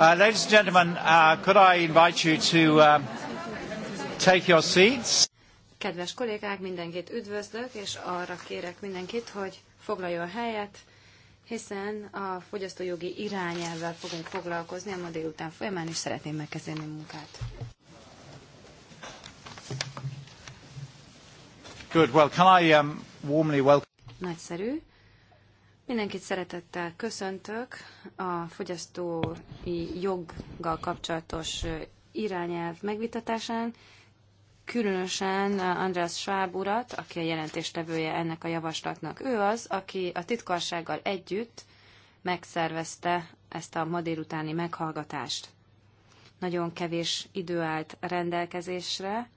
Uh, ladies and gentlemen, uh, could I invite you to uh, take your seats? Kedves kollégák, mindenkit üdvözlök, és arra kérek mindenkit, hogy foglaljon helyet, hiszen a fogyasztójogi irányelvvel fogunk foglalkozni a ma délután folyamán, és szeretném megkezdeni a munkát. Good. Well, can I um, warmly welcome... Nagyszerű. Mindenkit szeretettel köszöntök a fogyasztói joggal kapcsolatos irányelv megvitatásán, különösen András Schwab urat, aki a jelentéstevője ennek a javaslatnak. Ő az, aki a titkarsággal együtt megszervezte ezt a ma délutáni meghallgatást. Nagyon kevés idő állt rendelkezésre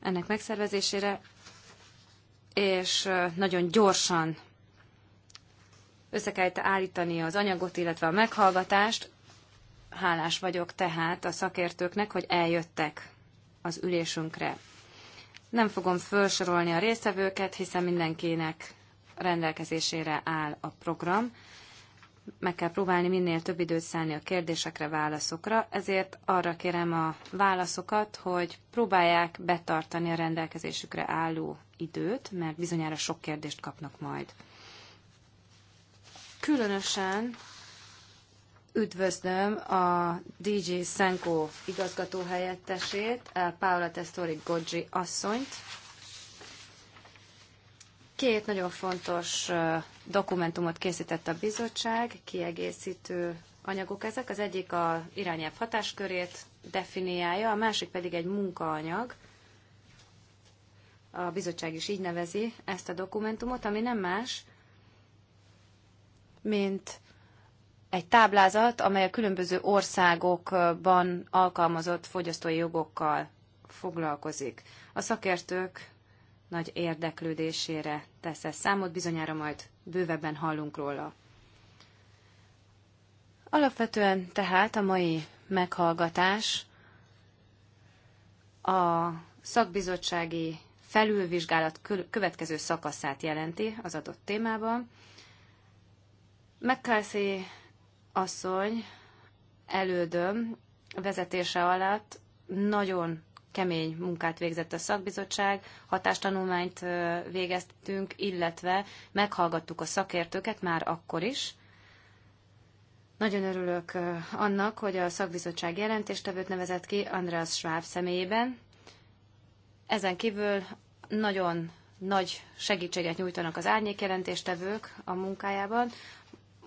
ennek megszervezésére, és nagyon gyorsan össze kellett állítani az anyagot, illetve a meghallgatást. Hálás vagyok tehát a szakértőknek, hogy eljöttek az ülésünkre. Nem fogom felsorolni a résztvevőket, hiszen mindenkinek rendelkezésére áll a program. Meg kell próbálni minél több időt szállni a kérdésekre, válaszokra, ezért arra kérem a válaszokat, hogy próbálják betartani a rendelkezésükre álló időt, mert bizonyára sok kérdést kapnak majd. Különösen üdvözlöm a DJ Senko igazgató helyettesét, Paula Testori Godzsi asszonyt. Két nagyon fontos dokumentumot készített a bizottság, kiegészítő anyagok ezek. Az egyik a irányelv hatáskörét definiálja, a másik pedig egy munkaanyag. A bizottság is így nevezi ezt a dokumentumot, ami nem más, mint egy táblázat, amely a különböző országokban alkalmazott fogyasztói jogokkal foglalkozik. A szakértők nagy érdeklődésére tesz ez számot, bizonyára majd bővebben hallunk róla. Alapvetően tehát a mai meghallgatás a szakbizottsági felülvizsgálat következő szakaszát jelenti az adott témában, McCarthy asszony elődöm vezetése alatt nagyon kemény munkát végzett a szakbizottság, hatástanulmányt végeztünk, illetve meghallgattuk a szakértőket már akkor is. Nagyon örülök annak, hogy a szakbizottság jelentéstevőt nevezett ki András Schwab személyében. Ezen kívül nagyon nagy segítséget nyújtanak az árnyék jelentéstevők a munkájában.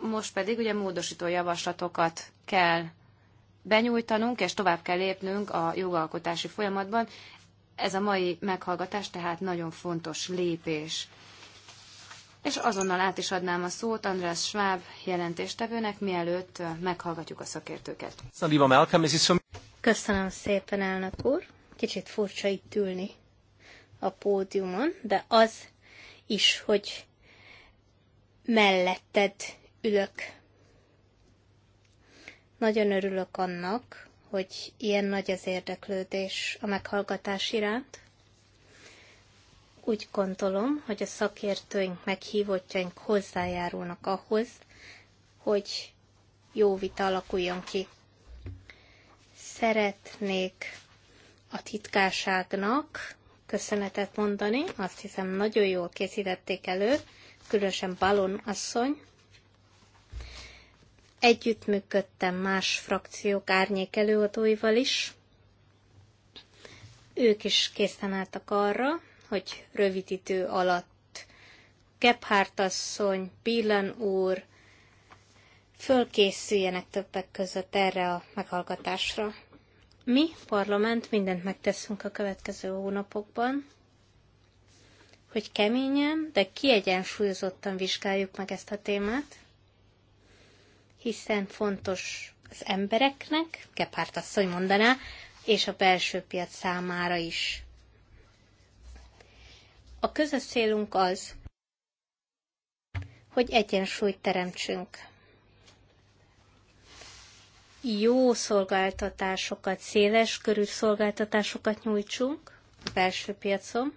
Most pedig ugye módosító javaslatokat kell benyújtanunk, és tovább kell lépnünk a jogalkotási folyamatban. Ez a mai meghallgatás tehát nagyon fontos lépés. És azonnal át is adnám a szót András Schwab jelentéstevőnek, mielőtt meghallgatjuk a szakértőket. Köszönöm szépen, elnök úr. Kicsit furcsa itt ülni a pódiumon, de az is, hogy melletted ülök. Nagyon örülök annak, hogy ilyen nagy az érdeklődés a meghallgatás iránt. Úgy gondolom, hogy a szakértőink meghívottjaink hozzájárulnak ahhoz, hogy jó vita alakuljon ki. Szeretnék a titkárságnak köszönetet mondani, azt hiszem nagyon jól készítették elő, különösen Balon asszony, Együttműködtem más frakciók árnyék előadóival is. Ők is készen álltak arra, hogy rövid idő alatt Gebhardt asszony, Billen úr fölkészüljenek többek között erre a meghallgatásra. Mi, parlament, mindent megteszünk a következő hónapokban, hogy keményen, de kiegyensúlyozottan vizsgáljuk meg ezt a témát, hiszen fontos az embereknek, Gepárt asszony mondaná, és a belső piac számára is. A közös célunk az, hogy egyensúlyt teremtsünk. Jó szolgáltatásokat, széles körű szolgáltatásokat nyújtsunk a belső piacon,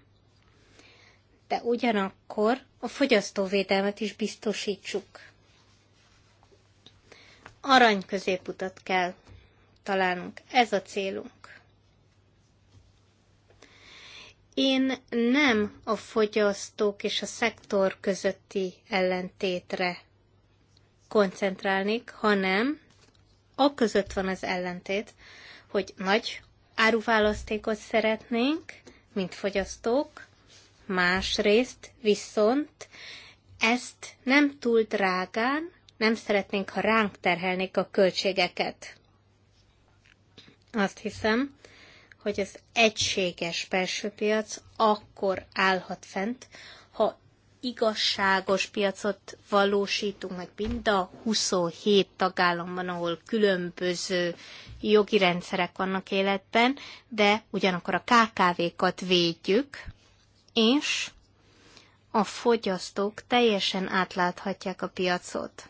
de ugyanakkor a fogyasztóvédelmet is biztosítsuk arany középutat kell találnunk. Ez a célunk. Én nem a fogyasztók és a szektor közötti ellentétre koncentrálnék, hanem a között van az ellentét, hogy nagy áruválasztékot szeretnénk, mint fogyasztók, másrészt viszont ezt nem túl drágán, nem szeretnénk, ha ránk terhelnék a költségeket. Azt hiszem, hogy az egységes belső piac akkor állhat fent, ha igazságos piacot valósítunk meg mind a 27 tagállamban, ahol különböző jogi rendszerek vannak életben, de ugyanakkor a KKV-kat védjük, és a fogyasztók teljesen átláthatják a piacot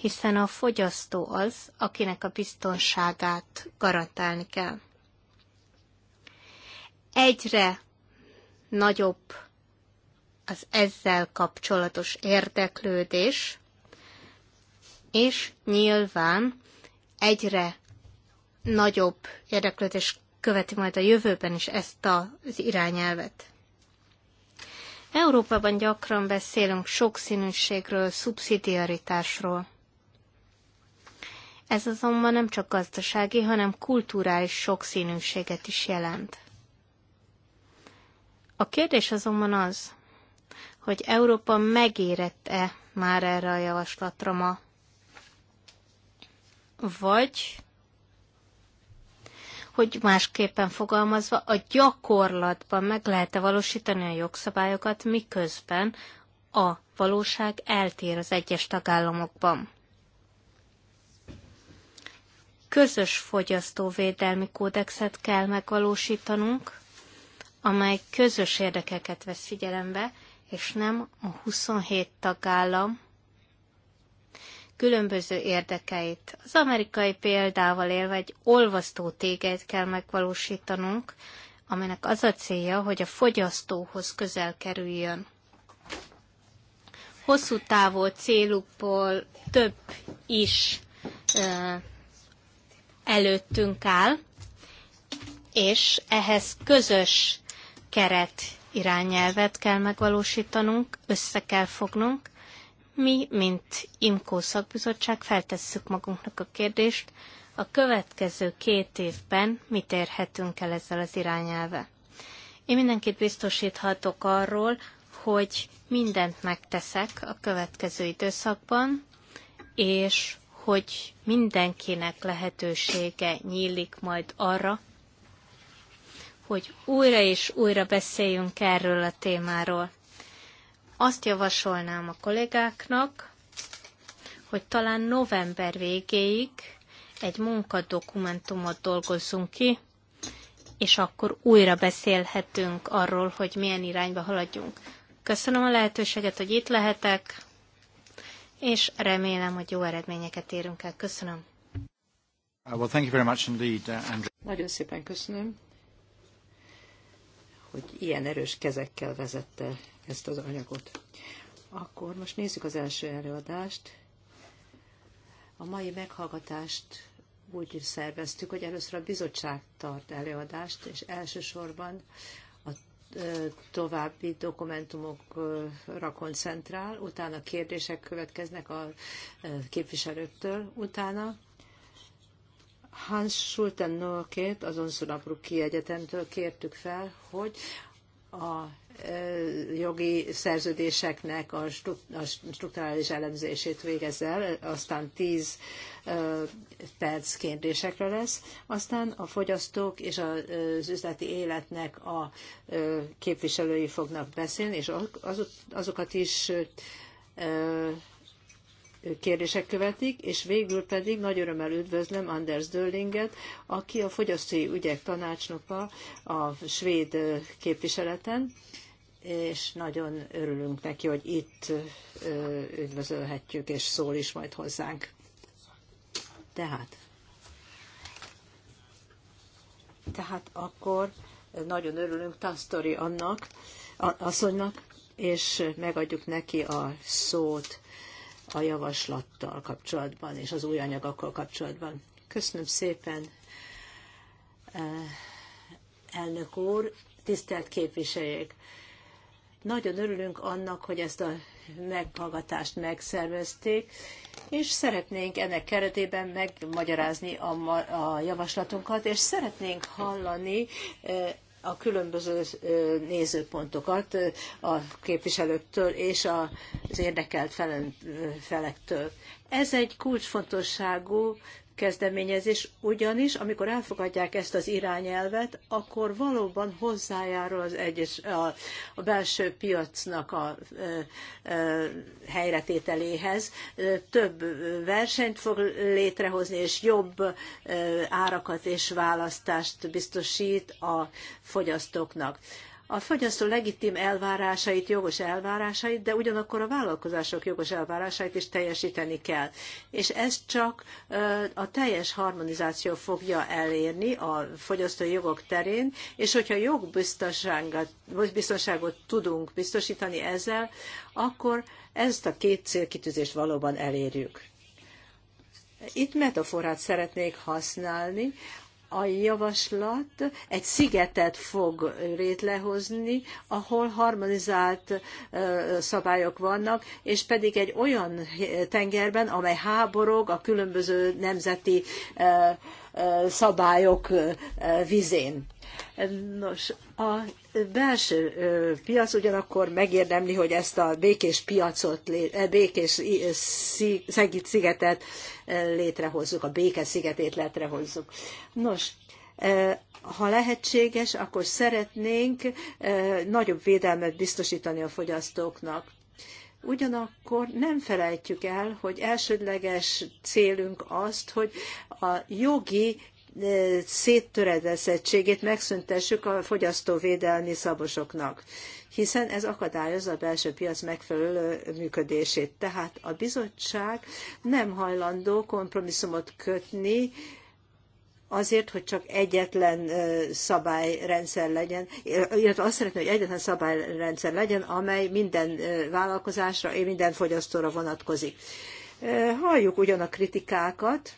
hiszen a fogyasztó az, akinek a biztonságát garantálni kell. Egyre nagyobb az ezzel kapcsolatos érdeklődés, és nyilván egyre nagyobb érdeklődés követi majd a jövőben is ezt az irányelvet. Európában gyakran beszélünk sokszínűségről, szubszidiaritásról. Ez azonban nem csak gazdasági, hanem kulturális sokszínűséget is jelent. A kérdés azonban az, hogy Európa megérett-e már erre a javaslatra ma. Vagy, hogy másképpen fogalmazva, a gyakorlatban meg lehet-e valósítani a jogszabályokat, miközben a valóság eltér az egyes tagállamokban közös fogyasztóvédelmi kódexet kell megvalósítanunk, amely közös érdekeket vesz figyelembe, és nem a 27 tagállam különböző érdekeit. Az amerikai példával élve egy olvasztó tégeit kell megvalósítanunk, aminek az a célja, hogy a fogyasztóhoz közel kerüljön. Hosszú távú célukból több is előttünk áll, és ehhez közös keret irányelvet kell megvalósítanunk, össze kell fognunk. Mi, mint IMKO szakbizottság feltesszük magunknak a kérdést, a következő két évben mit érhetünk el ezzel az irányelve. Én mindenkit biztosíthatok arról, hogy mindent megteszek a következő időszakban, és hogy mindenkinek lehetősége nyílik majd arra, hogy újra és újra beszéljünk erről a témáról. Azt javasolnám a kollégáknak, hogy talán november végéig egy munkadokumentumot dolgozzunk ki, és akkor újra beszélhetünk arról, hogy milyen irányba haladjunk. Köszönöm a lehetőséget, hogy itt lehetek és remélem, hogy jó eredményeket érünk el. Köszönöm. Uh, well, thank you very much indeed, uh, Nagyon szépen köszönöm, hogy ilyen erős kezekkel vezette ezt az anyagot. Akkor most nézzük az első előadást. A mai meghallgatást úgy szerveztük, hogy először a bizottság tart előadást, és elsősorban további dokumentumokra koncentrál, utána kérdések következnek a képviselőktől, utána Hans Schulten norkét az Onszulapruki Egyetemtől kértük fel, hogy a jogi szerződéseknek a strukturális elemzését végezzel, aztán 10 perc kérdésekre lesz, aztán a fogyasztók és az üzleti életnek a képviselői fognak beszélni, és azokat is kérdések követik, és végül pedig nagy örömmel üdvözlöm Anders Döllinget, aki a fogyasztói ügyek tanácsnoka a svéd képviseleten, és nagyon örülünk neki, hogy itt üdvözölhetjük, és szól is majd hozzánk. Tehát. Tehát akkor nagyon örülünk Tasztori annak, asszonynak, és megadjuk neki a szót a javaslattal kapcsolatban és az új anyagokkal kapcsolatban. Köszönöm szépen, eh, elnök úr, tisztelt képviselők! Nagyon örülünk annak, hogy ezt a meghallgatást megszervezték, és szeretnénk ennek keretében megmagyarázni a, a javaslatunkat, és szeretnénk hallani eh, a különböző nézőpontokat a képviselőktől és az érdekelt felektől. Ez egy kulcsfontosságú kezdeményezés, ugyanis amikor elfogadják ezt az irányelvet, akkor valóban hozzájárul az egyes a, a belső piacnak a a, a helyretételéhez. Több versenyt fog létrehozni, és jobb árakat és választást biztosít a fogyasztóknak a fogyasztó legitim elvárásait, jogos elvárásait, de ugyanakkor a vállalkozások jogos elvárásait is teljesíteni kell. És ezt csak a teljes harmonizáció fogja elérni a fogyasztói jogok terén, és hogyha jogbiztonságot biztonságot tudunk biztosítani ezzel, akkor ezt a két célkitűzést valóban elérjük. Itt metaforát szeretnék használni, a javaslat egy szigetet fog létrehozni, ahol harmonizált szabályok vannak, és pedig egy olyan tengerben, amely háborog a különböző nemzeti szabályok vizén. Nos, a belső piac ugyanakkor megérdemli, hogy ezt a békés piacot, eh, békés szigetet eh, létrehozzuk, a béke szigetét létrehozzuk. Nos, eh, ha lehetséges, akkor szeretnénk nagyobb védelmet biztosítani a fogyasztóknak. Ugyanakkor nem felejtjük el, hogy elsődleges célunk azt, hogy a jogi széttöredezettségét megszüntessük a fogyasztóvédelmi szabosoknak, hiszen ez akadályozza a belső piac megfelelő működését. Tehát a bizottság nem hajlandó kompromisszumot kötni, azért, hogy csak egyetlen szabályrendszer legyen, illetve azt szeretném, hogy egyetlen szabályrendszer legyen, amely minden vállalkozásra, és minden fogyasztóra vonatkozik. Halljuk ugyan a kritikákat,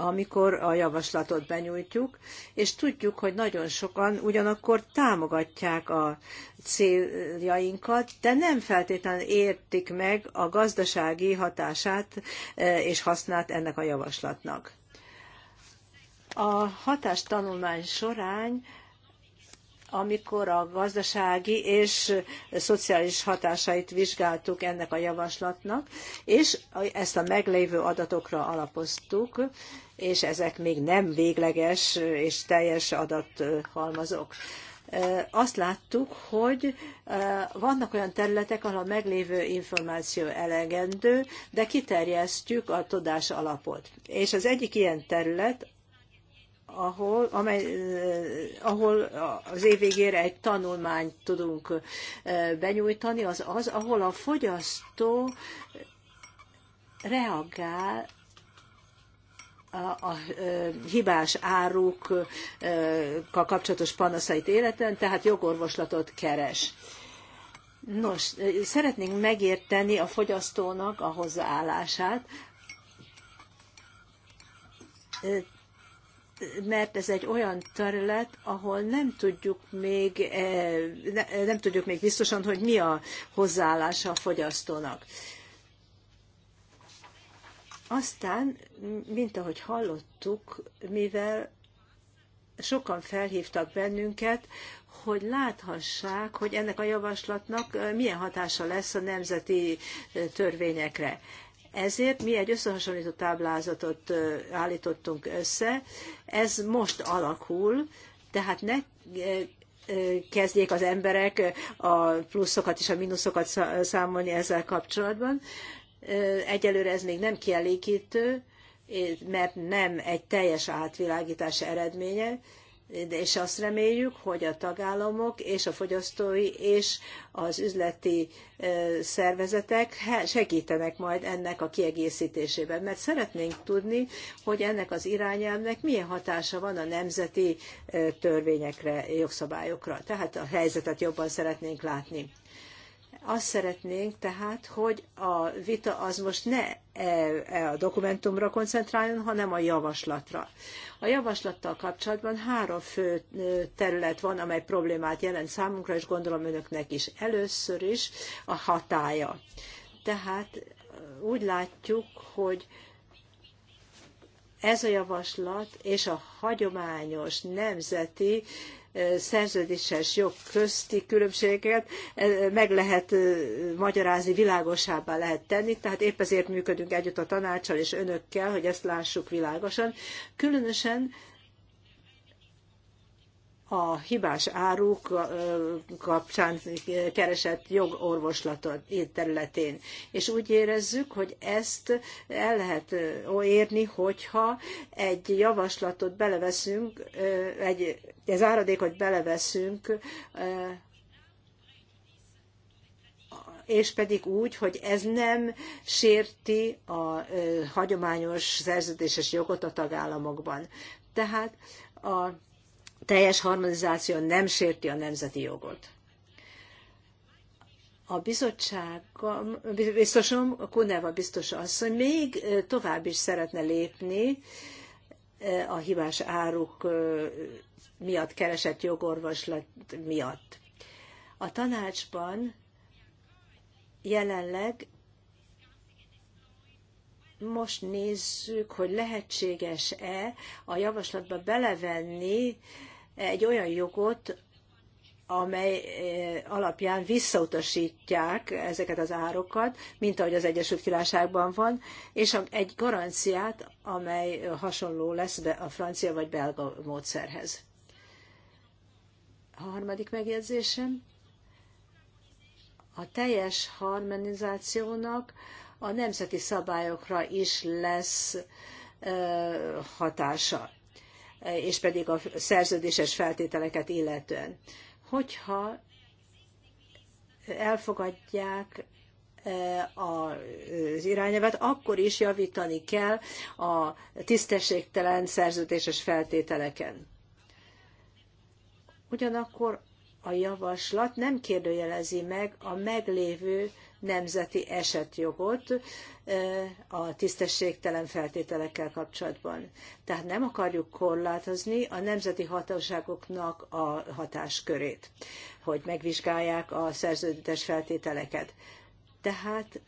amikor a javaslatot benyújtjuk, és tudjuk, hogy nagyon sokan ugyanakkor támogatják a céljainkat, de nem feltétlenül értik meg a gazdasági hatását e, és hasznát ennek a javaslatnak. A hatástanulmány során amikor a gazdasági és szociális hatásait vizsgáltuk ennek a javaslatnak, és ezt a meglévő adatokra alapoztuk, és ezek még nem végleges és teljes adathalmazok. Azt láttuk, hogy vannak olyan területek, ahol a meglévő információ elegendő, de kiterjesztjük a tudás alapot. És az egyik ilyen terület ahol, amely, ahol az év végére egy tanulmányt tudunk benyújtani, az az, ahol a fogyasztó reagál a, a, a hibás árukkal kapcsolatos panaszait életen, tehát jogorvoslatot keres. Nos, szeretnénk megérteni a fogyasztónak a hozzáállását, mert ez egy olyan terület, ahol nem tudjuk még, eh, nem tudjuk még biztosan, hogy mi a hozzáállása a fogyasztónak. Aztán, mint ahogy hallottuk, mivel sokan felhívtak bennünket, hogy láthassák, hogy ennek a javaslatnak eh, milyen hatása lesz a nemzeti eh, törvényekre. Ezért mi egy összehasonlító táblázatot állítottunk össze. Ez most alakul, tehát ne kezdjék az emberek a pluszokat és a mínuszokat számolni ezzel kapcsolatban. Egyelőre ez még nem kielégítő, mert nem egy teljes átvilágítás eredménye, és azt reméljük, hogy a tagállamok és a fogyasztói és az üzleti szervezetek segítenek majd ennek a kiegészítésében, mert szeretnénk tudni, hogy ennek az irányelvnek milyen hatása van a nemzeti törvényekre, jogszabályokra. Tehát a helyzetet jobban szeretnénk látni. Azt szeretnénk tehát, hogy a vita az most ne e, e a dokumentumra koncentráljon, hanem a javaslatra. A javaslattal kapcsolatban három fő terület van, amely problémát jelent számunkra, és gondolom önöknek is. Először is a hatája. Tehát úgy látjuk, hogy ez a javaslat és a hagyományos nemzeti szerződéses jog közti különbségeket meg lehet magyarázni, világosabbá lehet tenni, tehát épp ezért működünk együtt a tanácssal és önökkel, hogy ezt lássuk világosan. Különösen a hibás áruk kapcsán keresett jogorvoslatot területén. És úgy érezzük, hogy ezt el lehet érni, hogyha egy javaslatot beleveszünk, egy, az áradékot beleveszünk és pedig úgy, hogy ez nem sérti a hagyományos szerződéses jogot a tagállamokban. Tehát a teljes harmonizáció nem sérti a nemzeti jogot. A bizottság, biztosom, a Kuneva biztos asszony még tovább is szeretne lépni a hibás áruk miatt keresett jogorvoslat miatt. A tanácsban jelenleg most nézzük, hogy lehetséges-e a javaslatba belevenni egy olyan jogot, amely eh, alapján visszautasítják ezeket az árokat, mint ahogy az Egyesült Királyságban van, és egy garanciát, amely hasonló lesz a francia vagy belga módszerhez. A harmadik megjegyzésem. A teljes harmonizációnak a nemzeti szabályokra is lesz eh, hatása és pedig a szerződéses feltételeket illetően. Hogyha elfogadják e, az irányelvet, akkor is javítani kell a tisztességtelen szerződéses feltételeken. Ugyanakkor a javaslat nem kérdőjelezi meg a meglévő nemzeti esetjogot eh, a tisztességtelen feltételekkel kapcsolatban. Tehát nem akarjuk korlátozni a nemzeti hatóságoknak a hatáskörét, hogy megvizsgálják a szerződés feltételeket. Tehát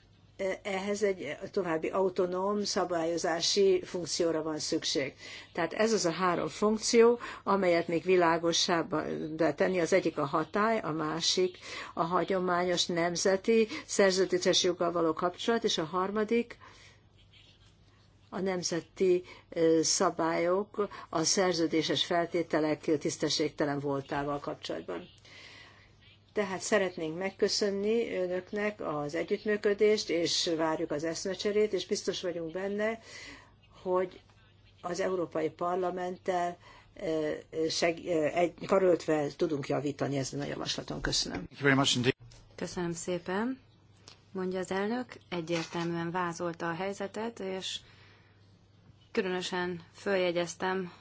ehhez egy további autonóm szabályozási funkcióra van szükség. Tehát ez az a három funkció, amelyet még világosabbá tenni. Az egyik a hatály, a másik a hagyományos nemzeti szerződéses joggal való kapcsolat, és a harmadik a nemzeti szabályok a szerződéses feltételek tisztességtelen voltával kapcsolatban. Tehát szeretnénk megköszönni önöknek az együttműködést, és várjuk az eszmecserét, és biztos vagyunk benne, hogy az Európai Parlamenttel eh, seg- eh, egy, karöltve tudunk javítani ezen a javaslaton. Köszönöm. Köszönöm szépen, mondja az elnök. Egyértelműen vázolta a helyzetet, és különösen följegyeztem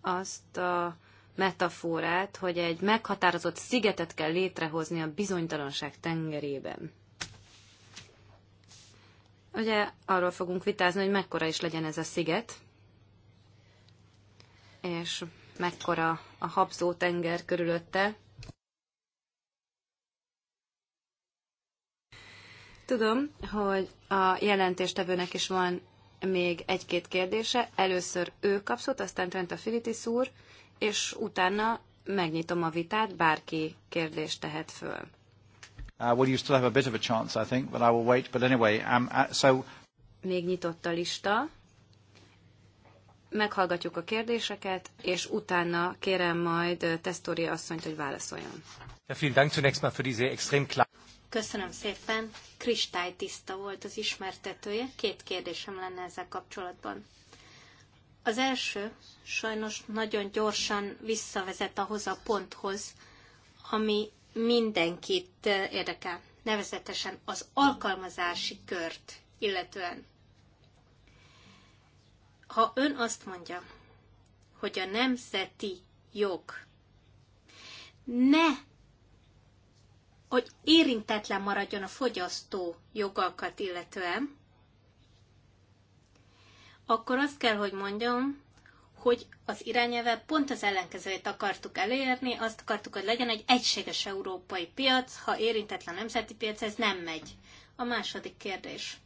azt a metaforát, hogy egy meghatározott szigetet kell létrehozni a bizonytalanság tengerében. Ugye arról fogunk vitázni, hogy mekkora is legyen ez a sziget, és mekkora a habzó tenger körülötte. Tudom, hogy a jelentéstevőnek is van még egy-két kérdése. Először ő kapszott, aztán Trent a Filitis úr, és utána megnyitom a vitát, bárki kérdést tehet föl. Uh, well, you still have a bit of a chance, I think, but I will wait. But anyway, um, uh, so... Még nyitott a lista. Meghallgatjuk a kérdéseket, és utána kérem majd Tesztori asszonyt, hogy válaszoljon. Ja, vielen Dank zunächst mal für diese extrem klar... Köszönöm szépen. Kristálytiszta volt az ismertetője. Két kérdésem lenne ezzel kapcsolatban. Az első sajnos nagyon gyorsan visszavezet ahhoz a ponthoz, ami mindenkit eh, érdekel, nevezetesen az alkalmazási kört illetően. Ha ön azt mondja, hogy a nemzeti jog ne, hogy érintetlen maradjon a fogyasztó jogalkat illetően, akkor azt kell, hogy mondjam, hogy az irányelve pont az ellenkezőjét akartuk elérni, azt akartuk, hogy legyen egy egységes európai piac, ha érintetlen nemzeti piac, ez nem megy. A második kérdés.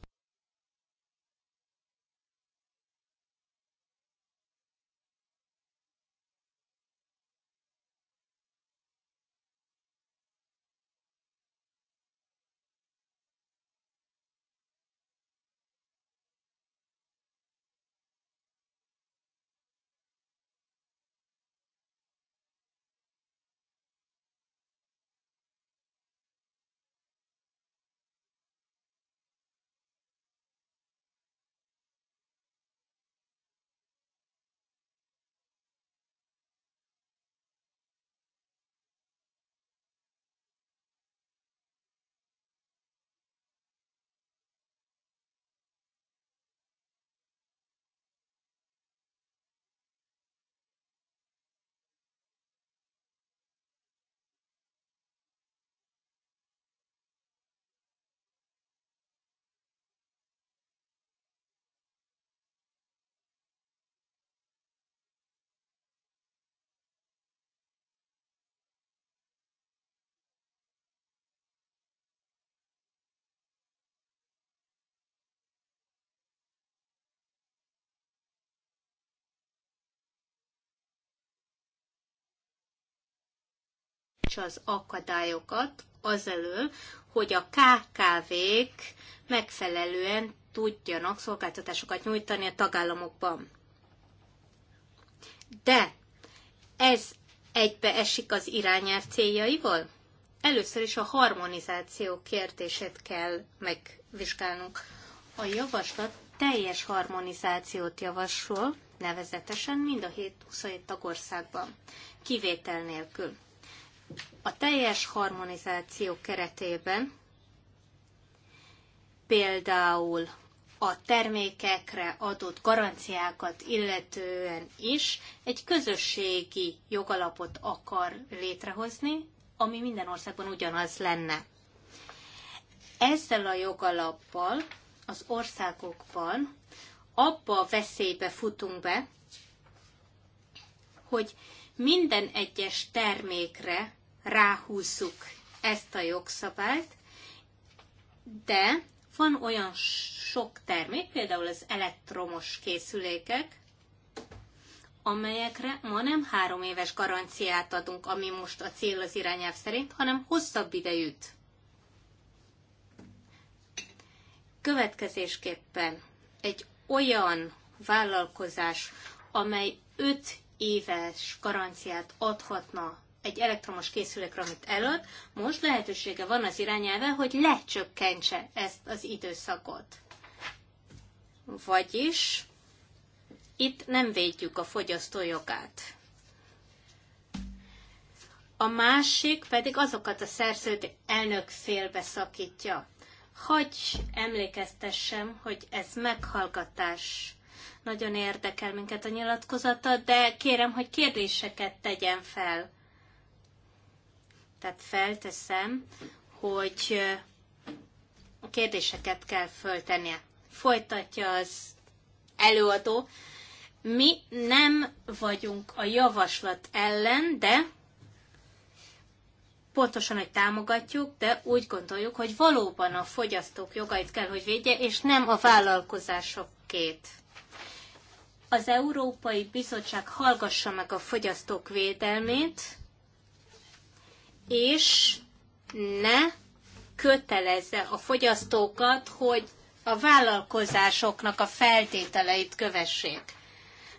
megbocsátsa az akadályokat azelől, hogy a KKV-k megfelelően tudjanak szolgáltatásokat nyújtani a tagállamokban. De ez egybeesik az irányelv céljaival? Először is a harmonizáció kérdését kell megvizsgálnunk. A javaslat teljes harmonizációt javasol, nevezetesen mind a 7-27 tagországban, kivétel nélkül. A teljes harmonizáció keretében például a termékekre adott garanciákat illetően is egy közösségi jogalapot akar létrehozni, ami minden országban ugyanaz lenne. Ezzel a jogalappal az országokban abba a veszélybe futunk be, hogy minden egyes termékre ráhúzzuk ezt a jogszabályt, de van olyan sok termék, például az elektromos készülékek, amelyekre ma nem három éves garanciát adunk, ami most a cél az irányelv szerint, hanem hosszabb idejűt. Következésképpen egy olyan vállalkozás, amely öt éves garanciát adhatna egy elektromos készülékre, amit előtt, most lehetősége van az irányelve, hogy lecsökkentse ezt az időszakot. Vagyis itt nem védjük a fogyasztó jogát. A másik pedig azokat a szerződ elnök szakítja. Hogy emlékeztessem, hogy ez meghallgatás nagyon érdekel minket a nyilatkozata, de kérem, hogy kérdéseket tegyen fel. Tehát felteszem, hogy a kérdéseket kell föltennie. Folytatja az előadó. Mi nem vagyunk a javaslat ellen, de pontosan, hogy támogatjuk, de úgy gondoljuk, hogy valóban a fogyasztók jogait kell, hogy védje, és nem a vállalkozásokét. Az Európai Bizottság hallgassa meg a fogyasztók védelmét, és ne kötelezze a fogyasztókat, hogy a vállalkozásoknak a feltételeit kövessék.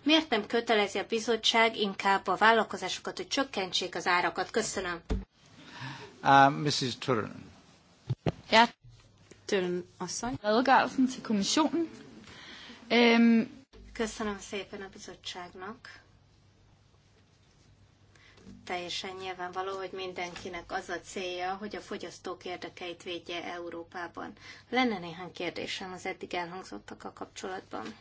Miért nem kötelezi a bizottság inkább a vállalkozásokat, hogy csökkentsék az árakat? Köszönöm. Uh, Mrs. Turin. Ja, Turin asszony. Redegørelsen a kommissionen. Øhm. Köszönöm szépen a bizottságnak teljesen nyilvánvaló, hogy mindenkinek az a célja, hogy a fogyasztók érdekeit védje Európában. Lenne néhány kérdésem az eddig elhangzottak a kapcsolatban.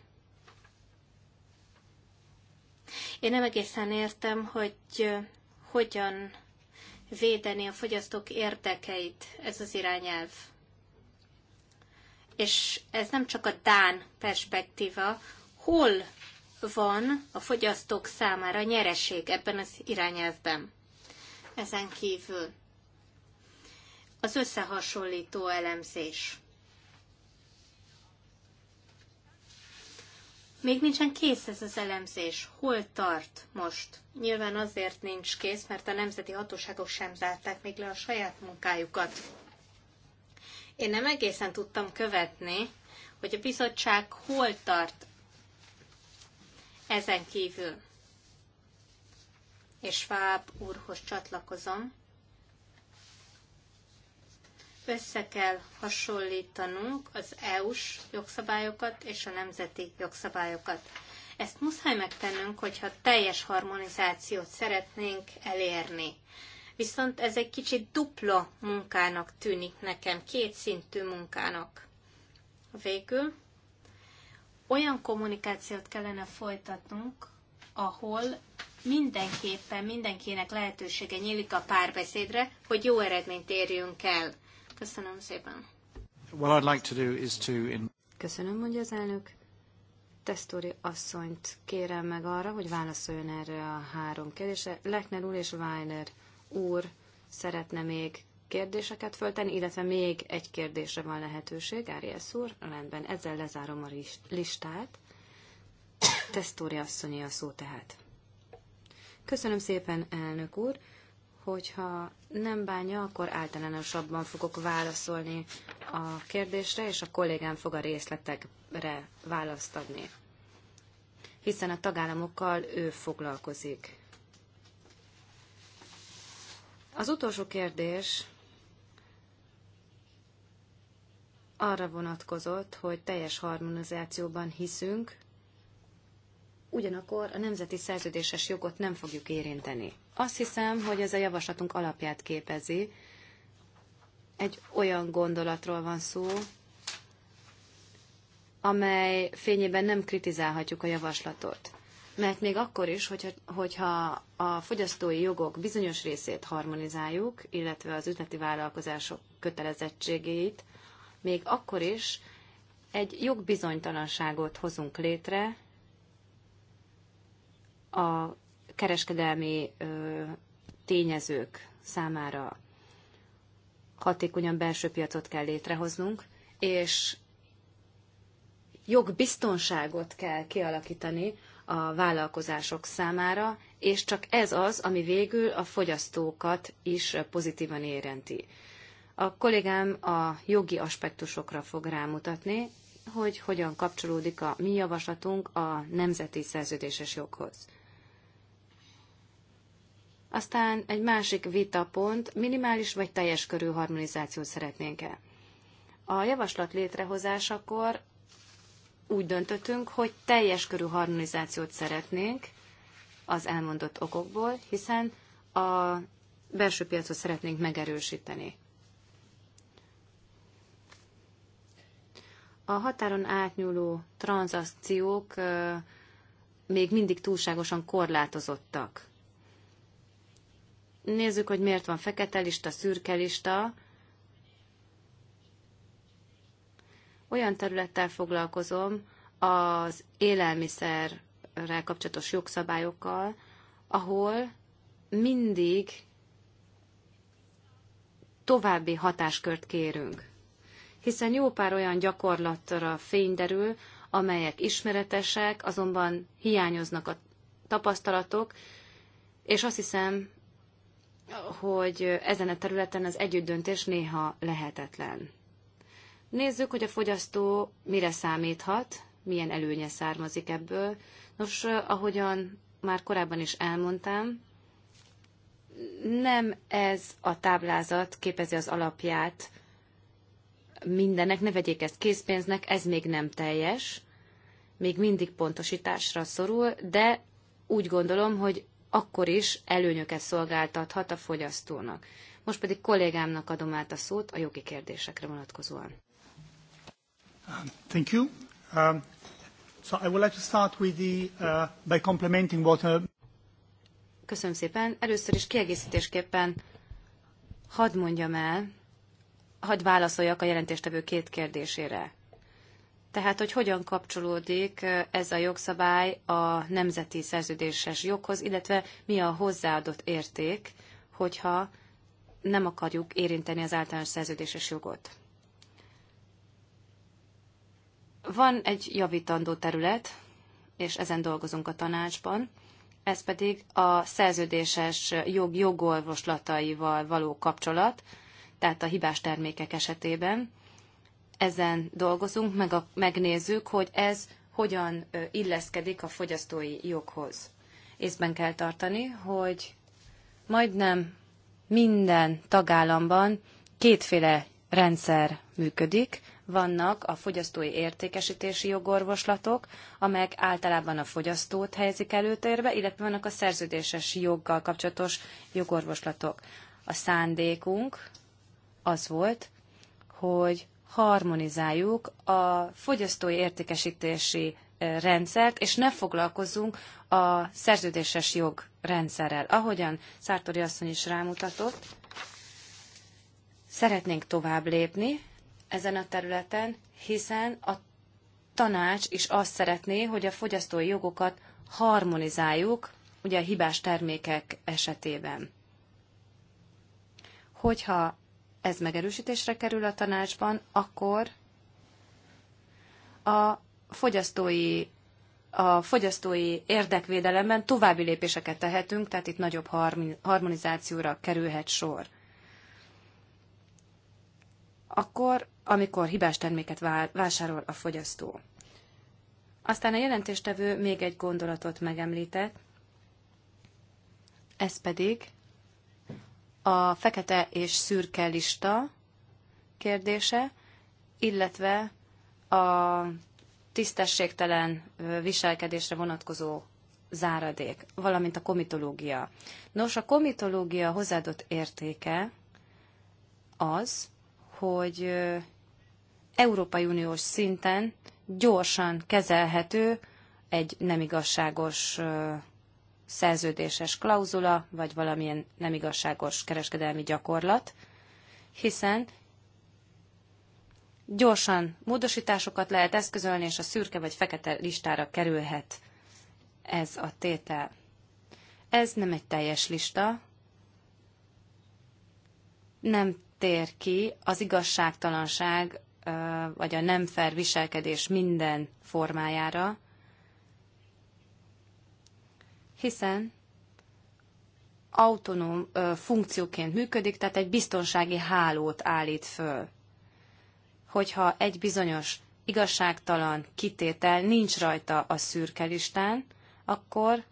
Én nem egészen értem, hogy hogyan védeni a fogyasztók érdekeit ez az irányelv. És ez nem csak a Dán perspektíva, hol van a fogyasztók számára nyereség ebben az irányelvben. Ezen kívül az összehasonlító elemzés. Még nincsen kész ez az elemzés. Hol tart most? Nyilván azért nincs kész, mert a nemzeti hatóságok sem zárták még le a saját munkájukat. Én nem egészen tudtam követni, hogy a bizottság hol tart ezen kívül, és fáb úrhoz csatlakozom, össze kell hasonlítanunk az EU-s jogszabályokat és a nemzeti jogszabályokat. Ezt muszáj megtennünk, hogyha teljes harmonizációt szeretnénk elérni. Viszont ez egy kicsit dupla munkának tűnik nekem, kétszintű munkának. Végül olyan kommunikációt kellene folytatnunk, ahol mindenképpen mindenkinek lehetősége nyílik a párbeszédre, hogy jó eredményt érjünk el. Köszönöm szépen. What I'd like to do is to in... Köszönöm, mondja az elnök. Testori asszonyt kérem meg arra, hogy válaszoljon erre a három kérdésre. Lechner úr és Weiner úr szeretne még kérdéseket föltenni, illetve még egy kérdésre van lehetőség, Áries úr, rendben, ezzel lezárom a listát. Tesztóri asszonyi a szó tehát. Köszönöm szépen, elnök úr, hogyha nem bánja, akkor általánosabban fogok válaszolni a kérdésre, és a kollégám fog a részletekre választ adni. Hiszen a tagállamokkal ő foglalkozik. Az utolsó kérdés arra vonatkozott, hogy teljes harmonizációban hiszünk, ugyanakkor a nemzeti szerződéses jogot nem fogjuk érinteni. Azt hiszem, hogy ez a javaslatunk alapját képezi. Egy olyan gondolatról van szó, amely fényében nem kritizálhatjuk a javaslatot. Mert még akkor is, hogyha, hogyha a fogyasztói jogok bizonyos részét harmonizáljuk, illetve az üzleti vállalkozások kötelezettségeit, még akkor is egy jogbizonytalanságot hozunk létre a kereskedelmi tényezők számára. Hatékonyan belső piacot kell létrehoznunk, és jogbiztonságot kell kialakítani a vállalkozások számára, és csak ez az, ami végül a fogyasztókat is pozitívan érinti. A kollégám a jogi aspektusokra fog rámutatni, hogy hogyan kapcsolódik a mi javaslatunk a nemzeti szerződéses joghoz. Aztán egy másik vitapont, minimális vagy teljes körű harmonizációt szeretnénk-e. A javaslat létrehozásakor úgy döntöttünk, hogy teljes körű harmonizációt szeretnénk az elmondott okokból, hiszen a belső piacot szeretnénk megerősíteni. a határon átnyúló tranzakciók még mindig túlságosan korlátozottak. Nézzük, hogy miért van fekete lista, szürke lista. Olyan területtel foglalkozom az élelmiszerrel kapcsolatos jogszabályokkal, ahol mindig további hatáskört kérünk hiszen jó pár olyan gyakorlatra derül, amelyek ismeretesek, azonban hiányoznak a tapasztalatok, és azt hiszem, hogy ezen a területen az együttdöntés néha lehetetlen. Nézzük, hogy a fogyasztó mire számíthat, milyen előnye származik ebből. Nos, ahogyan már korábban is elmondtam, nem ez a táblázat képezi az alapját mindennek, ne vegyék ezt készpénznek, ez még nem teljes, még mindig pontosításra szorul, de úgy gondolom, hogy akkor is előnyöket szolgáltathat a fogyasztónak. Most pedig kollégámnak adom át a szót a jogi kérdésekre vonatkozóan. Um, thank you. Um, so I would like to start with the, uh, by complementing what... Uh... Köszönöm szépen. Először is kiegészítésképpen hadd mondjam el, hadd válaszoljak a jelentéstevő két kérdésére. Tehát, hogy hogyan kapcsolódik ez a jogszabály a nemzeti szerződéses joghoz, illetve mi a hozzáadott érték, hogyha nem akarjuk érinteni az általános szerződéses jogot. Van egy javítandó terület, és ezen dolgozunk a tanácsban, ez pedig a szerződéses jog jogolvoslataival való kapcsolat, tehát a hibás termékek esetében. Ezen dolgozunk, meg a, megnézzük, hogy ez hogyan illeszkedik a fogyasztói joghoz. Észben kell tartani, hogy majdnem minden tagállamban kétféle rendszer működik. Vannak a fogyasztói értékesítési jogorvoslatok, amelyek általában a fogyasztót helyezik előtérbe, illetve vannak a szerződéses joggal kapcsolatos jogorvoslatok. A szándékunk az volt, hogy harmonizáljuk a fogyasztói értékesítési rendszert, és ne foglalkozzunk a szerződéses jog rendszerrel. Ahogyan Szártori asszony is rámutatott, szeretnénk tovább lépni ezen a területen, hiszen a tanács is azt szeretné, hogy a fogyasztói jogokat harmonizáljuk, ugye a hibás termékek esetében. Hogyha ez megerősítésre kerül a tanácsban, akkor a fogyasztói a fogyasztói érdekvédelemben további lépéseket tehetünk, tehát itt nagyobb harmonizációra kerülhet sor. Akkor, amikor hibás terméket vásárol a fogyasztó. Aztán a jelentéstevő még egy gondolatot megemlített, ez pedig a fekete és szürke lista kérdése, illetve a tisztességtelen viselkedésre vonatkozó záradék, valamint a komitológia. Nos, a komitológia hozzáadott értéke az, hogy Európai Uniós szinten gyorsan kezelhető egy nem igazságos szerződéses klauzula, vagy valamilyen nem igazságos kereskedelmi gyakorlat, hiszen gyorsan módosításokat lehet eszközölni, és a szürke vagy fekete listára kerülhet ez a tétel. Ez nem egy teljes lista, nem tér ki az igazságtalanság vagy a nem fair viselkedés minden formájára, hiszen autonóm funkcióként működik, tehát egy biztonsági hálót állít föl. Hogyha egy bizonyos igazságtalan kitétel nincs rajta a szürke listán, akkor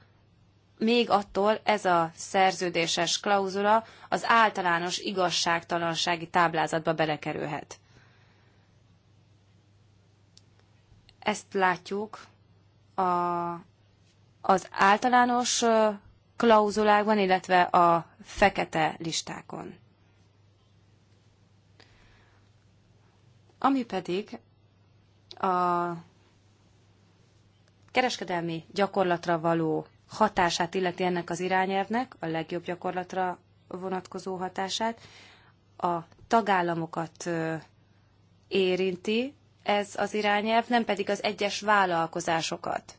még attól ez a szerződéses klauzula az általános igazságtalansági táblázatba belekerülhet. Ezt látjuk a az általános klauzulákban, illetve a fekete listákon. Ami pedig a kereskedelmi gyakorlatra való hatását illeti ennek az irányelvnek, a legjobb gyakorlatra vonatkozó hatását, a tagállamokat érinti ez az irányelv, nem pedig az egyes vállalkozásokat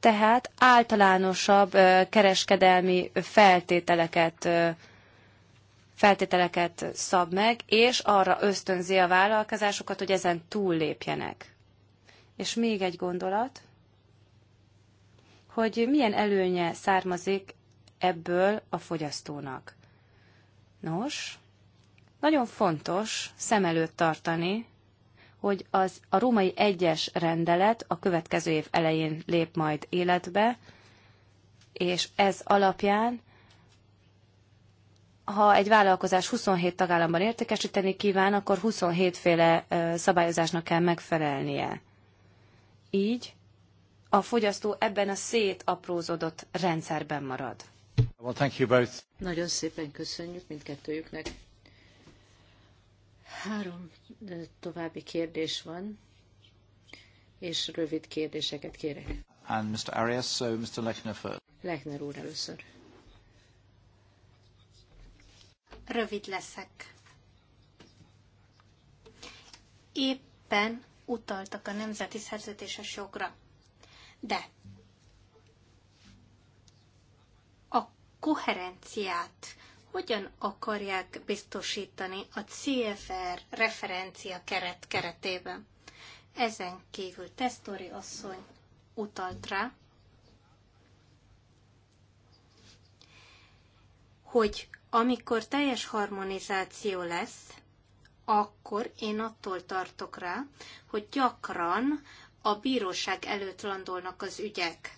tehát általánosabb kereskedelmi feltételeket feltételeket szab meg, és arra ösztönzi a vállalkozásokat, hogy ezen túllépjenek. És még egy gondolat, hogy milyen előnye származik ebből a fogyasztónak. Nos, nagyon fontos szem előtt tartani, hogy az, a római egyes rendelet a következő év elején lép majd életbe, és ez alapján, ha egy vállalkozás 27 tagállamban értékesíteni kíván, akkor 27 féle szabályozásnak kell megfelelnie. Így a fogyasztó ebben a szétaprózódott rendszerben marad. Well, Nagyon szépen köszönjük mindkettőjüknek. Három további kérdés van, és rövid kérdéseket kérek. And Mr. Arias, so Mr. Lechner first. Lechner úr először. Rövid leszek. Éppen utaltak a nemzeti szerződéses jogra. De a koherenciát hogyan akarják biztosítani a CFR referencia keret keretében. Ezen kívül Tesztori asszony utalt rá, hogy amikor teljes harmonizáció lesz, akkor én attól tartok rá, hogy gyakran a bíróság előtt landolnak az ügyek.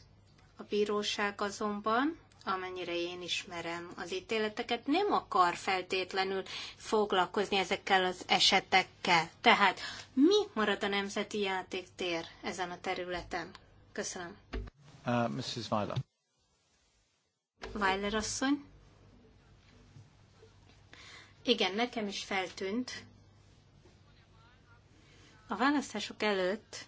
A bíróság azonban amennyire én ismerem az ítéleteket, nem akar feltétlenül foglalkozni ezekkel az esetekkel. Tehát mi marad a nemzeti játéktér ezen a területen? Köszönöm. Uh, Mrs. Weiler. Weiler asszony. Igen, nekem is feltűnt. A választások előtt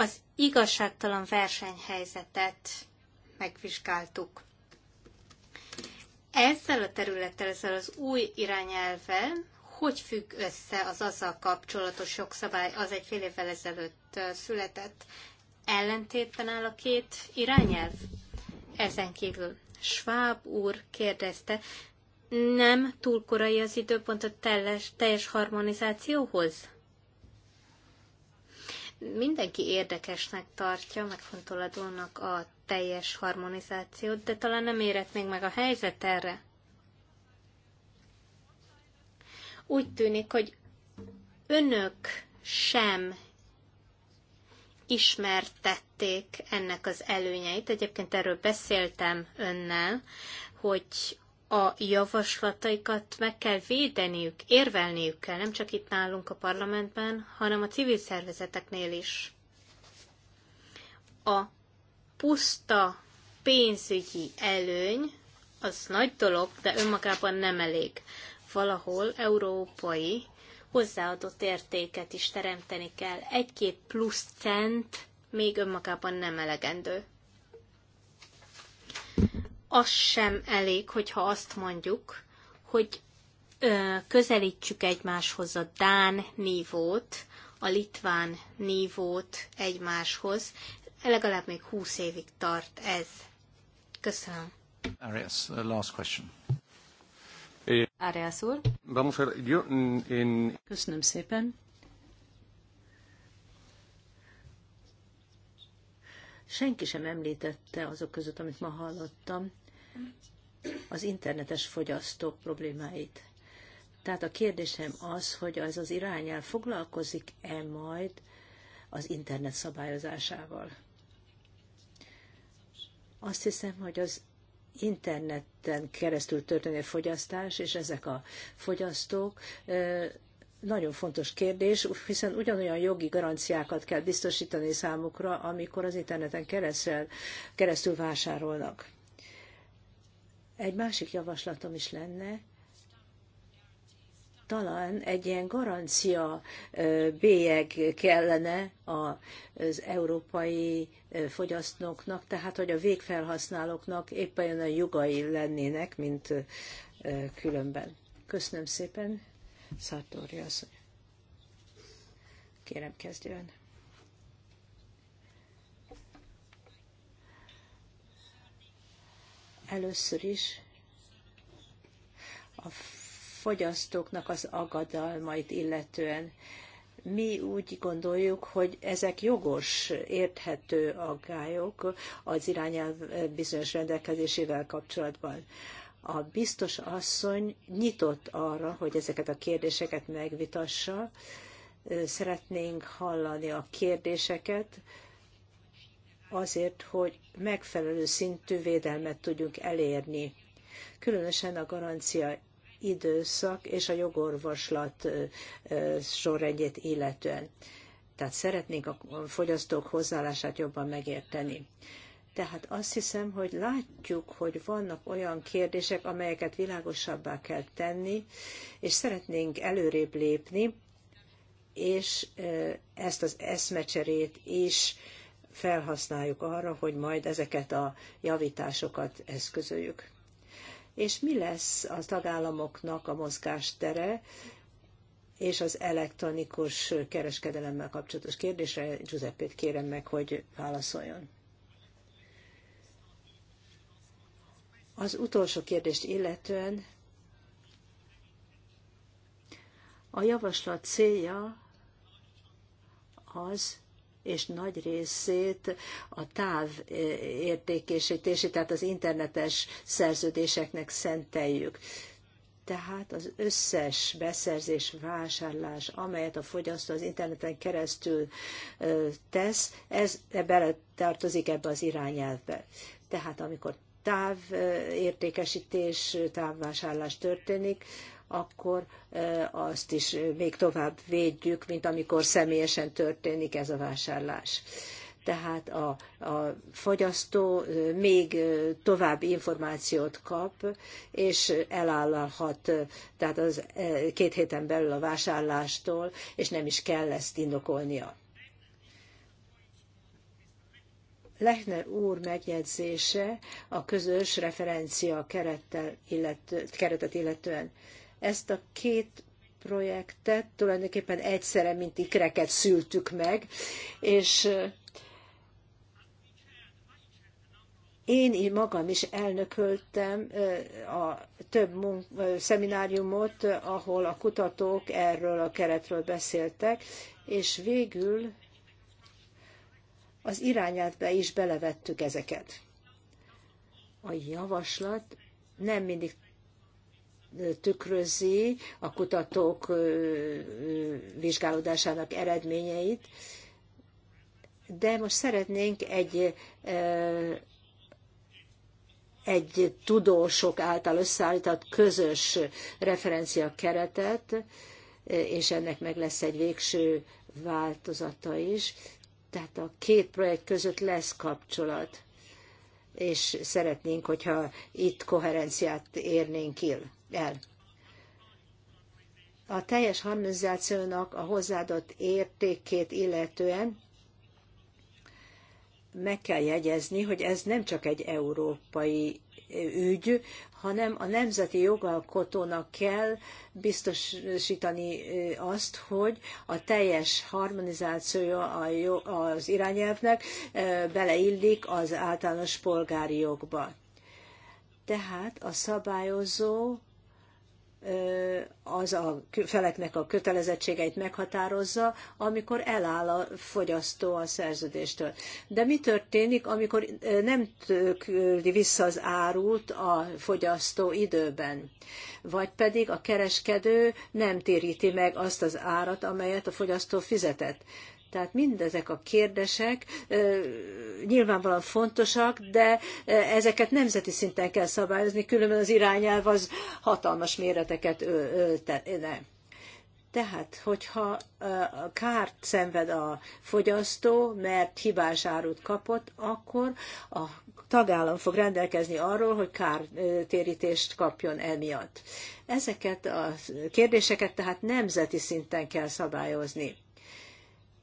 Az igazságtalan versenyhelyzetet megvizsgáltuk. Ezzel a területtel, ezzel az új irányelvel, hogy függ össze az azzal kapcsolatos jogszabály, az egy fél évvel ezelőtt uh, született. Ellentétben áll a két irányelv? Ezen kívül Schwab úr kérdezte, nem túl korai az időpont a teljes, teljes harmonizációhoz? mindenki érdekesnek tartja, megfontoladónak a teljes harmonizációt, de talán nem érett még meg a helyzet erre. Úgy tűnik, hogy önök sem ismertették ennek az előnyeit. Egyébként erről beszéltem önnel, hogy a javaslataikat meg kell védeniük, érvelniük kell, nem csak itt nálunk a parlamentben, hanem a civil szervezeteknél is. A puszta pénzügyi előny az nagy dolog, de önmagában nem elég. Valahol európai hozzáadott értéket is teremteni kell. Egy-két plusz cent még önmagában nem elegendő az sem elég, hogyha azt mondjuk, hogy ö, közelítsük egymáshoz a Dán nívót, a litván nívót egymáshoz. Legalább még 20 évig tart ez. Köszönöm. Arias, last question. Arias úr. Vamos a ver, yo, en... Köszönöm szépen. senki sem említette azok között, amit ma hallottam, az internetes fogyasztók problémáit. Tehát a kérdésem az, hogy ez az irányel foglalkozik-e majd az internet szabályozásával. Azt hiszem, hogy az interneten keresztül történő fogyasztás, és ezek a fogyasztók nagyon fontos kérdés, hiszen ugyanolyan jogi garanciákat kell biztosítani számukra, amikor az interneten keresztül, keresztül vásárolnak. Egy másik javaslatom is lenne, talán egy ilyen garancia bélyeg kellene az európai fogyasztóknak, tehát hogy a végfelhasználóknak éppen olyan jogai lennének, mint különben. Köszönöm szépen. Szartóri asszony. Kérem, kezdjön. Először is a fogyasztóknak az agadalmait illetően mi úgy gondoljuk, hogy ezek jogos, érthető aggályok az irányelv bizonyos rendelkezésével kapcsolatban. A biztos asszony nyitott arra, hogy ezeket a kérdéseket megvitassa. Szeretnénk hallani a kérdéseket, azért, hogy megfelelő szintű védelmet tudjunk elérni. Különösen a garancia időszak és a jogorvoslat sorrendjét illetően. Tehát szeretnénk a fogyasztók hozzáállását jobban megérteni. Tehát azt hiszem, hogy látjuk, hogy vannak olyan kérdések, amelyeket világosabbá kell tenni, és szeretnénk előrébb lépni, és ezt az eszmecserét is felhasználjuk arra, hogy majd ezeket a javításokat eszközöljük. És mi lesz a tagállamoknak a mozgástere és az elektronikus kereskedelemmel kapcsolatos kérdésre? Giuseppét kérem meg, hogy válaszoljon. Az utolsó kérdést illetően a javaslat célja az, és nagy részét a táv tehát az internetes szerződéseknek szenteljük. Tehát az összes beszerzés, vásárlás, amelyet a fogyasztó az interneten keresztül tesz, ez bele tartozik ebbe az irányelvbe. Tehát amikor távértékesítés, távvásárlás történik, akkor azt is még tovább védjük, mint amikor személyesen történik ez a vásárlás. Tehát a, a fogyasztó még további információt kap, és elállalhat tehát az két héten belül a vásárlástól, és nem is kell ezt indokolnia. Lechner úr megjegyzése a közös referencia kerettel illető, keretet illetően. Ezt a két projektet tulajdonképpen egyszerre, mint ikreket szültük meg, és én így magam is elnököltem a több munk- szemináriumot, ahol a kutatók erről a keretről beszéltek, és végül az irányelvbe is belevettük ezeket. A javaslat nem mindig tükrözi a kutatók vizsgálódásának eredményeit, de most szeretnénk egy egy tudósok által összeállított közös referencia keretet, és ennek meg lesz egy végső változata is, tehát a két projekt között lesz kapcsolat, és szeretnénk, hogyha itt koherenciát érnénk el. A teljes harmonizációnak a hozzáadott értékét illetően meg kell jegyezni, hogy ez nem csak egy európai ügy, hanem a nemzeti jogalkotónak kell biztosítani azt, hogy a teljes harmonizációja az irányelvnek beleillik az általános polgári jogba. Tehát a szabályozó az a feleknek a kötelezettségeit meghatározza, amikor eláll a fogyasztó a szerződéstől. De mi történik, amikor nem küldi vissza az árult a fogyasztó időben? Vagy pedig a kereskedő nem téríti meg azt az árat, amelyet a fogyasztó fizetett. Tehát mindezek a kérdések nyilvánvalóan fontosak, de ezeket nemzeti szinten kell szabályozni, különben az irányelv az hatalmas méreteket öltene. Tehát, hogyha kárt szenved a fogyasztó, mert hibás árut kapott, akkor a tagállam fog rendelkezni arról, hogy kártérítést kapjon emiatt. Ezeket a kérdéseket tehát nemzeti szinten kell szabályozni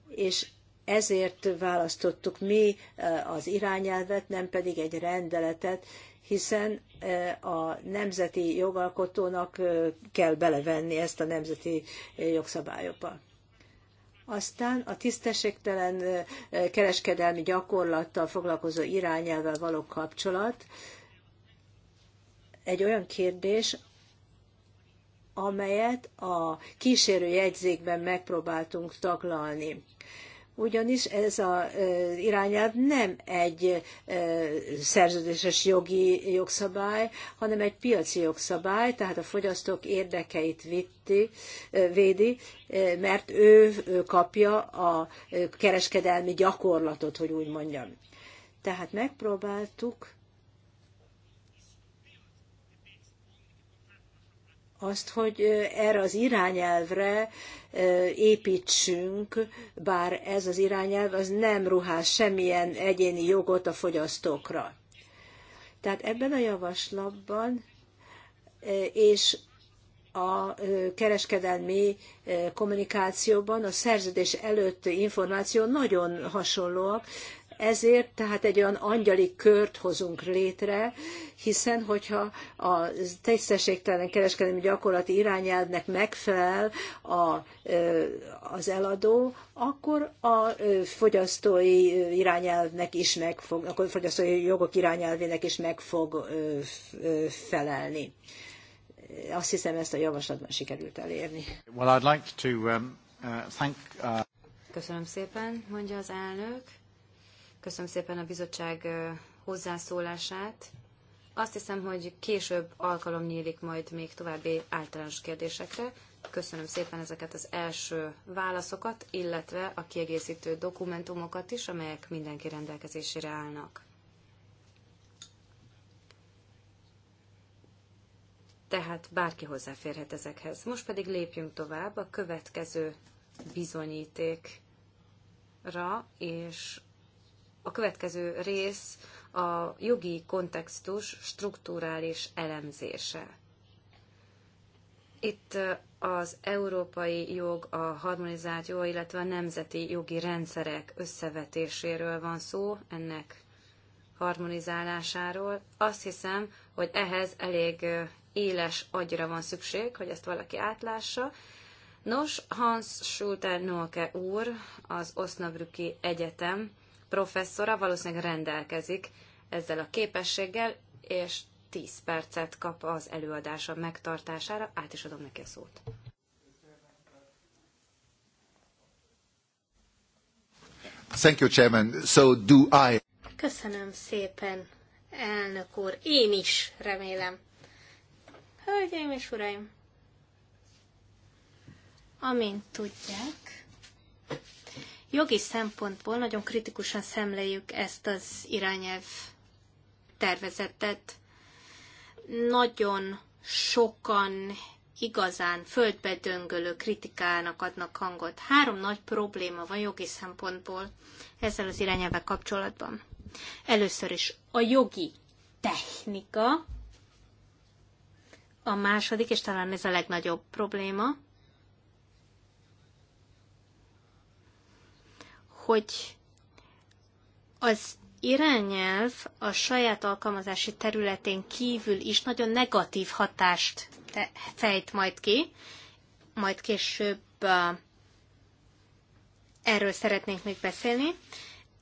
és ezért választottuk mi eh, az irányelvet, nem pedig egy rendeletet, hiszen eh, a nemzeti jogalkotónak eh, kell belevenni ezt a nemzeti jogszabályokba. Aztán a tisztességtelen kereskedelmi gyakorlattal foglalkozó irányelvvel való kapcsolat egy olyan kérdés, amelyet a kísérő jegyzékben megpróbáltunk taglalni ugyanis ez az irányelv nem egy szerződéses jogi jogszabály, hanem egy piaci jogszabály, tehát a fogyasztók érdekeit vitti, védi, mert ő, ő kapja a kereskedelmi gyakorlatot, hogy úgy mondjam. Tehát megpróbáltuk azt, hogy erre az irányelvre építsünk, bár ez az irányelv az nem ruház semmilyen egyéni jogot a fogyasztókra. Tehát ebben a javaslatban és a kereskedelmi kommunikációban a szerződés előtt információ nagyon hasonlóak, ezért tehát egy olyan angyali kört hozunk létre, hiszen hogyha a tisztességtelen kereskedelmi gyakorlati irányelvnek megfelel a, az eladó, akkor a fogyasztói irányelvnek is meg fog, akkor a fogyasztói jogok irányelvének is meg fog felelni. Azt hiszem, ezt a javaslatban sikerült elérni. Well, I'd like to, um, uh, thank, uh... Köszönöm szépen, mondja az elnök. Köszönöm szépen a bizottság hozzászólását. Azt hiszem, hogy később alkalom nyílik majd még további általános kérdésekre. Köszönöm szépen ezeket az első válaszokat, illetve a kiegészítő dokumentumokat is, amelyek mindenki rendelkezésére állnak. Tehát bárki hozzáférhet ezekhez. Most pedig lépjünk tovább a következő bizonyítékra, és a következő rész a jogi kontextus strukturális elemzése. Itt az európai jog, a harmonizált jog, illetve a nemzeti jogi rendszerek összevetéséről van szó, ennek harmonizálásáról. Azt hiszem, hogy ehhez elég éles agyra van szükség, hogy ezt valaki átlássa. Nos, Hans Schulte Nolke úr, az Osnabrücki Egyetem professzora valószínűleg rendelkezik ezzel a képességgel, és 10 percet kap az előadása megtartására. Át is adom neki a szót. Thank you, Chairman. So do I. Köszönöm szépen, elnök úr. Én is remélem. Hölgyeim és uraim! Amint tudják, Jogi szempontból nagyon kritikusan szemléljük ezt az irányelv tervezetet. Nagyon sokan igazán földbe döngölő kritikának adnak hangot. Három nagy probléma van jogi szempontból ezzel az irányelvvel kapcsolatban. Először is a jogi technika, a második, és talán ez a legnagyobb probléma, hogy az irányelv a saját alkalmazási területén kívül is nagyon negatív hatást fejt majd ki, majd később uh, erről szeretnénk még beszélni.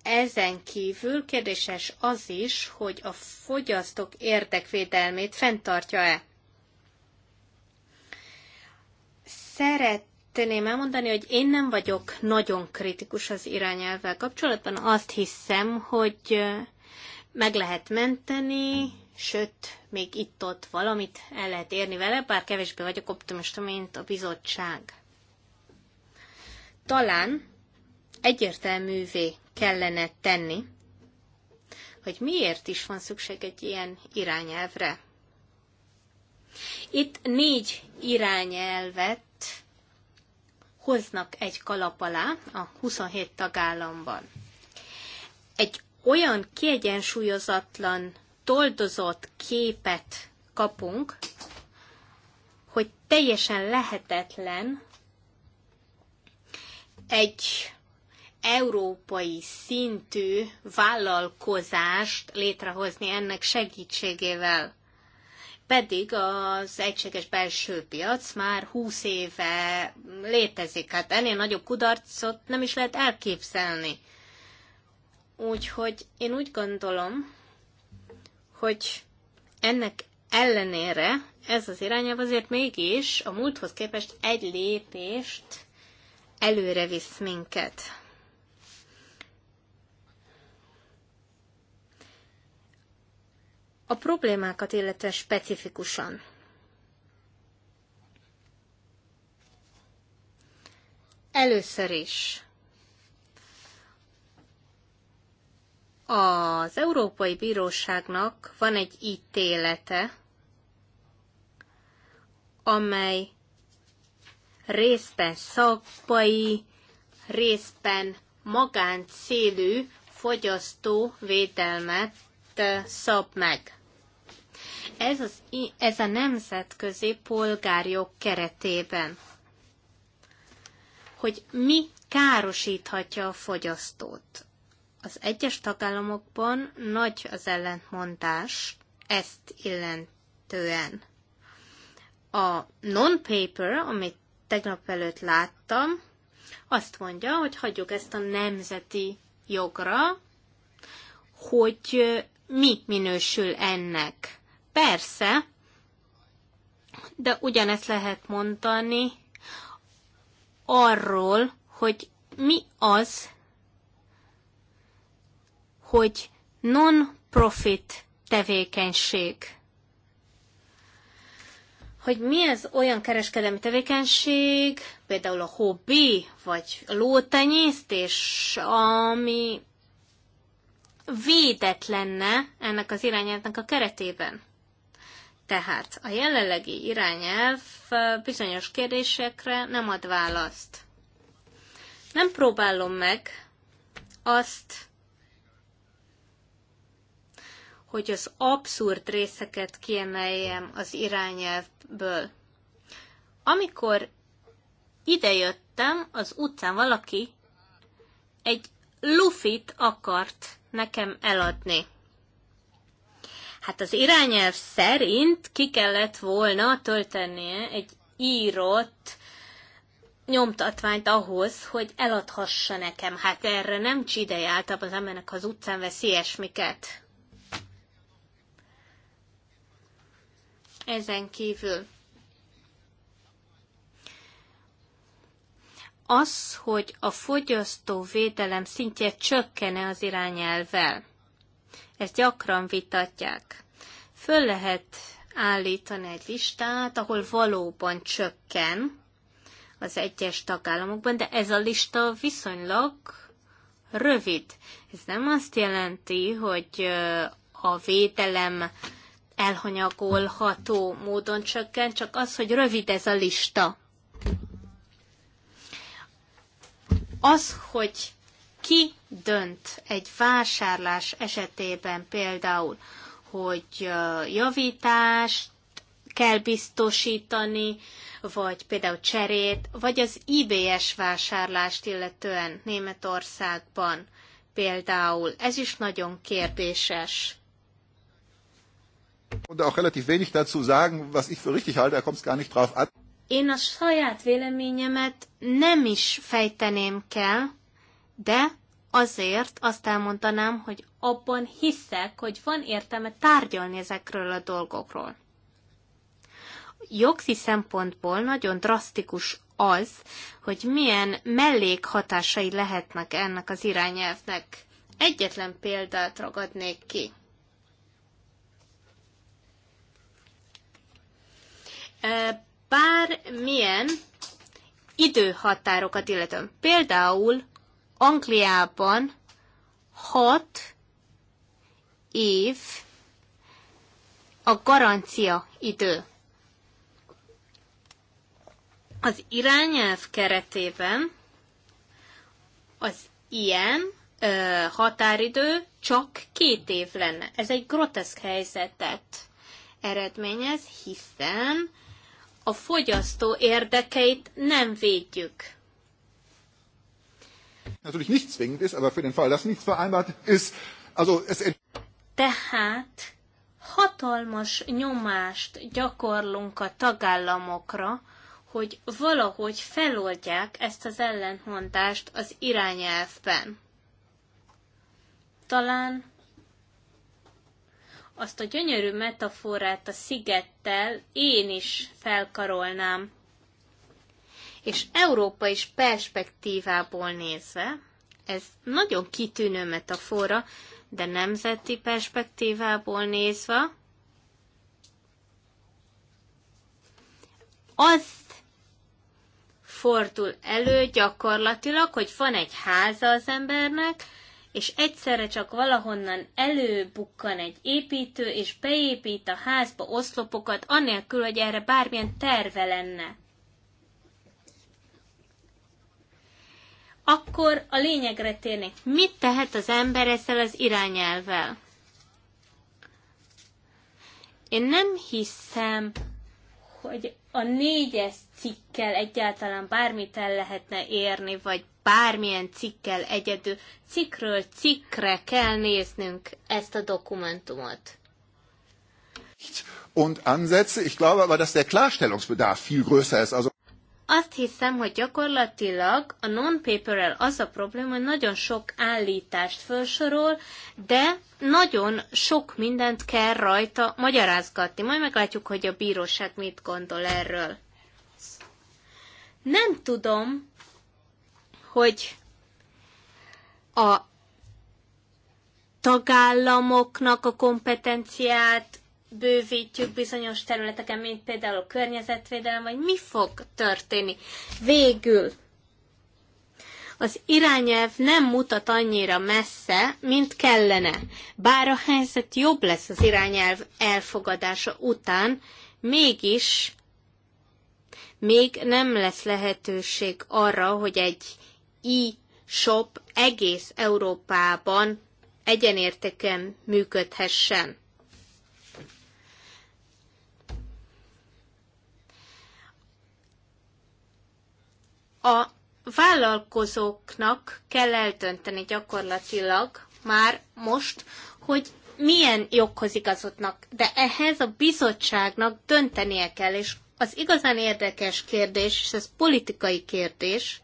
Ezen kívül kérdéses az is, hogy a fogyasztók érdekvédelmét fenntartja-e. Szeret szeretném elmondani, hogy én nem vagyok nagyon kritikus az irányelvvel kapcsolatban. Azt hiszem, hogy meg lehet menteni, sőt, még itt-ott valamit el lehet érni vele, bár kevésbé vagyok optimista, mint a bizottság. Talán egyértelművé kellene tenni, hogy miért is van szükség egy ilyen irányelvre. Itt négy irányelvet hoznak egy kalap alá a 27 tagállamban. Egy olyan kiegyensúlyozatlan, toldozott képet kapunk, hogy teljesen lehetetlen egy európai szintű vállalkozást létrehozni ennek segítségével pedig az egységes belső piac már 20 éve létezik. Hát ennél nagyobb kudarcot nem is lehet elképzelni. Úgyhogy én úgy gondolom, hogy ennek ellenére ez az irányelv azért mégis a múlthoz képest egy lépést előre visz minket. A problémákat illetve specifikusan. Először is az Európai Bíróságnak van egy ítélete, amely részben szakpai, részben magáncélű védelmet szab meg. Ez, az, ez a nemzetközi polgárjog keretében, hogy mi károsíthatja a fogyasztót. Az egyes tagállamokban nagy az ellentmondás ezt illetően. A non-paper, amit tegnap előtt láttam, azt mondja, hogy hagyjuk ezt a nemzeti jogra, hogy mi minősül ennek. Persze, de ugyanezt lehet mondani arról, hogy mi az, hogy non-profit tevékenység. Hogy mi az olyan kereskedelmi tevékenység, például a hobbi, vagy a lótenyésztés, ami védett lenne ennek az irányelvnek a keretében. Tehát a jelenlegi irányelv bizonyos kérdésekre nem ad választ. Nem próbálom meg azt, hogy az abszurd részeket kiemeljem az irányelvből. Amikor idejöttem, az utcán valaki egy lufit akart nekem eladni. Hát az irányelv szerint ki kellett volna töltenie egy írott nyomtatványt ahhoz, hogy eladhassa nekem. Hát erre nem csideje általában az embernek, az utcán vesz ilyesmiket. Ezen kívül az, hogy a fogyasztóvédelem szintje csökkene az irányelvel. Ezt gyakran vitatják. Föl lehet állítani egy listát, ahol valóban csökken az egyes tagállamokban, de ez a lista viszonylag rövid. Ez nem azt jelenti, hogy a védelem elhanyagolható módon csökken, csak az, hogy rövid ez a lista. Az, hogy ki dönt egy vásárlás esetében például, hogy javítást kell biztosítani, vagy például cserét, vagy az IBS vásárlást illetően Németországban például. Ez is nagyon kérdéses. Und auch relativ wenig dazu sagen, was ich für richtig halte, da kommt es gar nicht drauf an. Én a saját véleményemet nem is fejteném kell, de azért azt elmondanám, hogy abban hiszek, hogy van értelme tárgyalni ezekről a dolgokról. Jogszi szempontból nagyon drasztikus az, hogy milyen mellékhatásai lehetnek ennek az irányelvnek. Egyetlen példát ragadnék ki bármilyen időhatárokat illetően. Például Angliában 6 év a garancia idő. Az irányelv keretében az ilyen ö, határidő csak két év lenne. Ez egy groteszk helyzetet eredményez, hiszen a fogyasztó érdekeit nem védjük. Natürlich nicht zwingend ist, aber für den Fall, dass nichts vereinbart ist, also es er- Tehát hatalmas nyomást gyakorlunk a tagállamokra, hogy valahogy feloldják ezt az ellentmondást az irányelvben. Talán azt a gyönyörű metaforát a szigettel én is felkarolnám. És Európa is perspektívából nézve, ez nagyon kitűnő metafora, de nemzeti perspektívából nézve, azt fordul elő gyakorlatilag, hogy van egy háza az embernek, és egyszerre csak valahonnan előbukkan egy építő, és beépít a házba oszlopokat, anélkül, hogy erre bármilyen terve lenne. Akkor a lényegre térnék. Mit tehet az ember ezzel az irányelvel? Én nem hiszem, hogy a négyes cikkel egyáltalán bármit el lehetne érni, vagy bármilyen cikkel egyedül. Cikről cikkre kell néznünk ezt a dokumentumot. Und Ansätze, ich glaube aber, dass der Klarstellungsbedarf viel größer ist. Also azt hiszem, hogy gyakorlatilag a non-paperrel az a probléma, hogy nagyon sok állítást felsorol, de nagyon sok mindent kell rajta magyarázgatni. Majd meglátjuk, hogy a bíróság mit gondol erről. Nem tudom, hogy a tagállamoknak a kompetenciát bővítjük bizonyos területeken, mint például a környezetvédelem, vagy mi fog történni. Végül az irányelv nem mutat annyira messze, mint kellene. Bár a helyzet jobb lesz az irányelv elfogadása után, mégis még nem lesz lehetőség arra, hogy egy e-shop egész Európában egyenértéken működhessen. A vállalkozóknak kell eldönteni gyakorlatilag már most, hogy milyen joghoz igazodnak, de ehhez a bizottságnak döntenie kell, és az igazán érdekes kérdés, és ez politikai kérdés,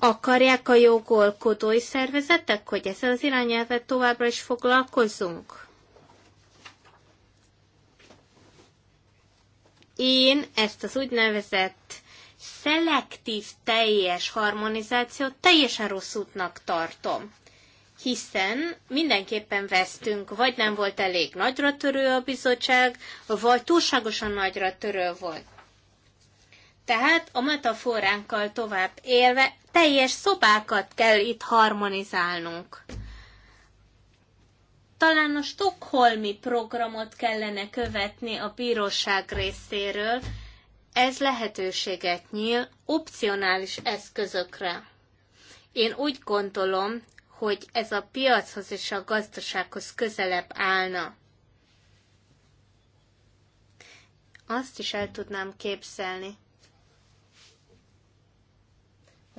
Akarják a jogolkodói szervezetek, hogy ezzel az irányelvet továbbra is foglalkozunk? Én ezt az úgynevezett szelektív teljes harmonizációt teljesen rossz útnak tartom. Hiszen mindenképpen vesztünk, vagy nem volt elég nagyra törő a bizottság, vagy túlságosan nagyra törő volt. Tehát a metaforánkkal tovább élve teljes szobákat kell itt harmonizálnunk. Talán a stokholmi programot kellene követni a bíróság részéről, ez lehetőséget nyíl opcionális eszközökre. Én úgy gondolom, hogy ez a piachoz és a gazdasághoz közelebb állna. Azt is el tudnám képzelni,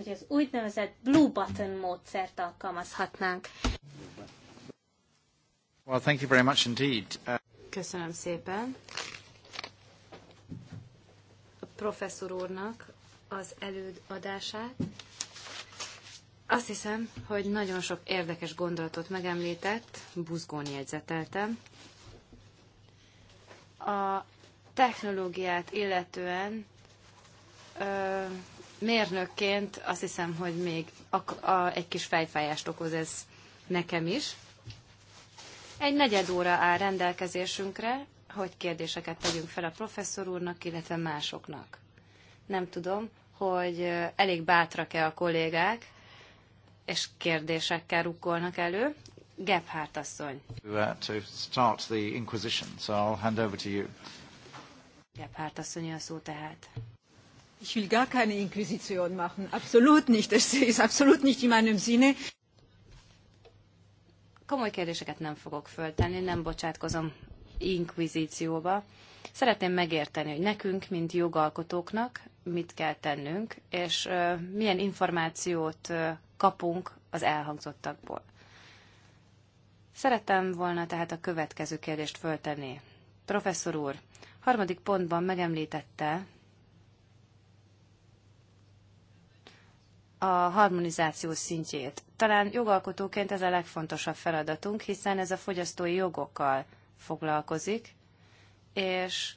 hogy az úgynevezett blue button módszert alkalmazhatnánk. Well, thank you very much indeed. Köszönöm szépen. A professzor úrnak az előadását. Azt hiszem, hogy nagyon sok érdekes gondolatot megemlített, buzgón jegyzeteltem. A technológiát illetően ö, mérnökként azt hiszem, hogy még a, a, egy kis fejfájást okoz ez nekem is. Egy negyed óra áll rendelkezésünkre, hogy kérdéseket tegyünk fel a professzor úrnak, illetve másoknak. Nem tudom, hogy elég bátrak-e a kollégák, és kérdésekkel rukkolnak elő. Gebhardt asszony. To start the inquisition, so I'll hand over to you. Gebhardt asszony a szó tehát. Ich will gar keine Inquisition machen. Absolut nicht. Das ist absolut nicht in meinem Sinne. Komoly kérdéseket nem fogok föltenni, nem bocsátkozom inkvizícióba. Szeretném megérteni, hogy nekünk, mint jogalkotóknak mit kell tennünk, és milyen információt kapunk az elhangzottakból. Szerettem volna tehát a következő kérdést föltenni. Professzor úr, harmadik pontban megemlítette, a harmonizáció szintjét. Talán jogalkotóként ez a legfontosabb feladatunk, hiszen ez a fogyasztói jogokkal foglalkozik, és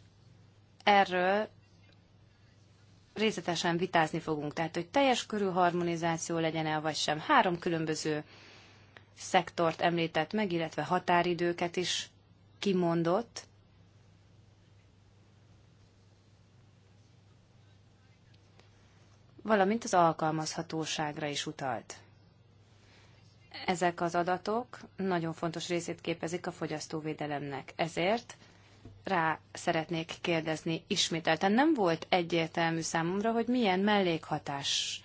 erről részletesen vitázni fogunk. Tehát, hogy teljes körű harmonizáció legyen el, vagy sem. Három különböző szektort említett meg, illetve határidőket is kimondott. valamint az alkalmazhatóságra is utalt. Ezek az adatok nagyon fontos részét képezik a fogyasztóvédelemnek. Ezért rá szeretnék kérdezni ismételten. Nem volt egyértelmű számomra, hogy milyen mellékhatás,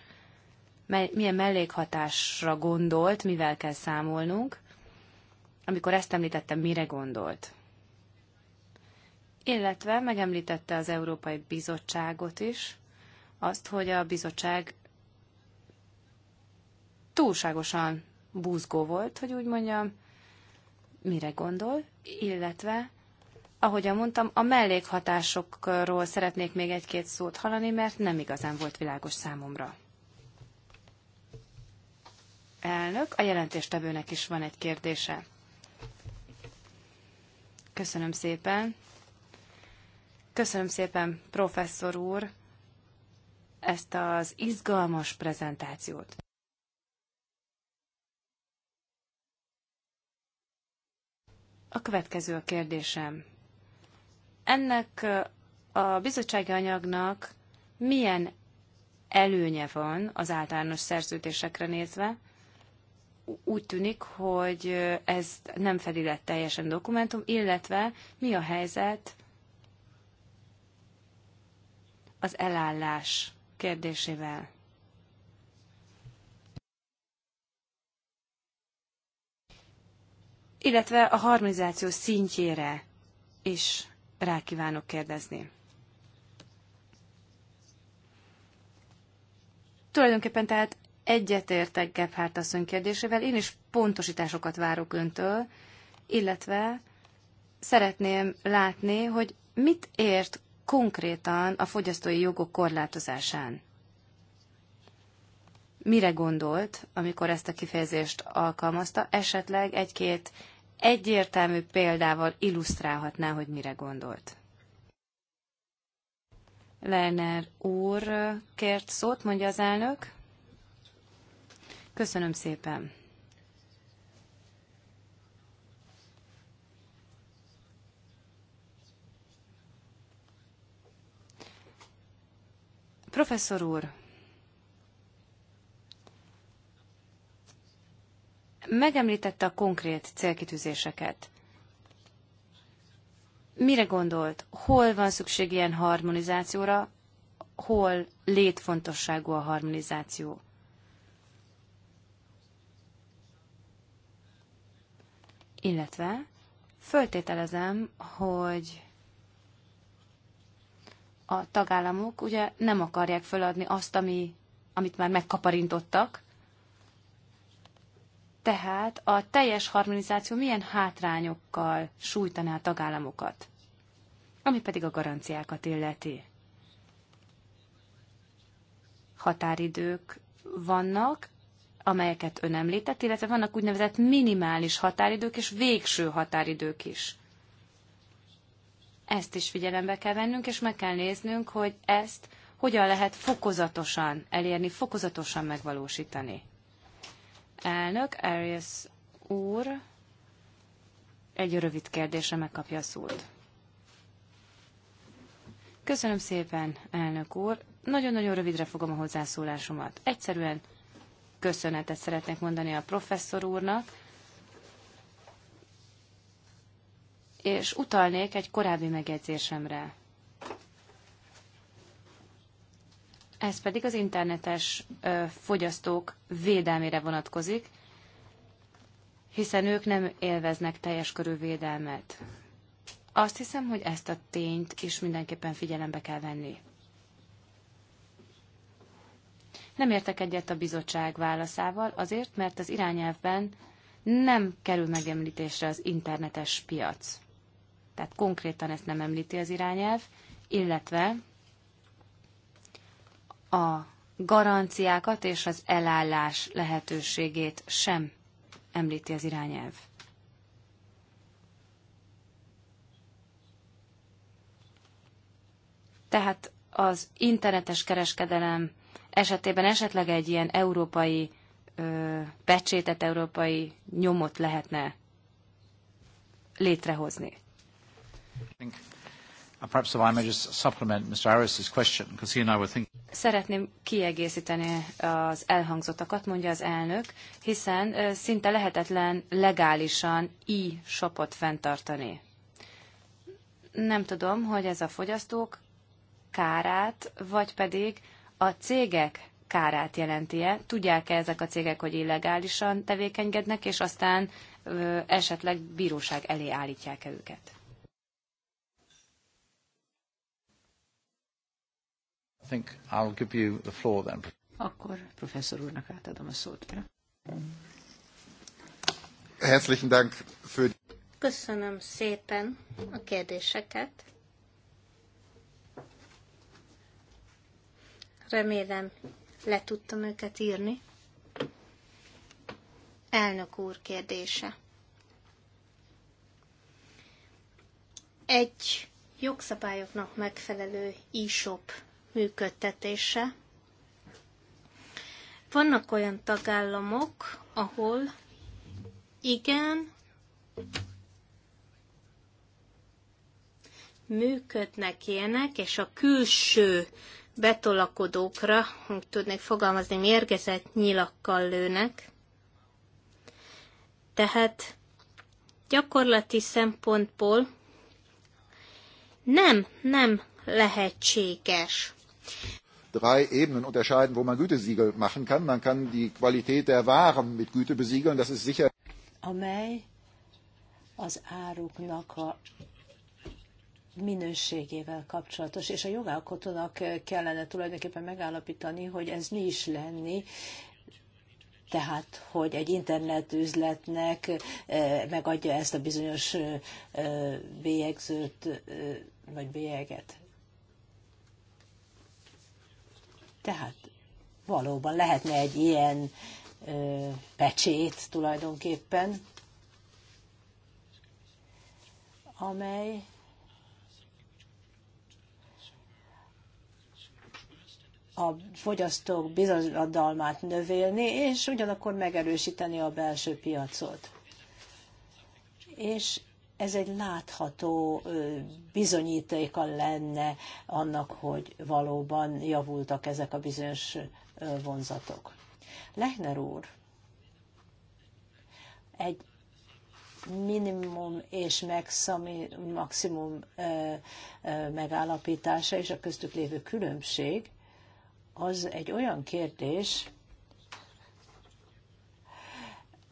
milyen mellékhatásra gondolt, mivel kell számolnunk. Amikor ezt említettem, mire gondolt? Illetve megemlítette az Európai Bizottságot is, azt, hogy a bizottság túlságosan búzgó volt, hogy úgy mondjam, mire gondol, illetve, ahogyan mondtam, a mellékhatásokról szeretnék még egy-két szót hallani, mert nem igazán volt világos számomra. Elnök, a jelentéstevőnek is van egy kérdése. Köszönöm szépen. Köszönöm szépen, professzor úr, ezt az izgalmas prezentációt. A következő a kérdésem. Ennek a bizottsági anyagnak milyen előnye van az általános szerződésekre nézve? Úgy tűnik, hogy ez nem fedi le teljesen dokumentum, illetve mi a helyzet az elállás kérdésével. Illetve a harmonizáció szintjére is rá kívánok kérdezni. Tulajdonképpen tehát egyetértek Gebhardt asszony kérdésével, én is pontosításokat várok öntől, illetve szeretném látni, hogy mit ért konkrétan a fogyasztói jogok korlátozásán. Mire gondolt, amikor ezt a kifejezést alkalmazta, esetleg egy-két egyértelmű példával illusztrálhatná, hogy mire gondolt. Lerner úr kért szót, mondja az elnök. Köszönöm szépen. Professzor úr, megemlítette a konkrét célkitűzéseket. Mire gondolt? Hol van szükség ilyen harmonizációra? Hol létfontosságú a harmonizáció? Illetve föltételezem, hogy a tagállamok ugye nem akarják feladni azt, ami, amit már megkaparintottak. Tehát a teljes harmonizáció milyen hátrányokkal sújtaná a tagállamokat, ami pedig a garanciákat illeti. Határidők vannak, amelyeket ön említett, illetve vannak úgynevezett minimális határidők és végső határidők is. Ezt is figyelembe kell vennünk, és meg kell néznünk, hogy ezt hogyan lehet fokozatosan elérni, fokozatosan megvalósítani. Elnök, Arias úr, egy rövid kérdésre megkapja a szót. Köszönöm szépen, elnök úr. Nagyon-nagyon rövidre fogom a hozzászólásomat. Egyszerűen köszönetet szeretnék mondani a professzor úrnak, és utalnék egy korábbi megjegyzésemre. Ez pedig az internetes fogyasztók védelmére vonatkozik, hiszen ők nem élveznek teljes körű védelmet. Azt hiszem, hogy ezt a tényt is mindenképpen figyelembe kell venni. Nem értek egyet a bizottság válaszával, azért, mert az irányelvben nem kerül megemlítésre az internetes piac tehát konkrétan ezt nem említi az irányelv, illetve a garanciákat és az elállás lehetőségét sem említi az irányelv. Tehát az internetes kereskedelem esetében esetleg egy ilyen európai ö, pecsétet, európai nyomot lehetne létrehozni. Szeretném kiegészíteni uh, az elhangzottakat, mondja az elnök, hiszen uh, szinte lehetetlen legálisan e-shopot fenntartani. Nem tudom, hogy ez a fogyasztók kárát, vagy pedig a cégek kárát jelenti-e? Tudják-e ezek a cégek, hogy illegálisan tevékenykednek, és aztán ö, esetleg bíróság elé állítják-e őket? think I'll give you the floor then. Akkor professzor úrnak átadom a szót. Herzlichen Dank für... Köszönöm szépen a kérdéseket. Remélem, le tudtam őket írni. Elnök úr kérdése. Egy jogszabályoknak megfelelő e-shop működtetése. Vannak olyan tagállamok, ahol igen, működnek ilyenek, és a külső betolakodókra, hogy tudnék fogalmazni, mérgezett nyilakkal lőnek. Tehát gyakorlati szempontból nem, nem lehetséges drei Ebenen unterscheiden, wo man Gütesiegel machen kann. Man kann die Qualität der Waren mit Güte besiegeln, das ist sicher. Amely az áruknak a minőségével kapcsolatos, és a jogalkotónak kellene tulajdonképpen megállapítani, hogy ez mi is lenni, tehát, hogy egy internetüzletnek eh, megadja ezt a bizonyos eh, eh, bélyegzőt, vagy bélyeget. Tehát valóban lehetne egy ilyen ö, pecsét tulajdonképpen, amely a fogyasztók bizonyadalmát növelni, és ugyanakkor megerősíteni a belső piacot. És ez egy látható bizonyítéka lenne annak, hogy valóban javultak ezek a bizonyos vonzatok. Lechner úr egy minimum és maximum, maximum megállapítása és a köztük lévő különbség az egy olyan kérdés,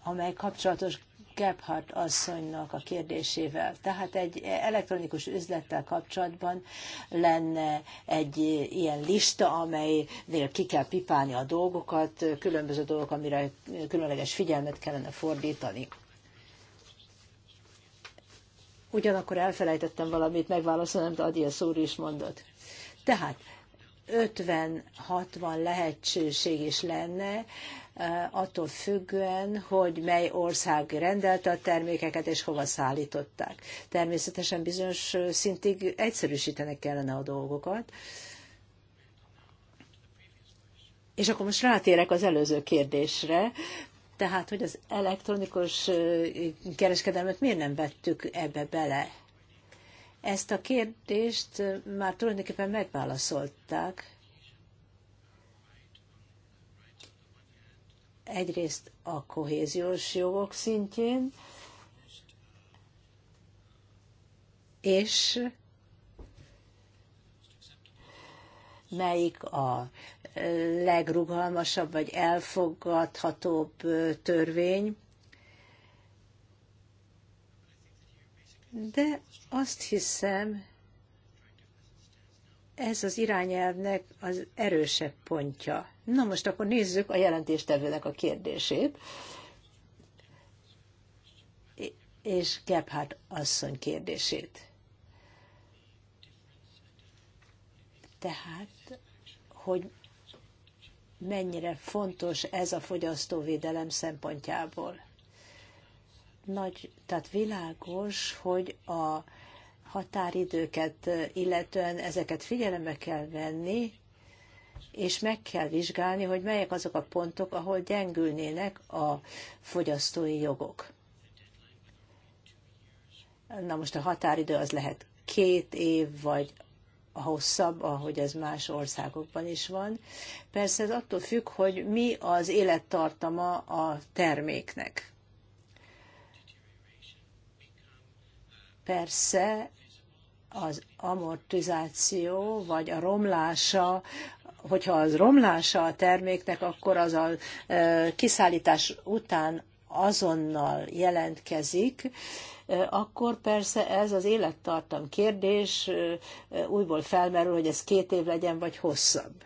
amely kapcsolatos Gebhardt asszonynak a kérdésével. Tehát egy elektronikus üzlettel kapcsolatban lenne egy ilyen lista, amelynél ki kell pipálni a dolgokat, különböző dolgok, amire különleges figyelmet kellene fordítani. Ugyanakkor elfelejtettem valamit megválaszolni, amit Adi a is mondott. Tehát 50-60 lehetőség is lenne, Eh, attól függően, hogy mely ország rendelte a termékeket és hova szállították. Természetesen bizonyos szintig egyszerűsítenek kellene a dolgokat. És akkor most rátérek az előző kérdésre, tehát, hogy az elektronikus eh, kereskedelmet miért nem vettük ebbe bele? Ezt a kérdést eh, már tulajdonképpen megválaszolták, egyrészt a kohéziós jogok szintjén, és melyik a legrugalmasabb vagy elfogadhatóbb törvény. De azt hiszem, ez az irányelvnek az erősebb pontja. Na most akkor nézzük a jelentéstevőnek a kérdését, és Gebhardt asszony kérdését. Tehát, hogy mennyire fontos ez a fogyasztóvédelem szempontjából. Nagy, tehát világos, hogy a határidőket eh, illetően ezeket figyelembe kell venni, és meg kell vizsgálni, hogy melyek azok a pontok, ahol gyengülnének a fogyasztói jogok. Na most a határidő az lehet két év, vagy a hosszabb, ahogy ez más országokban is van. Persze ez attól függ, hogy mi az élettartama a terméknek. Persze az amortizáció, vagy a romlása, hogyha az romlása a terméknek, akkor az a kiszállítás után azonnal jelentkezik, akkor persze ez az élettartam kérdés újból felmerül, hogy ez két év legyen, vagy hosszabb.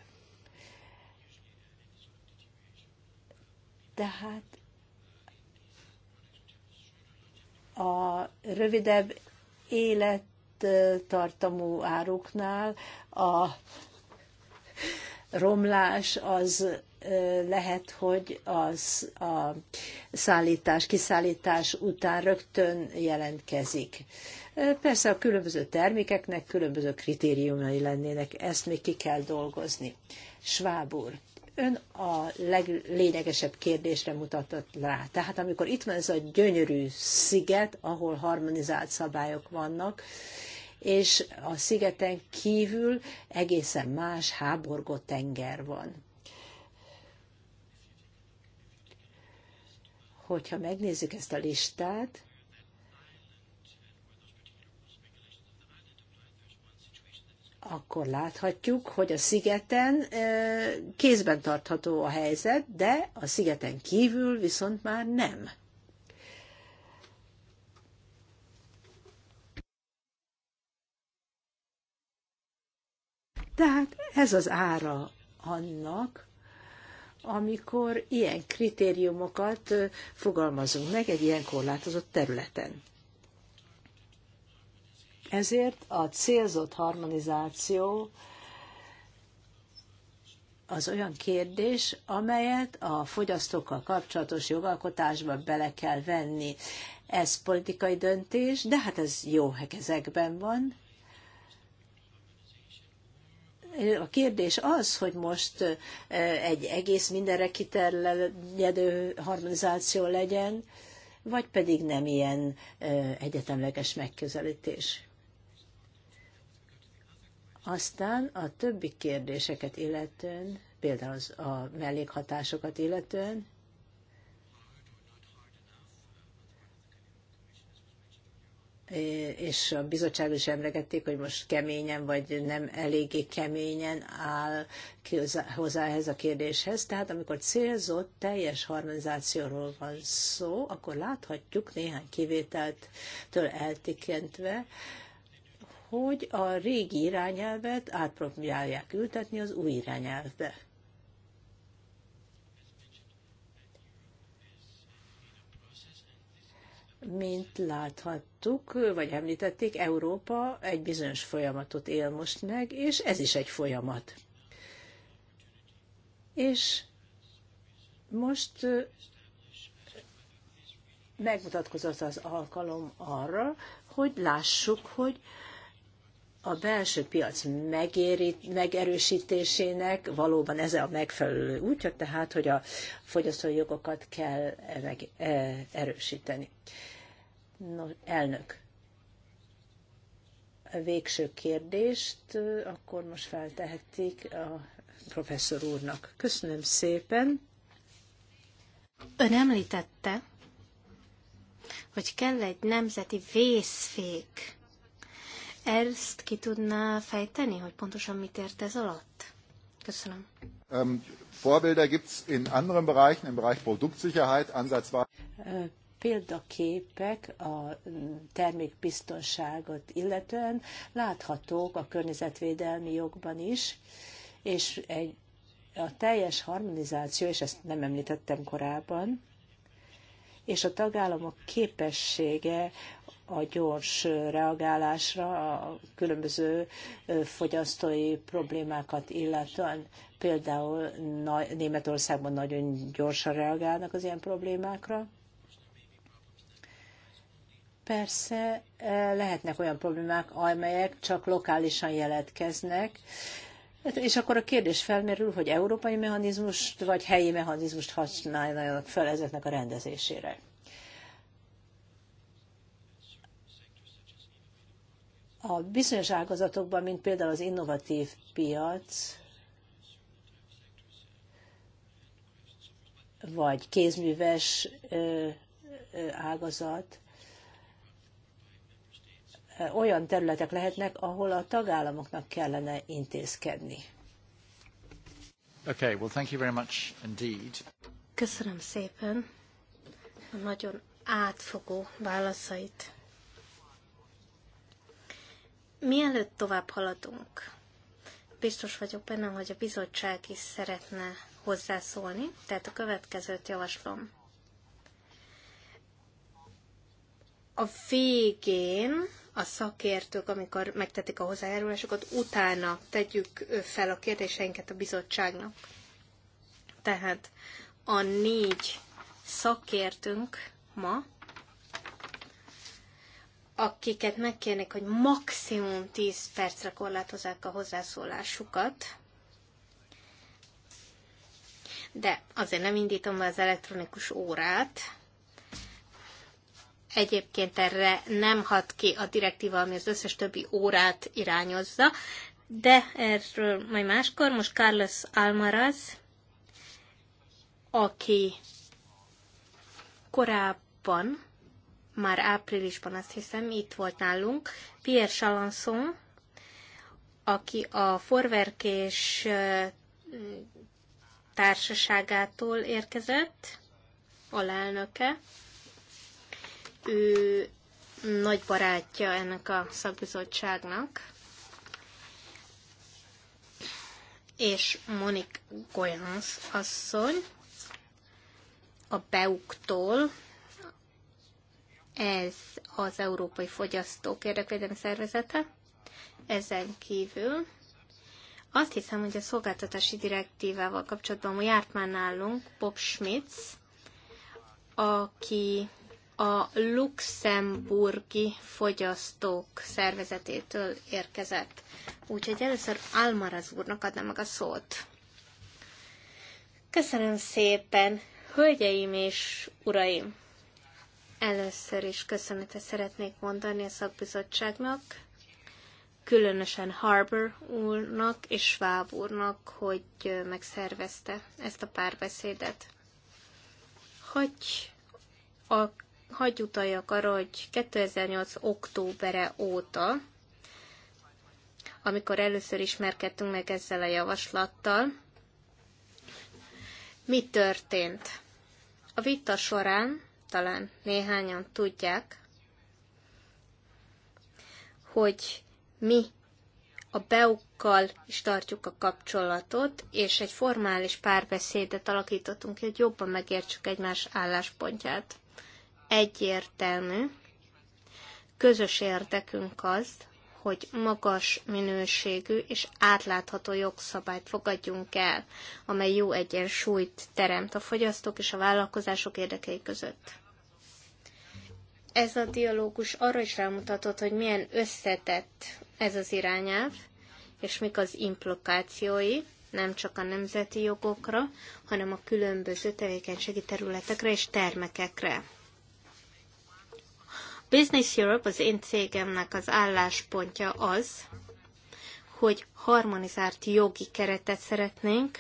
Tehát a rövidebb élet tartamú áruknál a romlás az lehet, hogy az a szállítás, kiszállítás után rögtön jelentkezik. Persze a különböző termékeknek különböző kritériumai lennének, ezt még ki kell dolgozni. Schwab úr, ön a leglényegesebb kérdésre mutatott rá. Tehát amikor itt van ez a gyönyörű sziget, ahol harmonizált szabályok vannak, és a szigeten kívül egészen más háborgó tenger van. Hogyha megnézzük ezt a listát, akkor láthatjuk, hogy a szigeten kézben tartható a helyzet, de a szigeten kívül viszont már nem. Tehát ez az ára annak, amikor ilyen kritériumokat fogalmazunk meg egy ilyen korlátozott területen. Ezért a célzott harmonizáció az olyan kérdés, amelyet a fogyasztókkal kapcsolatos jogalkotásba bele kell venni. Ez politikai döntés, de hát ez jó hekezekben van, a kérdés az, hogy most egy egész mindenre kiterjedő harmonizáció legyen, vagy pedig nem ilyen egyetemleges megközelítés. Aztán a többi kérdéseket illetően, például az, a mellékhatásokat illetően, és a bizottság is emlegették, hogy most keményen vagy nem eléggé keményen áll hozzá ehhez a kérdéshez. Tehát amikor célzott teljes harmonizációról van szó, akkor láthatjuk néhány kivételtől eltikentve, hogy a régi irányelvet átpróbálják ültetni az új irányelvbe. Mint láthattuk, vagy említették, Európa egy bizonyos folyamatot él most meg, és ez is egy folyamat. És most megmutatkozott az alkalom arra, hogy lássuk, hogy a belső piac megéri, megerősítésének valóban ez a megfelelő útja, tehát, hogy a fogyasztói jogokat kell meg, e, erősíteni. No, elnök, a végső kérdést e, akkor most feltehetik a professzor úrnak. Köszönöm szépen. Ön említette, hogy kell egy nemzeti vészfék ezt ki tudná fejteni, hogy pontosan mit ért ez alatt? Köszönöm. Um, Vorbilder gibt's in anderen Bereichen, im Bereich Produktsicherheit, ansatzweise. Uh, példaképek a termékbiztonságot illetően láthatók a környezetvédelmi jogban is, és egy, a teljes harmonizáció, és ezt nem említettem korábban, és a tagállamok képessége a gyors reagálásra a különböző fogyasztói problémákat illetően. Például Németországban nagyon gyorsan reagálnak az ilyen problémákra. Persze lehetnek olyan problémák, amelyek csak lokálisan jelentkeznek, hát, és akkor a kérdés felmerül, hogy európai mechanizmust vagy helyi mechanizmust használjanak fel ezeknek a rendezésére. A bizonyos ágazatokban, mint például az innovatív piac, vagy kézműves ágazat, olyan területek lehetnek, ahol a tagállamoknak kellene intézkedni. Okay, well, thank you very much indeed. Köszönöm szépen. Nagyon átfogó válaszait. Mielőtt tovább haladunk, biztos vagyok benne, hogy a bizottság is szeretne hozzászólni, tehát a következőt javaslom. A végén a szakértők, amikor megtetik a hozzájárulásokat, utána tegyük fel a kérdéseinket a bizottságnak. Tehát a négy szakértünk ma akiket megkérnék, hogy maximum 10 percre korlátozzák a hozzászólásukat. De azért nem indítom be az elektronikus órát. Egyébként erre nem hat ki a direktíva, ami az összes többi órát irányozza, de erről majd máskor. Most Carlos Almaraz, aki korábban már áprilisban azt hiszem, itt volt nálunk, Pierre Chalanson, aki a forverkés társaságától érkezett, alelnöke. Ő nagy barátja ennek a szakbizottságnak. És Monik Goyans asszony a Beuktól, ez az Európai Fogyasztók Érdekvédelmi Szervezete. Ezen kívül azt hiszem, hogy a szolgáltatási direktívával kapcsolatban járt már nálunk Bob Schmitz, aki a luxemburgi fogyasztók szervezetétől érkezett. Úgyhogy először Almaraz úrnak adnám meg a szót. Köszönöm szépen, hölgyeim és uraim! Először is köszönetet szeretnék mondani a szakbizottságnak, különösen Harbour úrnak és Schwab úrnak, hogy megszervezte ezt a párbeszédet. Hogy a, hogy utaljak arra, hogy 2008. októbere óta, amikor először ismerkedtünk meg ezzel a javaslattal, mi történt? A vita során talán néhányan tudják, hogy mi a beukkal is tartjuk a kapcsolatot, és egy formális párbeszédet alakítottunk ki, hogy jobban megértsük egymás álláspontját. Egyértelmű, közös érdekünk az, hogy magas minőségű és átlátható jogszabályt fogadjunk el, amely jó egyensúlyt teremt a fogyasztók és a vállalkozások érdekei között. Ez a dialógus arra is rámutatott, hogy milyen összetett ez az irányelv, és mik az implikációi, nem csak a nemzeti jogokra, hanem a különböző tevékenységi területekre és termekekre. Business Europe, az én cégemnek az álláspontja az, hogy harmonizált jogi keretet szeretnénk,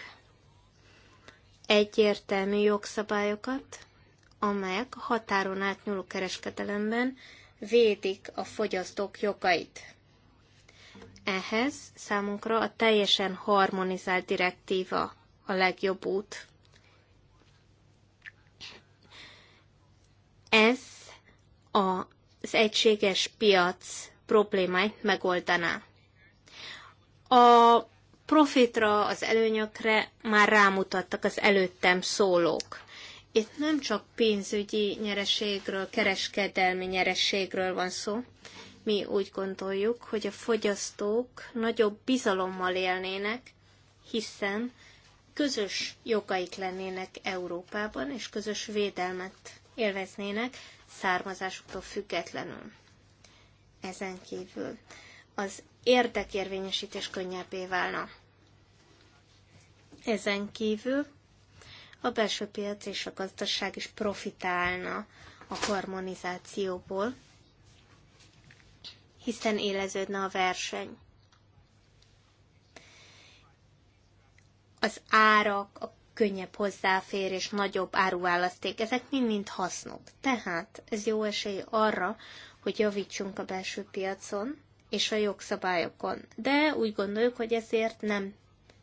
egyértelmű jogszabályokat, amelyek a határon átnyúló kereskedelemben védik a fogyasztók jogait. Ehhez számunkra a teljesen harmonizált direktíva a legjobb út. Ez a az egységes piac problémáit megoldaná. A profitra, az előnyökre már rámutattak az előttem szólók. Itt nem csak pénzügyi nyereségről, kereskedelmi nyereségről van szó. Mi úgy gondoljuk, hogy a fogyasztók nagyobb bizalommal élnének, hiszen közös jogaik lennének Európában, és közös védelmet élveznének, származásuktól függetlenül. Ezen kívül az érdekérvényesítés könnyebbé válna. Ezen kívül a belső piac és a gazdaság is profitálna a harmonizációból, hiszen éleződne a verseny. Az árak, a könnyebb és nagyobb áruválaszték. Ezek mind-mind hasznok. Tehát ez jó esély arra, hogy javítsunk a belső piacon és a jogszabályokon. De úgy gondoljuk, hogy ezért nem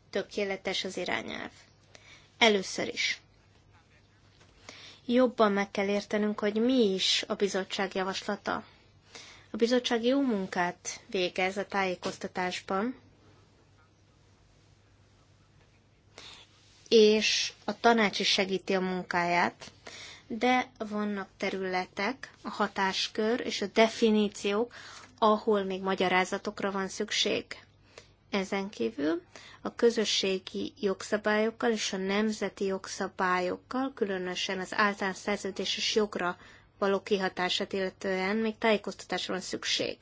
tökéletes az irányelv. Először is. Jobban meg kell értenünk, hogy mi is a bizottság javaslata. A bizottság jó munkát végez a tájékoztatásban, és a tanács is segíti a munkáját, de vannak területek, a hatáskör és a definíciók, ahol még magyarázatokra van szükség. Ezen kívül a közösségi jogszabályokkal és a nemzeti jogszabályokkal, különösen az általános szerződéses jogra való kihatását illetően még tájékoztatásra van szükség.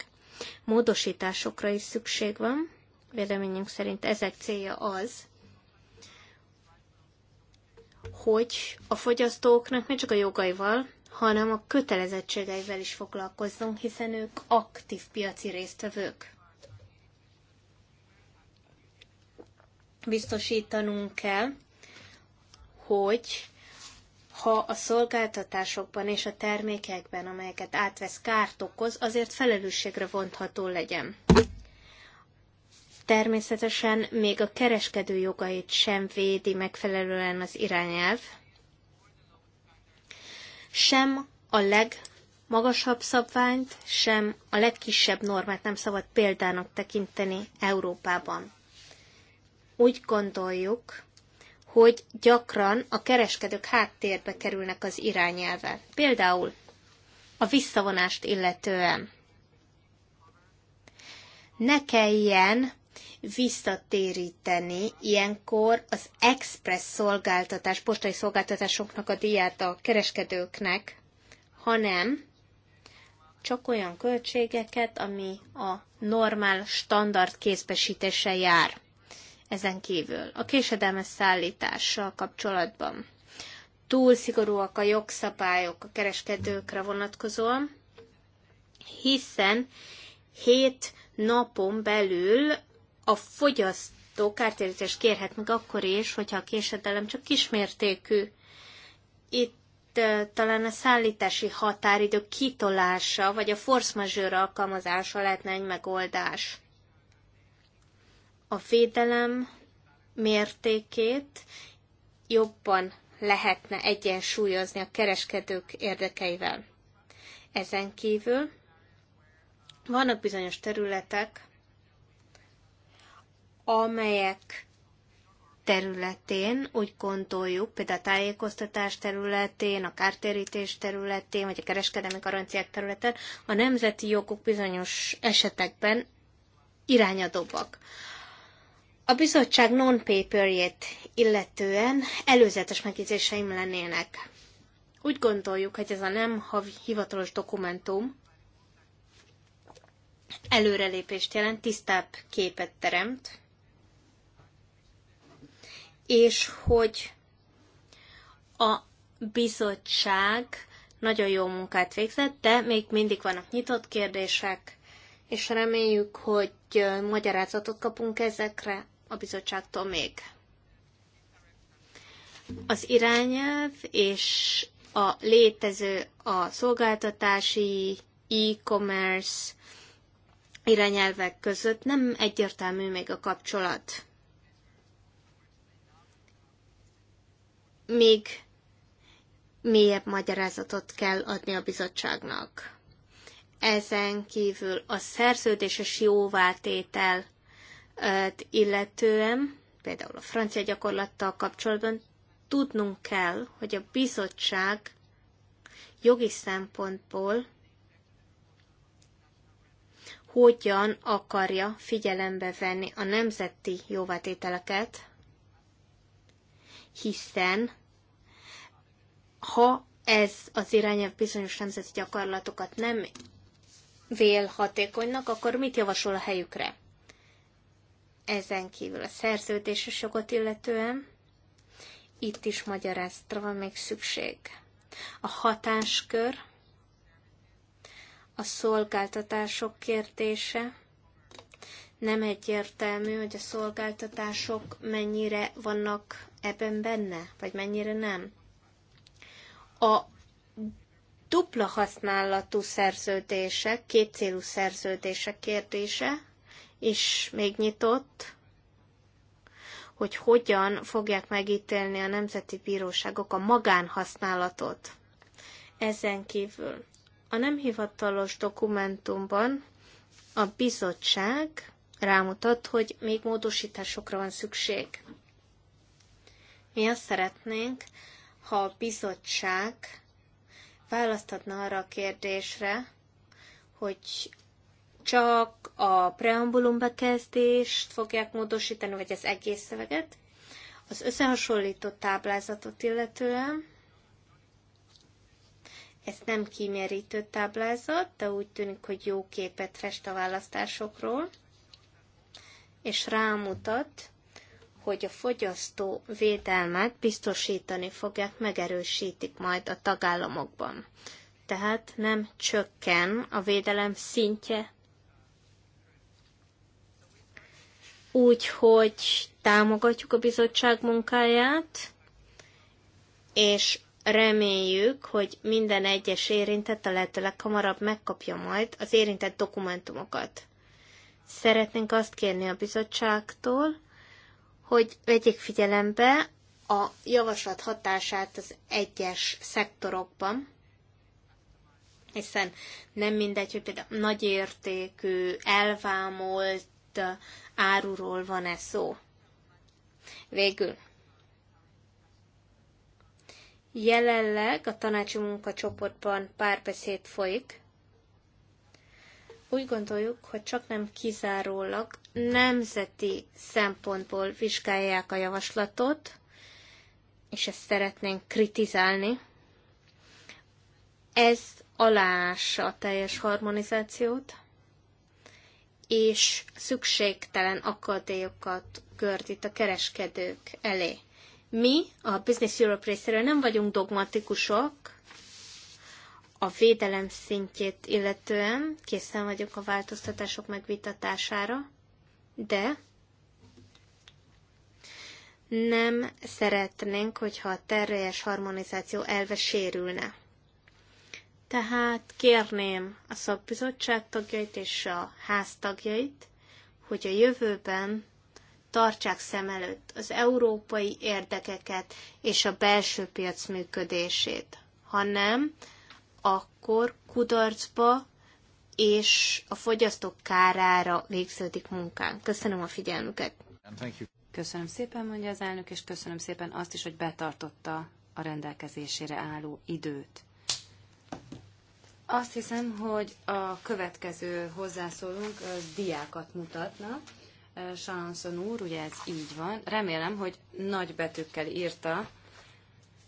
Módosításokra is szükség van. Véleményünk szerint ezek célja az, hogy a fogyasztóknak nem csak a jogaival, hanem a kötelezettségeivel is foglalkozzunk, hiszen ők aktív piaci résztvevők. Biztosítanunk kell, hogy ha a szolgáltatásokban és a termékekben, amelyeket átvesz, kárt okoz, azért felelősségre vontható legyen. Természetesen még a kereskedő jogait sem védi megfelelően az irányelv, sem a legmagasabb szabványt, sem a legkisebb normát nem szabad példának tekinteni Európában. Úgy gondoljuk, hogy gyakran a kereskedők háttérbe kerülnek az irányelve. Például a visszavonást illetően. Ne kelljen visszatéríteni ilyenkor az express szolgáltatás, postai szolgáltatásoknak a díját a kereskedőknek, hanem csak olyan költségeket, ami a normál standard kézbesítése jár ezen kívül. A késedelmes szállítással kapcsolatban túl szigorúak a jogszabályok a kereskedőkre vonatkozóan, hiszen hét napon belül a fogyasztó kártérítést kérhet meg akkor is, hogyha a késedelem csak kismértékű. Itt talán a szállítási határidő kitolása, vagy a force majeure alkalmazása lehetne egy megoldás. A védelem mértékét jobban lehetne egyensúlyozni a kereskedők érdekeivel. Ezen kívül vannak bizonyos területek, amelyek területén úgy gondoljuk, például a tájékoztatás területén, a kártérítés területén, vagy a kereskedelmi garanciák területen, a nemzeti jogok bizonyos esetekben irányadóbbak. A bizottság non paper illetően előzetes megjegyzéseim lennének. Úgy gondoljuk, hogy ez a nem havi hivatalos dokumentum előrelépést jelent, tisztább képet teremt, és hogy a bizottság nagyon jó munkát végzett, de még mindig vannak nyitott kérdések, és reméljük, hogy magyarázatot kapunk ezekre a bizottságtól még. Az irányelv és a létező a szolgáltatási e-commerce irányelvek között nem egyértelmű még a kapcsolat. még mélyebb magyarázatot kell adni a bizottságnak. Ezen kívül a szerződéses jóváltétel illetően, például a francia gyakorlattal kapcsolatban tudnunk kell, hogy a bizottság jogi szempontból hogyan akarja figyelembe venni a nemzeti jóvátételeket, hiszen ha ez az irányelv bizonyos nemzeti gyakorlatokat nem vél hatékonynak, akkor mit javasol a helyükre? Ezen kívül a szerződéses jogot illetően itt is magyarázatra van még szükség. A hatáskör, a szolgáltatások kérdése, nem egyértelmű, hogy a szolgáltatások mennyire vannak ebben benne, vagy mennyire nem. A dupla használatú szerződések, célú szerződések kérdése és még nyitott, hogy hogyan fogják megítélni a nemzeti bíróságok a magánhasználatot. Ezen kívül a nem hivatalos dokumentumban a bizottság rámutat, hogy még módosításokra van szükség. Mi azt szeretnénk, ha a bizottság választatna arra a kérdésre, hogy csak a preambulum bekezdést fogják módosítani, vagy az egész szöveget, az összehasonlító táblázatot illetően, ez nem kimérítő táblázat, de úgy tűnik, hogy jó képet fest a választásokról, és rámutat hogy a fogyasztó védelmet biztosítani fogják, megerősítik majd a tagállamokban. Tehát nem csökken a védelem szintje, úgyhogy támogatjuk a bizottság munkáját, és reméljük, hogy minden egyes érintett a lehető leghamarabb megkapja majd az érintett dokumentumokat. Szeretnénk azt kérni a bizottságtól, hogy vegyék figyelembe a javaslat hatását az egyes szektorokban, hiszen nem mindegy, hogy például nagyértékű, elvámolt áruról van-e szó. Végül. Jelenleg a tanácsi munkacsoportban párbeszéd folyik. Úgy gondoljuk, hogy csak nem kizárólag nemzeti szempontból vizsgálják a javaslatot, és ezt szeretnénk kritizálni. Ez aláássa a teljes harmonizációt, és szükségtelen akadélyokat gördít a kereskedők elé. Mi a Business Europe részéről nem vagyunk dogmatikusok, a védelem szintjét illetően készen vagyok a változtatások megvitatására, de nem szeretnénk, hogyha a teljes harmonizáció elve sérülne. Tehát kérném a szakbizottság tagjait és a háztagjait, hogy a jövőben tartsák szem előtt az európai érdekeket és a belső piac működését. Ha nem, akkor kudarcba és a fogyasztók kárára végződik munkánk. Köszönöm a figyelmüket. Köszönöm szépen, mondja az elnök, és köszönöm szépen azt is, hogy betartotta a rendelkezésére álló időt. Azt hiszem, hogy a következő hozzászólunk az diákat mutatna. Salanszon úr, ugye ez így van. Remélem, hogy nagy betűkkel írta,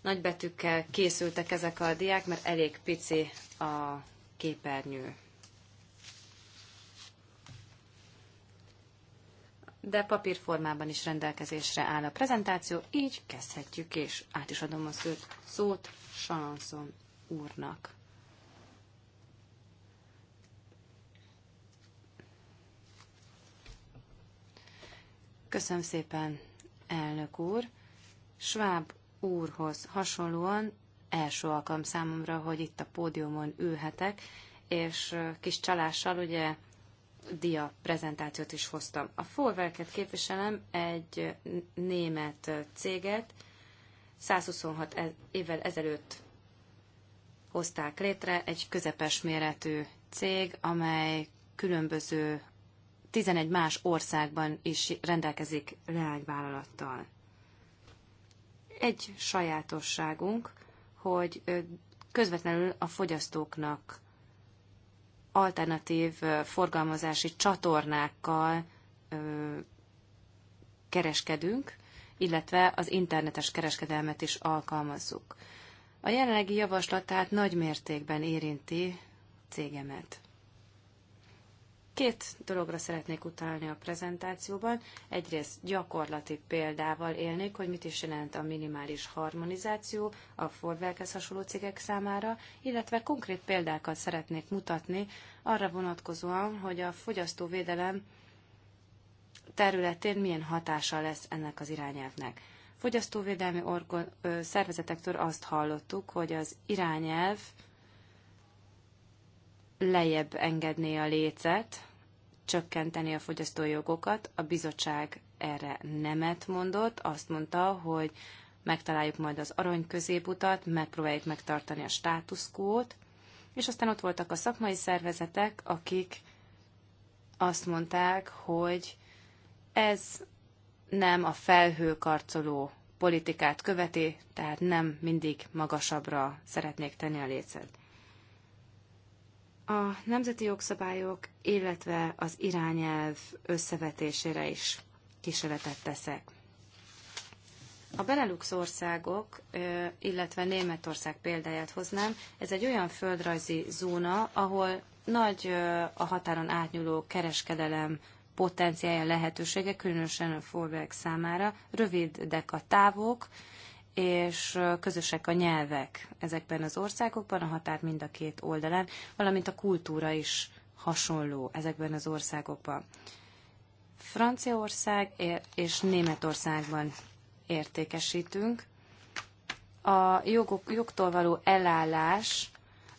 nagy betűkkel készültek ezek a diák, mert elég pici a képernyő. de papírformában is rendelkezésre áll a prezentáció, így kezdhetjük, és át is adom a szót, szót Salanszon úrnak. Köszönöm szépen, elnök úr. Schwab úrhoz hasonlóan első alkalom számomra, hogy itt a pódiumon ülhetek, és kis csalással ugye dia prezentációt is hoztam. A Forwerket képviselem egy német céget, 126 e- évvel ezelőtt hozták létre egy közepes méretű cég, amely különböző 11 más országban is rendelkezik leányvállalattal. Egy sajátosságunk, hogy közvetlenül a fogyasztóknak alternatív forgalmazási csatornákkal kereskedünk, illetve az internetes kereskedelmet is alkalmazzuk. A jelenlegi javaslat tehát nagy mértékben érinti cégemet. Két dologra szeretnék utalni a prezentációban. Egyrészt gyakorlati példával élnék, hogy mit is jelent a minimális harmonizáció a Forvelkhez hasonló cégek számára, illetve konkrét példákat szeretnék mutatni arra vonatkozóan, hogy a fogyasztóvédelem területén milyen hatása lesz ennek az irányelvnek. Fogyasztóvédelmi orgon, ö, szervezetektől azt hallottuk, hogy az irányelv lejjebb engedné a lécet, csökkenteni a fogyasztói jogokat. A bizottság erre nemet mondott, azt mondta, hogy megtaláljuk majd az arany középutat, megpróbáljuk megtartani a státuszkót, és aztán ott voltak a szakmai szervezetek, akik azt mondták, hogy ez nem a felhőkarcoló politikát követi, tehát nem mindig magasabbra szeretnék tenni a lécet a nemzeti jogszabályok, illetve az irányelv összevetésére is kísérletet teszek. A Benelux országok, illetve Németország példáját hoznám, ez egy olyan földrajzi zóna, ahol nagy a határon átnyúló kereskedelem potenciálja lehetősége, különösen a Forbeck számára, rövidek a távok, és közösek a nyelvek ezekben az országokban, a határ mind a két oldalán, valamint a kultúra is hasonló ezekben az országokban. Franciaország és Németországban értékesítünk. A jogok, jogtól való elállás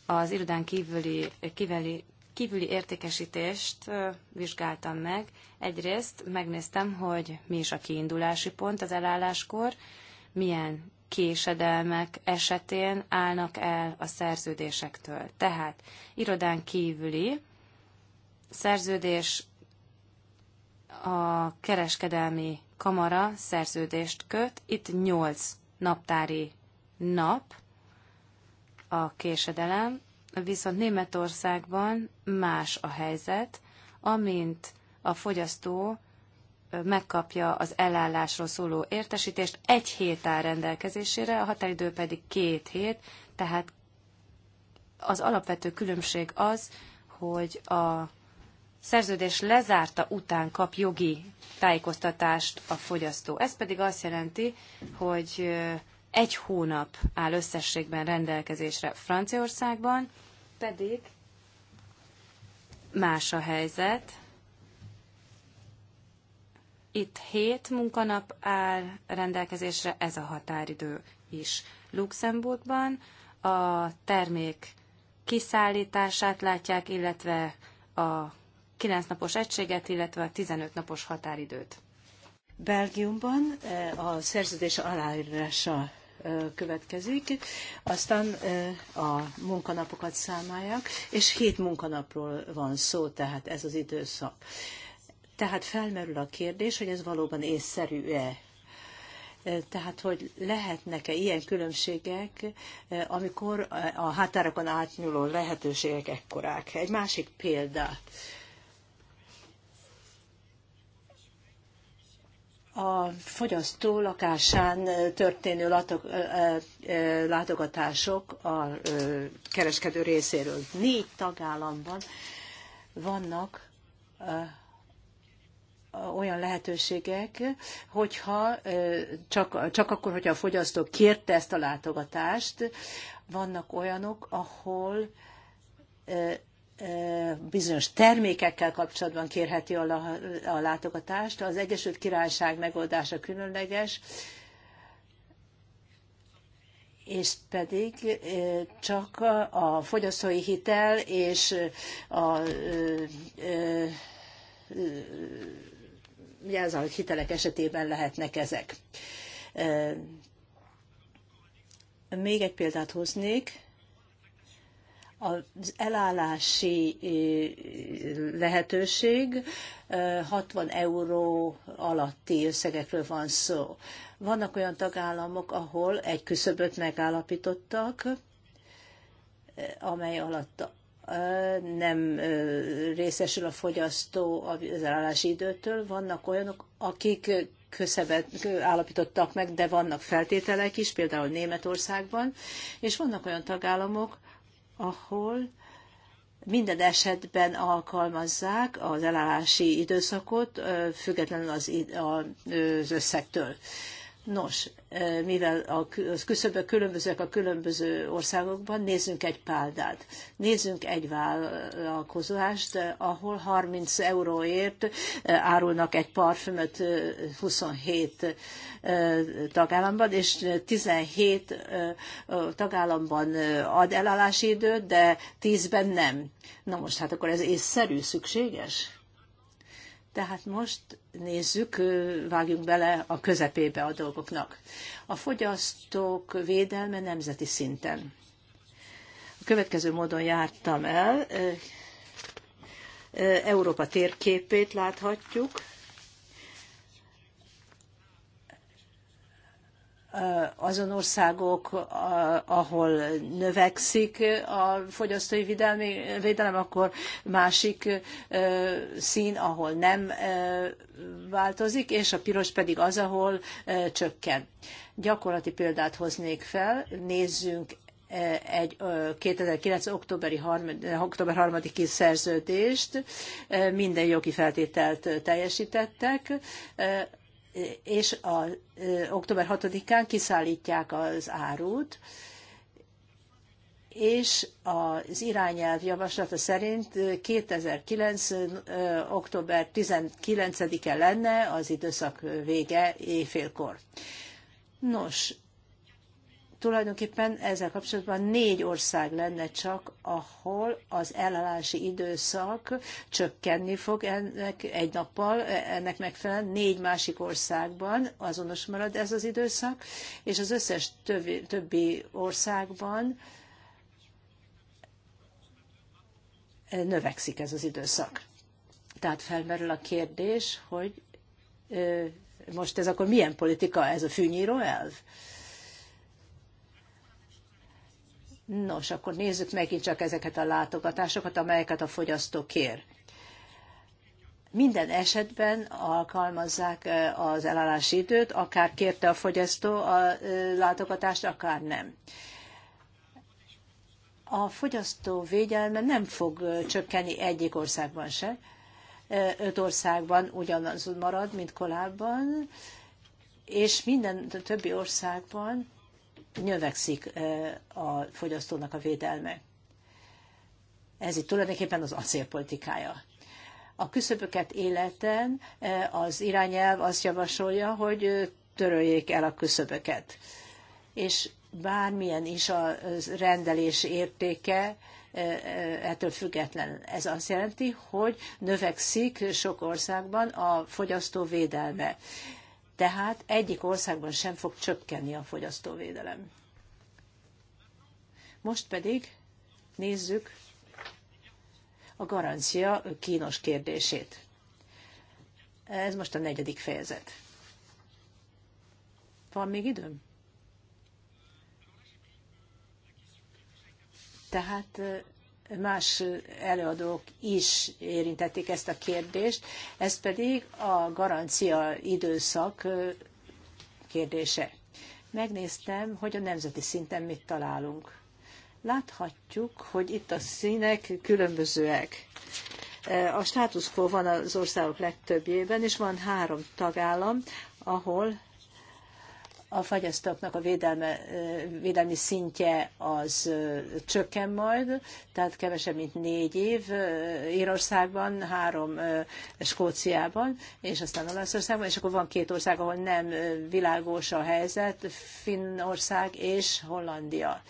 az irodán kívüli, kívüli, kívüli értékesítést vizsgáltam meg. Egyrészt megnéztem, hogy mi is a kiindulási pont az elálláskor, milyen késedelmek esetén állnak el a szerződésektől. Tehát irodán kívüli szerződés a kereskedelmi kamara szerződést köt, itt 8 naptári nap a késedelem, viszont Németországban más a helyzet, amint a fogyasztó megkapja az elállásról szóló értesítést, egy hét áll rendelkezésére, a határidő pedig két hét, tehát az alapvető különbség az, hogy a szerződés lezárta után kap jogi tájékoztatást a fogyasztó. Ez pedig azt jelenti, hogy egy hónap áll összességben rendelkezésre Franciaországban, pedig más a helyzet. Itt hét munkanap áll rendelkezésre, ez a határidő is. Luxemburgban a termék kiszállítását látják, illetve a 9 napos egységet, illetve a 15 napos határidőt. Belgiumban eh, a szerződés aláírása eh, következik, aztán eh, a munkanapokat számolják, és hét munkanapról van szó, tehát ez az időszak. Tehát felmerül a kérdés, hogy ez valóban észszerű-e. Tehát, hogy lehetnek-e ilyen különbségek, amikor a határokon átnyúló lehetőségek ekkorák. Egy másik példa: a fogyasztó lakásán történő látogatások a kereskedő részéről. Négy tagállamban vannak olyan lehetőségek, hogyha csak, csak akkor, hogyha a fogyasztó kérte ezt a látogatást, vannak olyanok, ahol bizonyos termékekkel kapcsolatban kérheti a látogatást. Az Egyesült Királyság megoldása különleges, és pedig csak a fogyasztói hitel és a jelzálog hitelek esetében lehetnek ezek. Még egy példát hoznék. Az elállási lehetőség 60 euró alatti összegekről van szó. Vannak olyan tagállamok, ahol egy küszöböt megállapítottak, amely alatt nem részesül a fogyasztó az állási időtől. Vannak olyanok, akik köszebet állapítottak meg, de vannak feltételek is, például Németországban, és vannak olyan tagállamok, ahol minden esetben alkalmazzák az elállási időszakot, függetlenül az, az összegtől. Nos, mivel a küszöbök különbözőek a különböző országokban, nézzünk egy páldát. Nézzünk egy vállalkozást, ahol 30 euróért árulnak egy parfümöt 27 tagállamban, és 17 tagállamban ad elállási időt, de 10-ben nem. Na most hát akkor ez észszerű, szükséges? Tehát most nézzük, vágjunk bele a közepébe a dolgoknak. A fogyasztók védelme nemzeti szinten. A következő módon jártam el. Európa térképét láthatjuk azon országok, ahol növekszik a fogyasztói védelmi, védelem, akkor másik szín, ahol nem változik, és a piros pedig az, ahol csökken. Gyakorlati példát hoznék fel, nézzünk egy 2009. októberi harmad, október 3-i szerződést, minden jogi feltételt teljesítettek, és a, október 6-án kiszállítják az árut, és az irányelv javaslata szerint 2009. október 19-e lenne az időszak vége éjfélkor. Nos, tulajdonképpen ezzel kapcsolatban négy ország lenne csak, ahol az elállási időszak csökkenni fog ennek egy nappal, e, ennek megfelelően négy másik országban azonos marad ez az időszak, és az összes többi, többi országban növekszik ez az időszak. Tehát felmerül a kérdés, hogy most ez akkor milyen politika, ez a fűnyíró elv? Nos, akkor nézzük megint csak ezeket a látogatásokat, amelyeket a fogyasztó kér. Minden esetben alkalmazzák az elállási időt, akár kérte a fogyasztó a látogatást, akár nem. A fogyasztó védelme nem fog csökkenni egyik országban se. Öt országban ugyanaz marad, mint korábban, és minden többi országban növekszik a fogyasztónak a védelme. Ez itt tulajdonképpen az acélpolitikája. A küszöböket életen az irányelv azt javasolja, hogy töröljék el a küszöböket. És bármilyen is a rendelés értéke, ettől független. Ez azt jelenti, hogy növekszik sok országban a fogyasztó védelme. Tehát egyik országban sem fog csökkenni a fogyasztóvédelem. Most pedig nézzük a garancia kínos kérdését. Ez most a negyedik fejezet. Van még időm? Tehát más előadók is érintették ezt a kérdést, ez pedig a garancia időszak kérdése. Megnéztem, hogy a nemzeti szinten mit találunk. Láthatjuk, hogy itt a színek különbözőek. A státuszkó van az országok legtöbbjében, és van három tagállam, ahol a fagyasztóknak a védelme, védelmi szintje az csökken majd, tehát kevesebb, mint négy év Írországban, három Skóciában, és aztán Olaszországban, és akkor van két ország, ahol nem világos a helyzet, Finnország és Hollandia.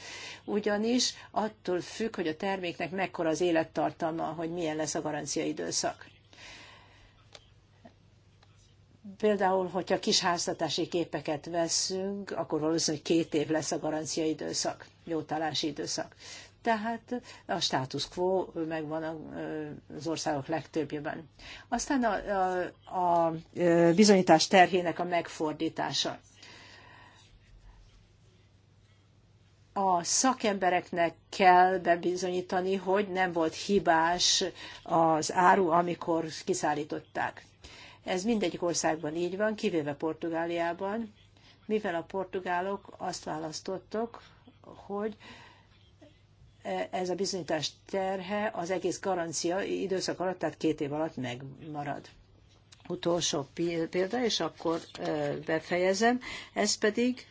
Ugyanis attól függ, hogy a terméknek mekkora az élettartama, hogy milyen lesz a garancia időszak Például, hogyha kis háztatási képeket veszünk, akkor valószínűleg két év lesz a garancia időszak, jótállási időszak. Tehát a status quo megvan az országok legtöbbjében. Aztán a, a, a bizonyítás terhének a megfordítása. a szakembereknek kell bebizonyítani, hogy nem volt hibás az áru, amikor kiszállították. Ez mindegyik országban így van, kivéve Portugáliában, mivel a portugálok azt választottak, hogy e, ez a bizonyítás terhe az egész garancia időszak alatt, tehát két év alatt megmarad. Utolsó példa, és akkor e, befejezem, ez pedig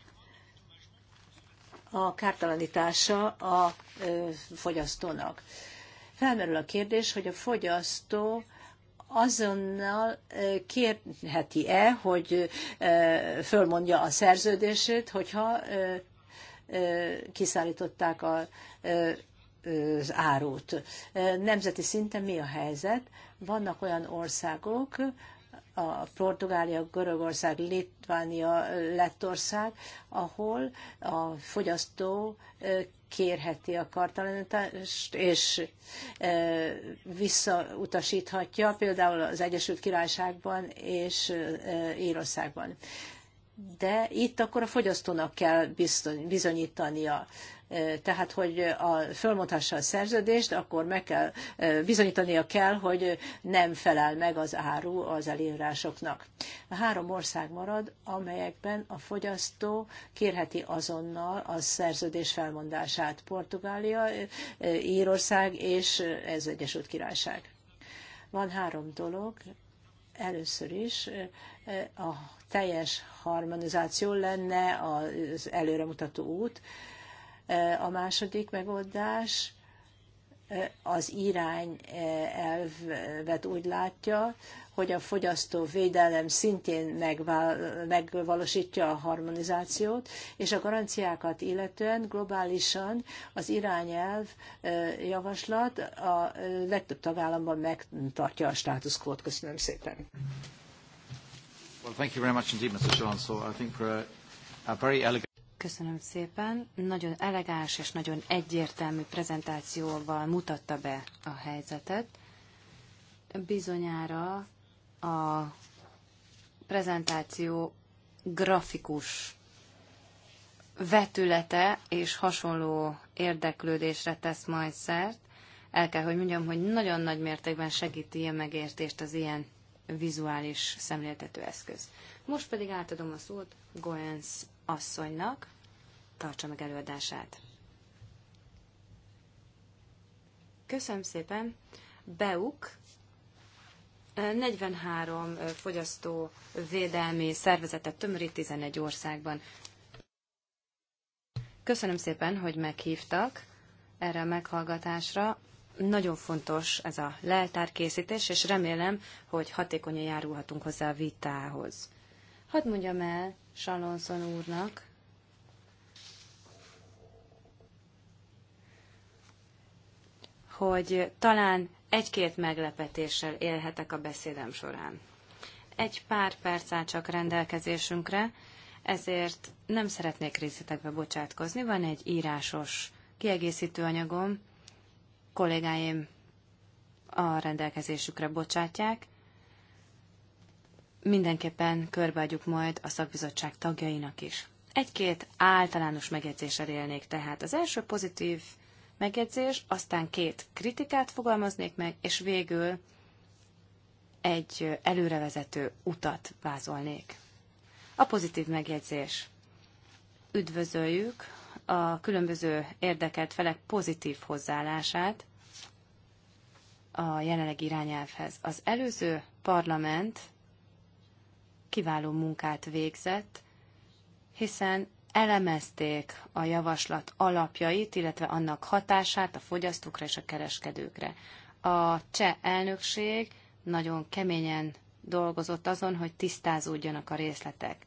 a kártalanítása a e, fogyasztónak. Felmerül a kérdés, hogy a fogyasztó azonnal kérheti-e, hogy fölmondja a szerződését, hogyha kiszállították az árut. Nemzeti szinten mi a helyzet? Vannak olyan országok, a Portugália, Görögország, Litvánia, Lettország, ahol a fogyasztó kérheti a kartalanítást, és e, visszautasíthatja, például az Egyesült Királyságban és e, Írországban. De itt akkor a fogyasztónak kell bizonyítania tehát, hogy a, fölmondhassa a szerződést, akkor meg kell, bizonyítania kell, hogy nem felel meg az áru az elírásoknak. A három ország marad, amelyekben a fogyasztó kérheti azonnal a szerződés felmondását. Portugália, Írország és ez Egyesült Királyság. Van három dolog, először is a teljes harmonizáció lenne az előremutató út, Eh, a második megoldás eh, az irány eh, elvet úgy látja, hogy a fogyasztó védelem szintén megvalósítja a harmonizációt, és a garanciákat illetően globálisan az irányelv javaslat a legtöbb tagállamban megtartja a státuszkvót. Köszönöm szépen. Well, thank you very much indeed, Mr. Sean. So I think for a, a very elegant Köszönöm szépen. Nagyon elegáns és nagyon egyértelmű prezentációval mutatta be a helyzetet. Bizonyára a prezentáció grafikus vetülete és hasonló érdeklődésre tesz majd szert. El kell, hogy mondjam, hogy nagyon nagy mértékben segíti a megértést az ilyen vizuális szemléltető eszköz. Most pedig átadom a szót Goenz asszonynak tartsa meg előadását. Köszönöm szépen. Beuk 43 fogyasztó védelmi szervezetet tömörít 11 országban. Köszönöm szépen, hogy meghívtak erre a meghallgatásra. Nagyon fontos ez a leltárkészítés, és remélem, hogy hatékonyan járulhatunk hozzá a vitához. Hadd mondjam el Salonson úrnak, hogy talán egy-két meglepetéssel élhetek a beszédem során. Egy pár perc áll csak rendelkezésünkre, ezért nem szeretnék részletekbe bocsátkozni. Van egy írásos kiegészítő anyagom, kollégáim a rendelkezésükre bocsátják, mindenképpen körbeadjuk majd a szakbizottság tagjainak is. Egy-két általános megjegyzéssel élnék tehát. Az első pozitív megjegyzés, aztán két kritikát fogalmaznék meg, és végül egy előrevezető utat vázolnék. A pozitív megjegyzés. Üdvözöljük a különböző érdekelt felek pozitív hozzáállását a jelenleg irányelvhez. Az előző parlament kiváló munkát végzett, hiszen elemezték a javaslat alapjait, illetve annak hatását a fogyasztókra és a kereskedőkre. A cseh elnökség nagyon keményen dolgozott azon, hogy tisztázódjanak a részletek.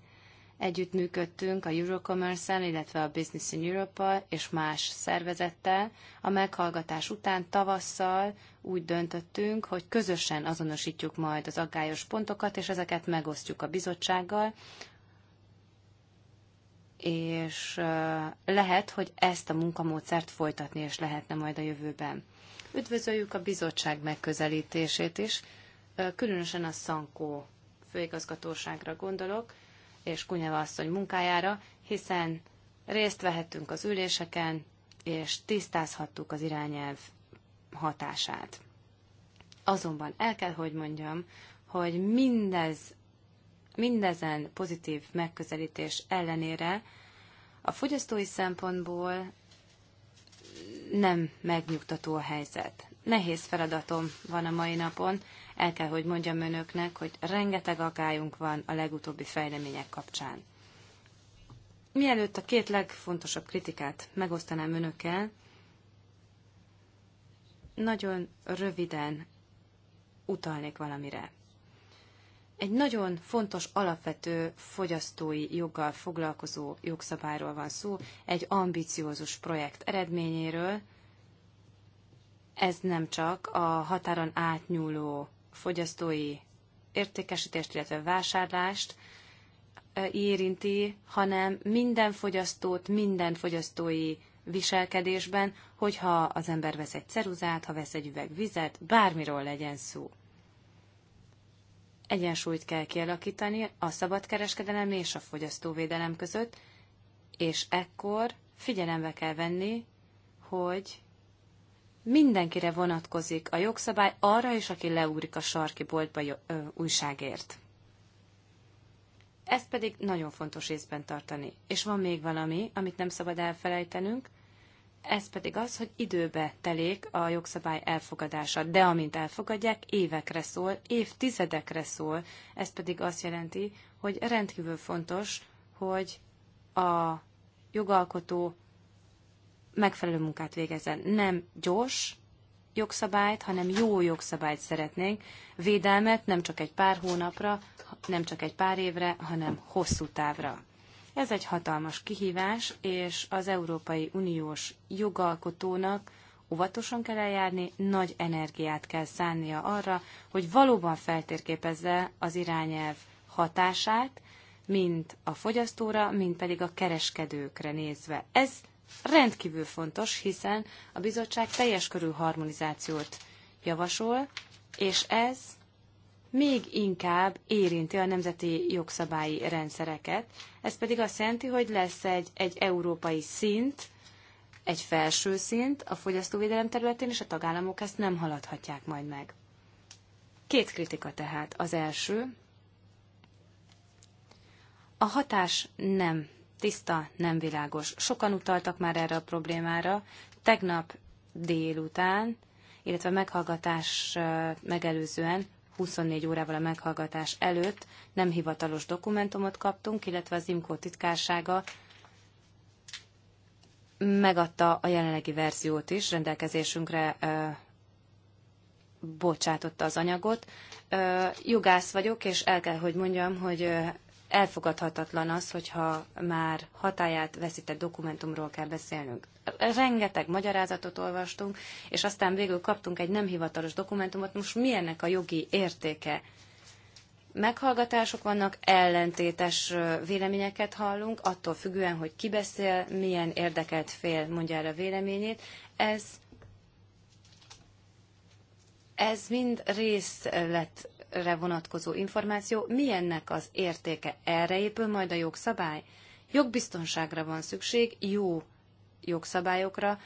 Együttműködtünk a Eurocommerce-el, illetve a Business in europe és más szervezettel. A meghallgatás után tavasszal úgy döntöttünk, hogy közösen azonosítjuk majd az aggályos pontokat, és ezeket megosztjuk a bizottsággal, és lehet, hogy ezt a munkamódszert folytatni is lehetne majd a jövőben. Üdvözöljük a bizottság megközelítését is, különösen a Szankó főigazgatóságra gondolok, és Kunyava asszony munkájára, hiszen részt vehettünk az üléseken, és tisztázhattuk az irányelv hatását. Azonban el kell, hogy mondjam, hogy mindez, mindezen pozitív megközelítés ellenére a fogyasztói szempontból nem megnyugtató a helyzet nehéz feladatom van a mai napon. El kell, hogy mondjam önöknek, hogy rengeteg akályunk van a legutóbbi fejlemények kapcsán. Mielőtt a két legfontosabb kritikát megosztanám önökkel, nagyon röviden utalnék valamire. Egy nagyon fontos, alapvető fogyasztói joggal foglalkozó jogszabályról van szó, egy ambiciózus projekt eredményéről, ez nem csak a határon átnyúló fogyasztói értékesítést, illetve vásárlást érinti, hanem minden fogyasztót, minden fogyasztói viselkedésben, hogyha az ember vesz egy ceruzát, ha vesz egy üveg vizet, bármiről legyen szó. Egyensúlyt kell kialakítani a szabadkereskedelem és a fogyasztóvédelem között, és ekkor figyelembe kell venni, hogy mindenkire vonatkozik a jogszabály, arra is, aki leúrik a sarki boltba újságért. Ezt pedig nagyon fontos észben tartani. És van még valami, amit nem szabad elfelejtenünk, ez pedig az, hogy időbe telik a jogszabály elfogadása, de amint elfogadják, évekre szól, évtizedekre szól. Ez pedig azt jelenti, hogy rendkívül fontos, hogy a jogalkotó megfelelő munkát végezzen. Nem gyors jogszabályt, hanem jó jogszabályt szeretnénk. Védelmet nem csak egy pár hónapra, nem csak egy pár évre, hanem hosszú távra. Ez egy hatalmas kihívás, és az Európai Uniós jogalkotónak óvatosan kell eljárni, nagy energiát kell szánnia arra, hogy valóban feltérképezze az irányelv hatását, mind a fogyasztóra, mind pedig a kereskedőkre nézve. Ez rendkívül fontos, hiszen a bizottság teljes körű harmonizációt javasol, és ez még inkább érinti a nemzeti jogszabályi rendszereket. Ez pedig azt jelenti, hogy lesz egy, egy európai szint, egy felső szint a fogyasztóvédelem területén, és a tagállamok ezt nem haladhatják majd meg. Két kritika tehát. Az első, a hatás nem tiszta, nem világos. Sokan utaltak már erre a problémára. Tegnap délután, illetve meghallgatás megelőzően 24 órával a meghallgatás előtt nem hivatalos dokumentumot kaptunk, illetve az IMCO titkársága megadta a jelenlegi verziót is, rendelkezésünkre ö, bocsátotta az anyagot. Ö, jogász vagyok, és el kell, hogy mondjam, hogy ö, elfogadhatatlan az, hogyha már hatáját veszített dokumentumról kell beszélnünk. Rengeteg magyarázatot olvastunk, és aztán végül kaptunk egy nem hivatalos dokumentumot, most mi ennek a jogi értéke? Meghallgatások vannak, ellentétes véleményeket hallunk, attól függően, hogy ki beszél, milyen érdekelt fél mondja el a véleményét. Ez ez mind részlet erre vonatkozó információ, milyennek az értéke, erre épül majd a jogszabály. Jogbiztonságra van szükség, jó jogszabályokra,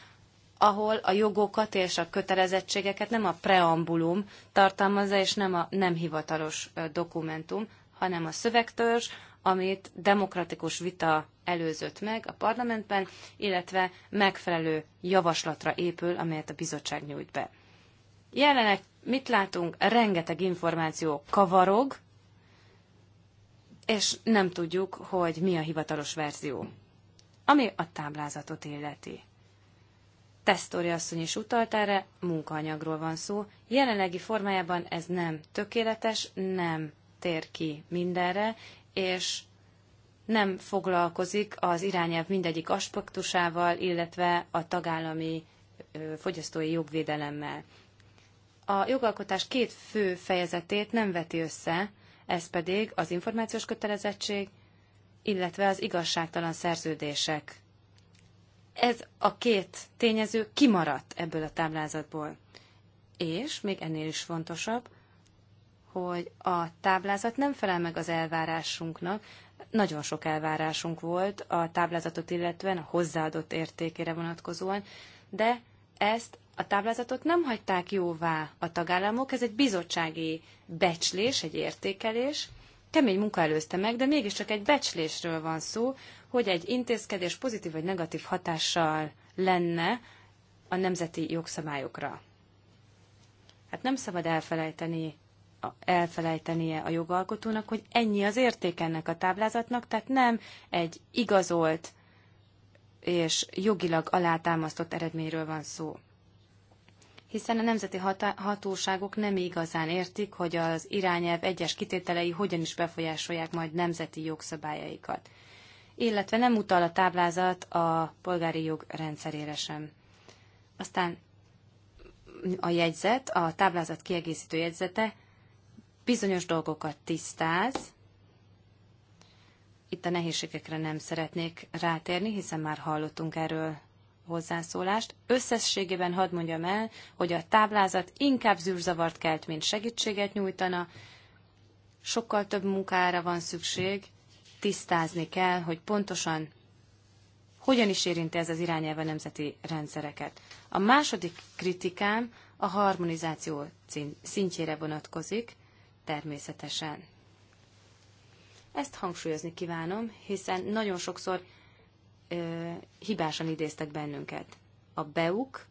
ahol a jogokat és a kötelezettségeket nem a preambulum tartalmazza, és nem a nem hivatalos dokumentum, hanem a szövegtörzs, amit demokratikus vita előzött meg a parlamentben, illetve megfelelő javaslatra épül, amelyet a bizottság nyújt be. Jelenleg mit látunk? Rengeteg információ kavarog, és nem tudjuk, hogy mi a hivatalos verzió, ami a táblázatot illeti. Tesztori asszony is utalt erre, munkaanyagról van szó. Jelenlegi formájában ez nem tökéletes, nem tér ki mindenre, és nem foglalkozik az irányelv mindegyik aspektusával, illetve a tagállami fogyasztói jogvédelemmel a jogalkotás két fő fejezetét nem veti össze, ez pedig az információs kötelezettség, illetve az igazságtalan szerződések. Ez a két tényező kimaradt ebből a táblázatból. És, még ennél is fontosabb, hogy a táblázat nem felel meg az elvárásunknak. Nagyon sok elvárásunk volt a táblázatot illetően, a hozzáadott értékére vonatkozóan, de ezt a táblázatot nem hagyták jóvá a tagállamok, ez egy bizottsági becslés, egy értékelés, kemény munka előzte meg, de mégiscsak egy becslésről van szó, hogy egy intézkedés pozitív vagy negatív hatással lenne a nemzeti jogszabályokra. Hát nem szabad elfelejteni elfelejtenie a jogalkotónak, hogy ennyi az érték ennek a táblázatnak, tehát nem egy igazolt és jogilag alátámasztott eredményről van szó hiszen a nemzeti hatóságok nem igazán értik, hogy az irányelv egyes kitételei hogyan is befolyásolják majd nemzeti jogszabályaikat. Illetve nem utal a táblázat a polgári jog rendszerére sem. Aztán a jegyzet, a táblázat kiegészítő jegyzete bizonyos dolgokat tisztáz. Itt a nehézségekre nem szeretnék rátérni, hiszen már hallottunk erről hozzászólást. Összességében hadd mondjam el, hogy a táblázat inkább zűrzavart kelt, mint segítséget nyújtana. Sokkal több munkára van szükség, tisztázni kell, hogy pontosan hogyan is érinti ez az irányelve nemzeti rendszereket. A második kritikám a harmonizáció szintjére vonatkozik, természetesen. Ezt hangsúlyozni kívánom, hiszen nagyon sokszor hibásan idéztek bennünket. A BEUK,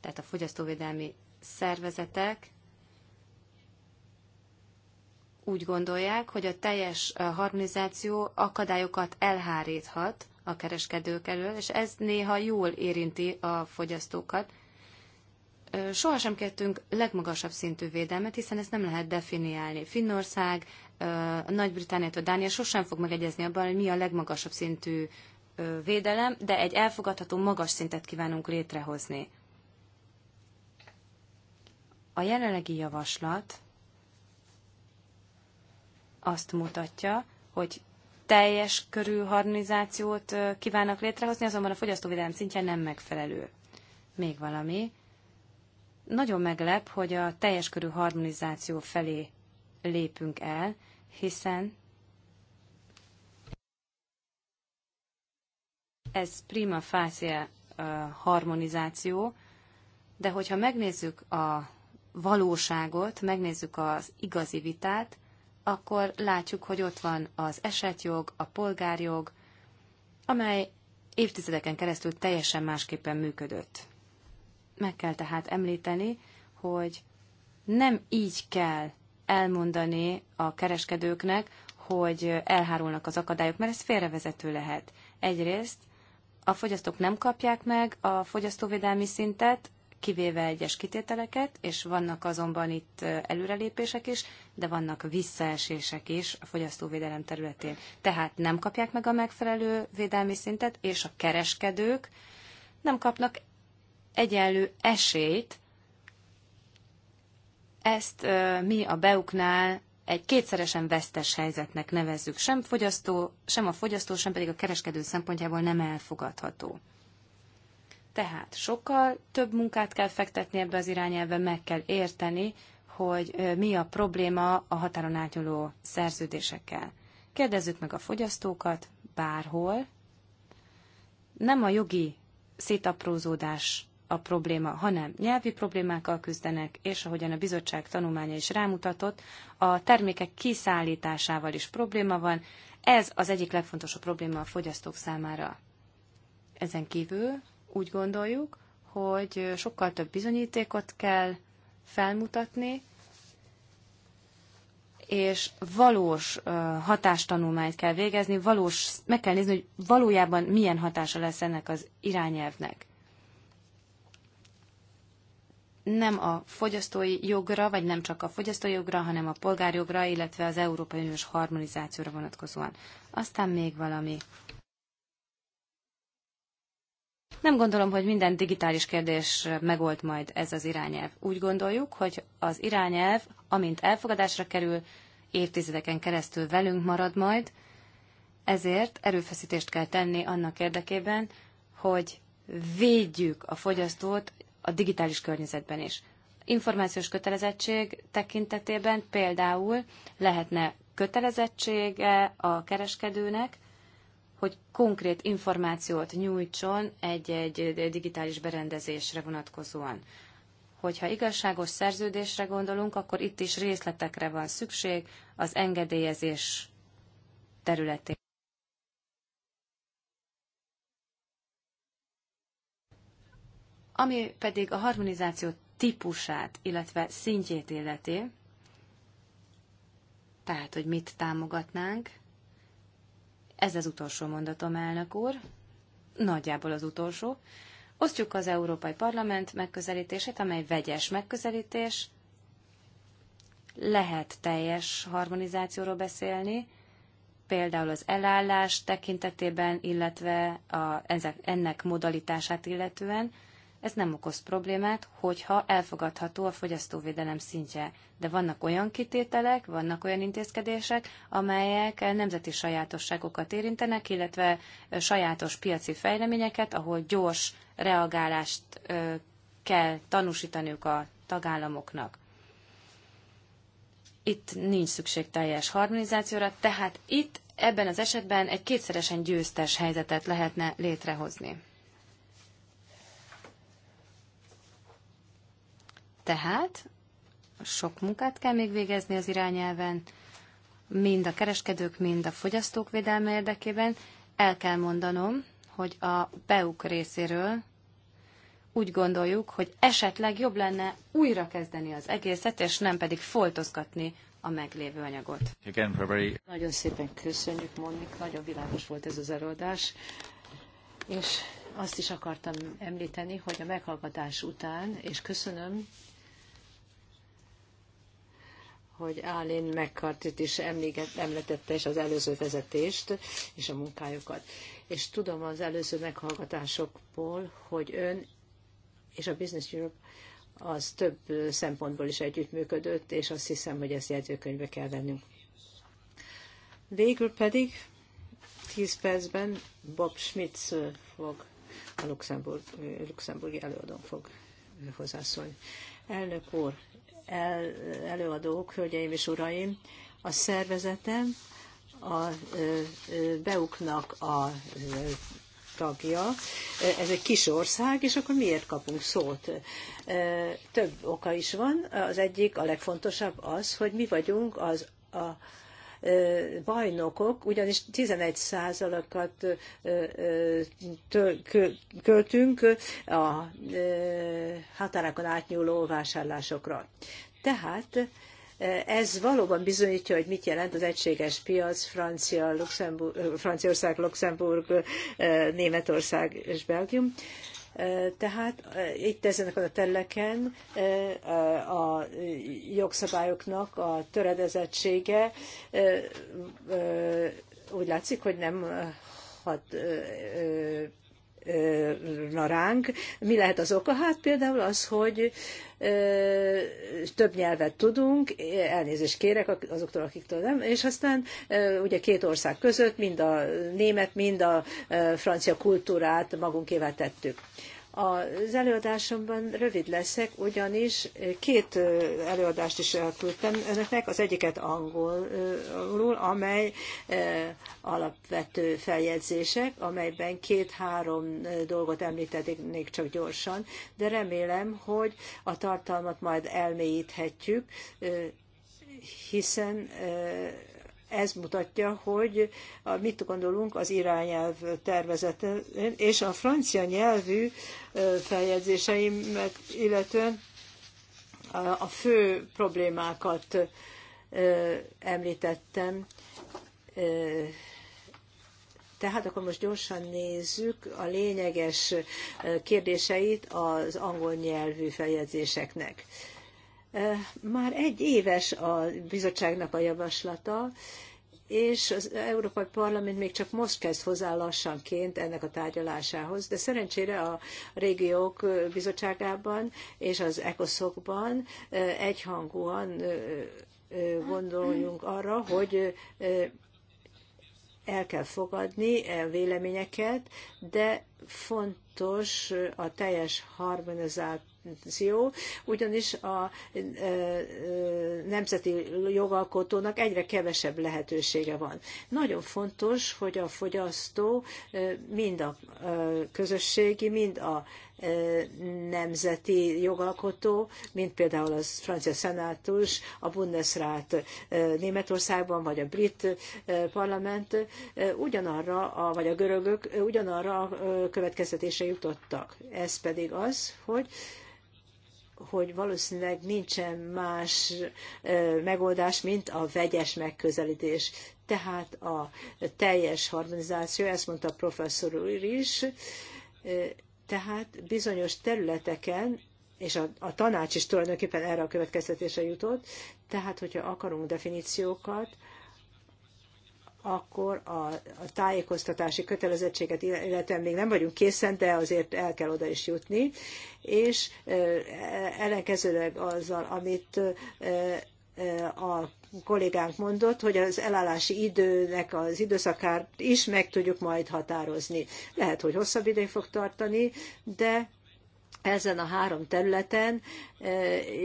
tehát a fogyasztóvédelmi szervezetek úgy gondolják, hogy a teljes harmonizáció akadályokat elháríthat a kereskedők elől, és ez néha jól érinti a fogyasztókat. Sohasem kértünk legmagasabb szintű védelmet, hiszen ezt nem lehet definiálni. Finnország, nagy britániától Dánia sosem fog megegyezni abban, hogy mi a legmagasabb szintű védelem, de egy elfogadható magas szintet kívánunk létrehozni. A jelenlegi javaslat azt mutatja, hogy teljes körű harmonizációt kívánnak létrehozni, azonban a fogyasztóvédelem szintje nem megfelelő. Még valami. Nagyon meglep, hogy a teljes körű harmonizáció felé lépünk el, hiszen ez prima facie harmonizáció, de hogyha megnézzük a valóságot, megnézzük az igazi vitát, akkor látjuk, hogy ott van az esetjog, a polgárjog, amely évtizedeken keresztül teljesen másképpen működött. Meg kell tehát említeni, hogy nem így kell elmondani a kereskedőknek, hogy elhárulnak az akadályok, mert ez félrevezető lehet. Egyrészt a fogyasztók nem kapják meg a fogyasztóvédelmi szintet, kivéve egyes kitételeket, és vannak azonban itt előrelépések is, de vannak visszaesések is a fogyasztóvédelem területén. Tehát nem kapják meg a megfelelő védelmi szintet, és a kereskedők nem kapnak egyenlő esélyt. Ezt mi a beuknál egy kétszeresen vesztes helyzetnek nevezzük. Sem, fogyasztó, sem a fogyasztó, sem pedig a kereskedő szempontjából nem elfogadható. Tehát sokkal több munkát kell fektetni ebbe az irányelve, meg kell érteni, hogy mi a probléma a határon átnyúló szerződésekkel. Kérdezzük meg a fogyasztókat bárhol. Nem a jogi szétaprózódás a probléma, hanem nyelvi problémákkal küzdenek, és ahogyan a bizottság tanulmánya is rámutatott, a termékek kiszállításával is probléma van. Ez az egyik legfontosabb probléma a fogyasztók számára. Ezen kívül úgy gondoljuk, hogy sokkal több bizonyítékot kell felmutatni, és valós hatástanulmányt kell végezni, valós, meg kell nézni, hogy valójában milyen hatása lesz ennek az irányelvnek nem a fogyasztói jogra, vagy nem csak a fogyasztói jogra, hanem a polgárjogra, illetve az Európai Uniós harmonizációra vonatkozóan. Aztán még valami. Nem gondolom, hogy minden digitális kérdés megold majd ez az irányelv. Úgy gondoljuk, hogy az irányelv, amint elfogadásra kerül, évtizedeken keresztül velünk marad majd, ezért erőfeszítést kell tenni annak érdekében, hogy védjük a fogyasztót a digitális környezetben is. Információs kötelezettség tekintetében például lehetne kötelezettsége a kereskedőnek, hogy konkrét információt nyújtson egy-egy digitális berendezésre vonatkozóan. Hogyha igazságos szerződésre gondolunk, akkor itt is részletekre van szükség az engedélyezés területén. Ami pedig a harmonizáció típusát, illetve szintjét illeti, tehát, hogy mit támogatnánk, ez az utolsó mondatom, elnök úr, nagyjából az utolsó. Osztjuk az Európai Parlament megközelítését, amely vegyes megközelítés, lehet teljes harmonizációról beszélni, például az elállás tekintetében, illetve a, ennek modalitását illetően, ez nem okoz problémát, hogyha elfogadható a fogyasztóvédelem szintje. De vannak olyan kitételek, vannak olyan intézkedések, amelyek nemzeti sajátosságokat érintenek, illetve sajátos piaci fejleményeket, ahol gyors reagálást kell tanúsítaniuk a tagállamoknak. Itt nincs szükség teljes harmonizációra, tehát itt ebben az esetben egy kétszeresen győztes helyzetet lehetne létrehozni. Tehát sok munkát kell még végezni az irányelven, mind a kereskedők, mind a fogyasztók védelme érdekében. El kell mondanom, hogy a BEUK részéről úgy gondoljuk, hogy esetleg jobb lenne újra kezdeni az egészet, és nem pedig foltozgatni a meglévő anyagot. Again, very... Nagyon szépen köszönjük, Monik, nagyon világos volt ez az előadás, és azt is akartam említeni, hogy a meghallgatás után, és köszönöm hogy Álén megkartit is emléket, említette, és az előző vezetést, és a munkájukat. És tudom az előző meghallgatásokból, hogy ön és a Business Europe az több szempontból is együttműködött, és azt hiszem, hogy ezt jegyzőkönyvbe kell vennünk. Végül pedig 10 percben Bob Schmitz fog, a Luxemburg, luxemburgi előadón fog hozzászólni. Elnök úr, el, előadók, hölgyeim és uraim, a szervezetem a Beuknak a tagja. Ez egy kis ország, és akkor miért kapunk szót? Több oka is van. Az egyik, a legfontosabb az, hogy mi vagyunk az a bajnokok, ugyanis 11 százalékat költünk a határokon átnyúló vásárlásokra. Tehát ez valóban bizonyítja, hogy mit jelent az egységes piac Francia, Luxemburg, Franciaország, Luxemburg, Németország és Belgium. Tehát itt ezen a terüleken a jogszabályoknak a töredezettsége úgy látszik, hogy nem hat, ránk. Mi lehet az oka? Hát például az, hogy több nyelvet tudunk, elnézést kérek azoktól, akiktől nem, és aztán ugye két ország között mind a német, mind a francia kultúrát magunkévá tettük. Az előadásomban rövid leszek, ugyanis két előadást is elküldtem önöknek, az egyiket angolul, amely alapvető feljegyzések, amelyben két-három dolgot említenék csak gyorsan, de remélem, hogy a tartalmat majd elmélyíthetjük, hiszen ez mutatja, hogy mit gondolunk az irányelv tervezetén, és a francia nyelvű feljegyzéseimet illetően a fő problémákat említettem. Tehát akkor most gyorsan nézzük a lényeges kérdéseit az angol nyelvű feljegyzéseknek. Már egy éves a bizottságnak a javaslata, és az Európai Parlament még csak most kezd hozzá lassanként ennek a tárgyalásához, de szerencsére a régiók bizottságában és az ECOSZOK-ban egyhangúan gondoljunk arra, hogy el kell fogadni véleményeket, de fontos a teljes harmonizált dimenzió, ugyanis a nemzeti jogalkotónak egyre kevesebb lehetősége van. Nagyon fontos, hogy a fogyasztó mind a közösségi, mind a nemzeti jogalkotó, mint például a francia szenátus, a Bundesrat Németországban, vagy a brit parlament ugyanarra, a, vagy a görögök ugyanarra a következtetésre jutottak. Ez pedig az, hogy hogy valószínűleg nincsen más megoldás, mint a vegyes megközelítés. Tehát a teljes harmonizáció, ezt mondta a professzor úr is, tehát bizonyos területeken, és a, a tanács is tulajdonképpen erre a következtetésre jutott, tehát hogyha akarunk definíciókat, akkor a, a tájékoztatási kötelezettséget illetően még nem vagyunk készen, de azért el kell oda is jutni, és e, ellenkezőleg azzal, amit a kollégánk mondott, hogy az elállási időnek az időszakát is meg tudjuk majd határozni. Lehet, hogy hosszabb ideig fog tartani, de ezen a három területen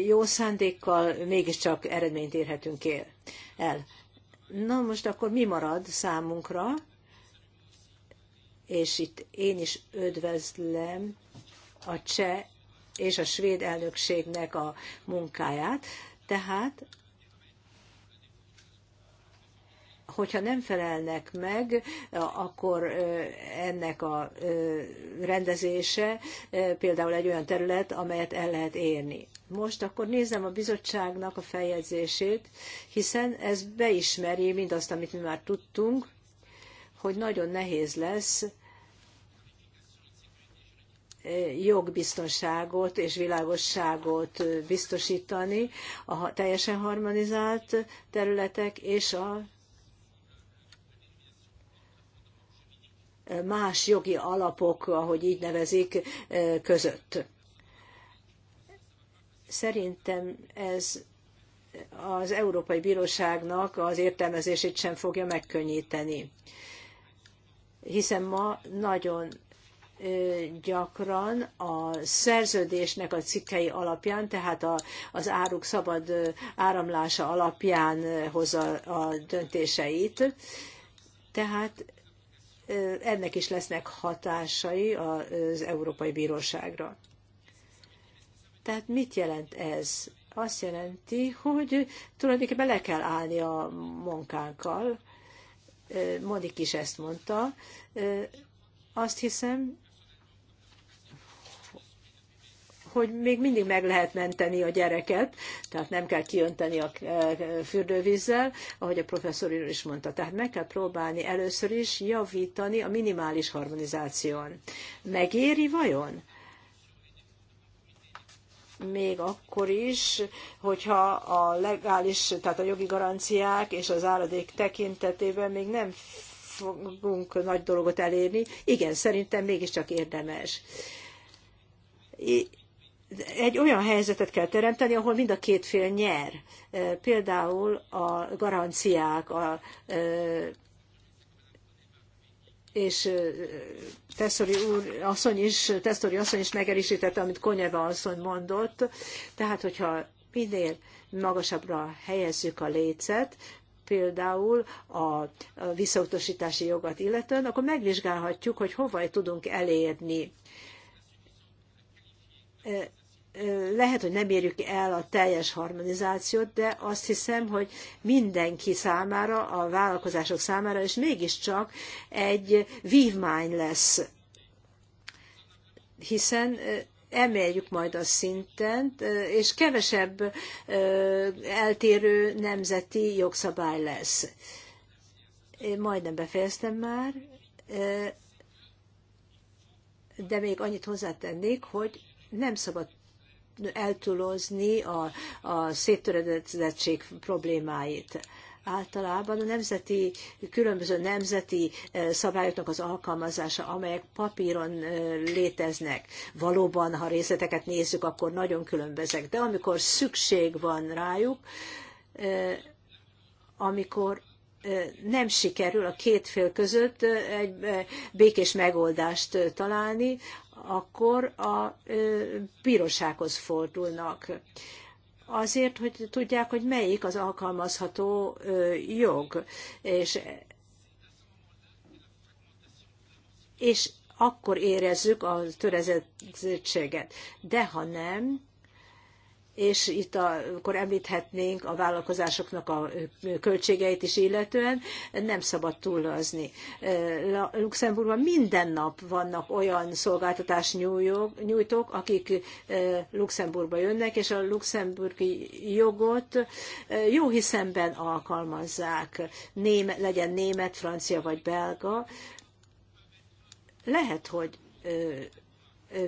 jó szándékkal mégiscsak eredményt érhetünk el. Na most akkor mi marad számunkra? És itt én is ödvözlem a cseh és a svéd elnökségnek a munkáját. Tehát hogyha nem felelnek meg, akkor ennek a rendezése például egy olyan terület, amelyet el lehet érni most, akkor nézem a bizottságnak a feljegyzését, hiszen ez beismeri mindazt, amit mi már tudtunk, hogy nagyon nehéz lesz eh, jogbiztonságot és világosságot eh, biztosítani a teljesen harmonizált területek és a eh, más jogi alapok, ahogy így nevezik, között. Szerintem ez az Európai Bíróságnak az értelmezését sem fogja megkönnyíteni. Hiszen ma nagyon gyakran a szerződésnek a cikkei alapján, tehát a, az áruk szabad áramlása alapján hozza a döntéseit. Tehát ennek is lesznek hatásai az Európai Bíróságra. Tehát mit jelent ez? Azt jelenti, hogy tulajdonképpen le kell állni a munkánkkal. Monik is ezt mondta. Azt hiszem, hogy még mindig meg lehet menteni a gyereket, tehát nem kell kiönteni a fürdővízzel, ahogy a professzor úr is mondta. Tehát meg kell próbálni először is javítani a minimális harmonizáción. Megéri vajon? még akkor is, hogyha a legális, tehát a jogi garanciák és az áradék tekintetében még nem fogunk nagy dolgot elérni. Igen, szerintem mégiscsak érdemes. Egy olyan helyzetet kell teremteni, ahol mind a két fél nyer. Például a garanciák, a és Tesztori úr, asszony is, Tesztori asszony is megerősítette, amit Konyeva asszony mondott, tehát hogyha minél magasabbra helyezzük a lécet, például a visszautasítási jogat illetően, akkor megvizsgálhatjuk, hogy hova tudunk elérni lehet, hogy nem érjük el a teljes harmonizációt, de azt hiszem, hogy mindenki számára, a vállalkozások számára, és mégiscsak egy vívmány lesz. Hiszen eh, emeljük majd a szinten, eh, és kevesebb eh, eltérő nemzeti jogszabály lesz. Én majdnem befejeztem már, de még annyit hozzátennék, hogy nem szabad eltulozni a, a széttöredezettség problémáit általában a nemzeti, különböző nemzeti eh, szabályoknak az alkalmazása, amelyek papíron eh, léteznek. Valóban, ha részleteket nézzük, akkor nagyon különbözek. De amikor szükség van rájuk, eh, amikor nem sikerül a két fél között egy békés megoldást találni, akkor a bírósághoz fordulnak. Azért, hogy tudják, hogy melyik az alkalmazható jog. És, és akkor érezzük a törezettséget. De ha nem, és itt a, akkor említhetnénk a vállalkozásoknak a költségeit is illetően, nem szabad túllazni. Luxemburgban minden nap vannak olyan szolgáltatás nyújtók, akik Luxemburgba jönnek, és a luxemburgi jogot jó hiszemben alkalmazzák, Német, legyen német, francia vagy belga. Lehet, hogy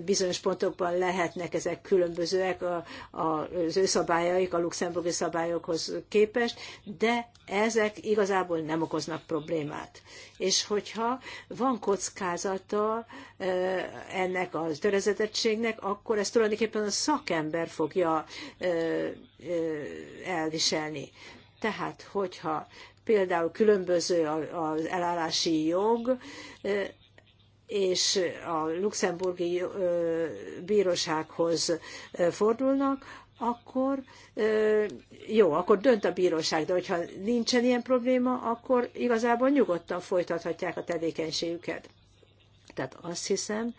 bizonyos pontokban lehetnek ezek különbözőek a, a, az ő szabályaik a luxemburgi szabályokhoz képest, de ezek igazából nem okoznak problémát. És hogyha van kockázata ennek a törezetettségnek, akkor ezt tulajdonképpen a szakember fogja elviselni. Tehát, hogyha például különböző az elállási jog, és a luxemburgi bírósághoz fordulnak, akkor jó, akkor dönt a bíróság, de hogyha nincsen ilyen probléma, akkor igazából nyugodtan folytathatják a tevékenységüket. Tehát azt hiszem,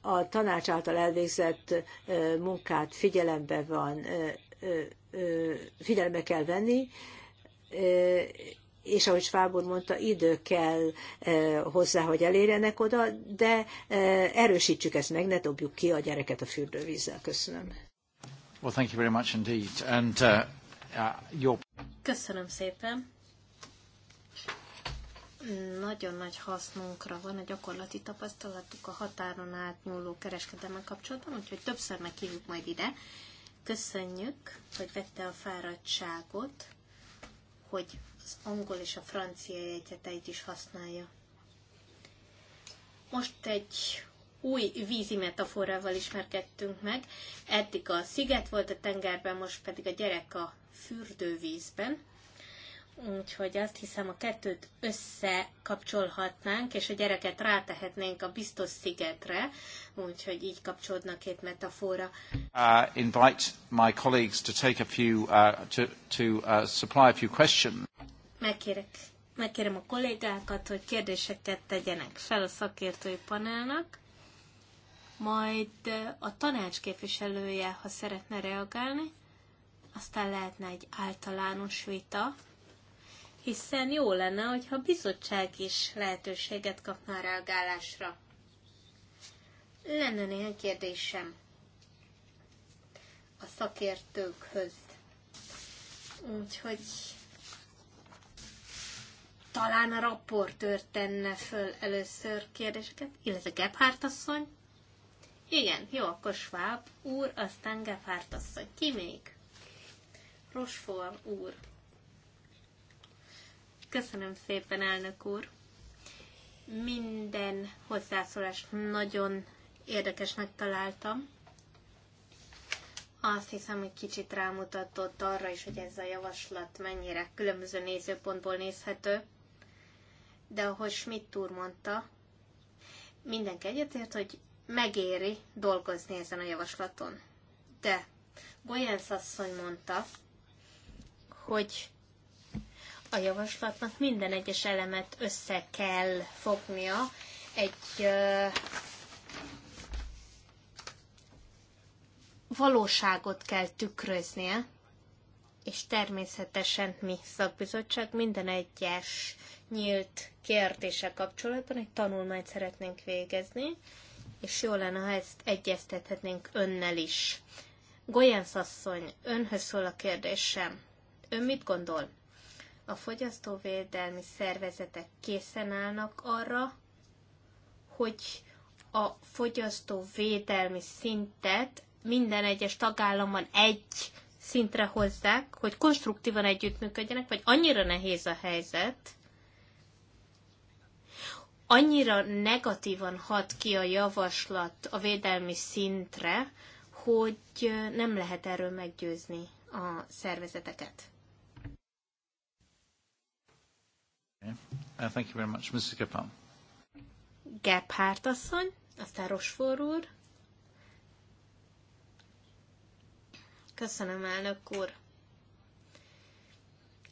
a tanács által elvégzett munkát figyelembe van, figyelembe kell venni, és ahogy Schwab úr mondta, idő kell eh, hozzá, hogy elérjenek oda, de eh, erősítsük ezt meg, ne dobjuk ki a gyereket a fürdővízzel. Köszönöm. Well, thank you very much indeed. And, uh, uh, your... Köszönöm szépen. Nagyon nagy hasznunkra van a gyakorlati tapasztalatuk a határon átnyúló kereskedelmen kapcsolatban, úgyhogy többször meghívjuk majd ide. Köszönjük, hogy vette a fáradtságot, hogy az angol és a francia jegyzeteit is használja. Most egy új vízi metaforával ismerkedtünk meg. Eddig a sziget volt a tengerben, most pedig a gyerek a fürdővízben. Úgyhogy azt hiszem, a kettőt összekapcsolhatnánk, és a gyereket rátehetnénk a biztos szigetre, úgyhogy így kapcsolódna két metafora. Uh, invite my colleagues to take a few, uh, to, to uh, supply a few questions. Megkérek, megkérem a kollégákat, hogy kérdéseket tegyenek fel a szakértői panelnak, majd a tanács képviselője, ha szeretne reagálni, aztán lehetne egy általános vita, hiszen jó lenne, hogyha a bizottság is lehetőséget kapna a reagálásra. Lenne néhány kérdésem a szakértőkhöz. Úgyhogy talán a rapportőr tenne föl először kérdéseket, illetve Gebhardt asszony. Igen, jó, akkor Schwab úr, aztán Gebhardt asszony. Ki még? Rosfor úr. Köszönöm szépen, elnök úr. Minden hozzászólást nagyon érdekesnek találtam. Azt hiszem, hogy kicsit rámutatott arra is, hogy ez a javaslat mennyire különböző nézőpontból nézhető de ahogy Schmidt úr mondta, mindenki egyetért, hogy megéri dolgozni ezen a javaslaton. De Goyens asszony mondta, hogy a javaslatnak minden egyes elemet össze kell fognia egy uh, valóságot kell tükröznie, és természetesen mi szakbizottság minden egyes nyílt kérdése kapcsolatban egy tanulmányt szeretnénk végezni, és jó lenne, ha ezt egyeztethetnénk önnel is. Golyánsz asszony, önhöz szól a kérdésem. Ön mit gondol? A fogyasztóvédelmi szervezetek készen állnak arra, hogy a fogyasztóvédelmi szintet minden egyes tagállamban egy szintre hozzák, hogy konstruktívan együttműködjenek, vagy annyira nehéz a helyzet, annyira negatívan hat ki a javaslat a védelmi szintre, hogy nem lehet erről meggyőzni a szervezeteket. Uh, thank you very much, Mrs. Gephardt. Gephardt asszony, aztán Rosfor úr. Köszönöm, elnök úr.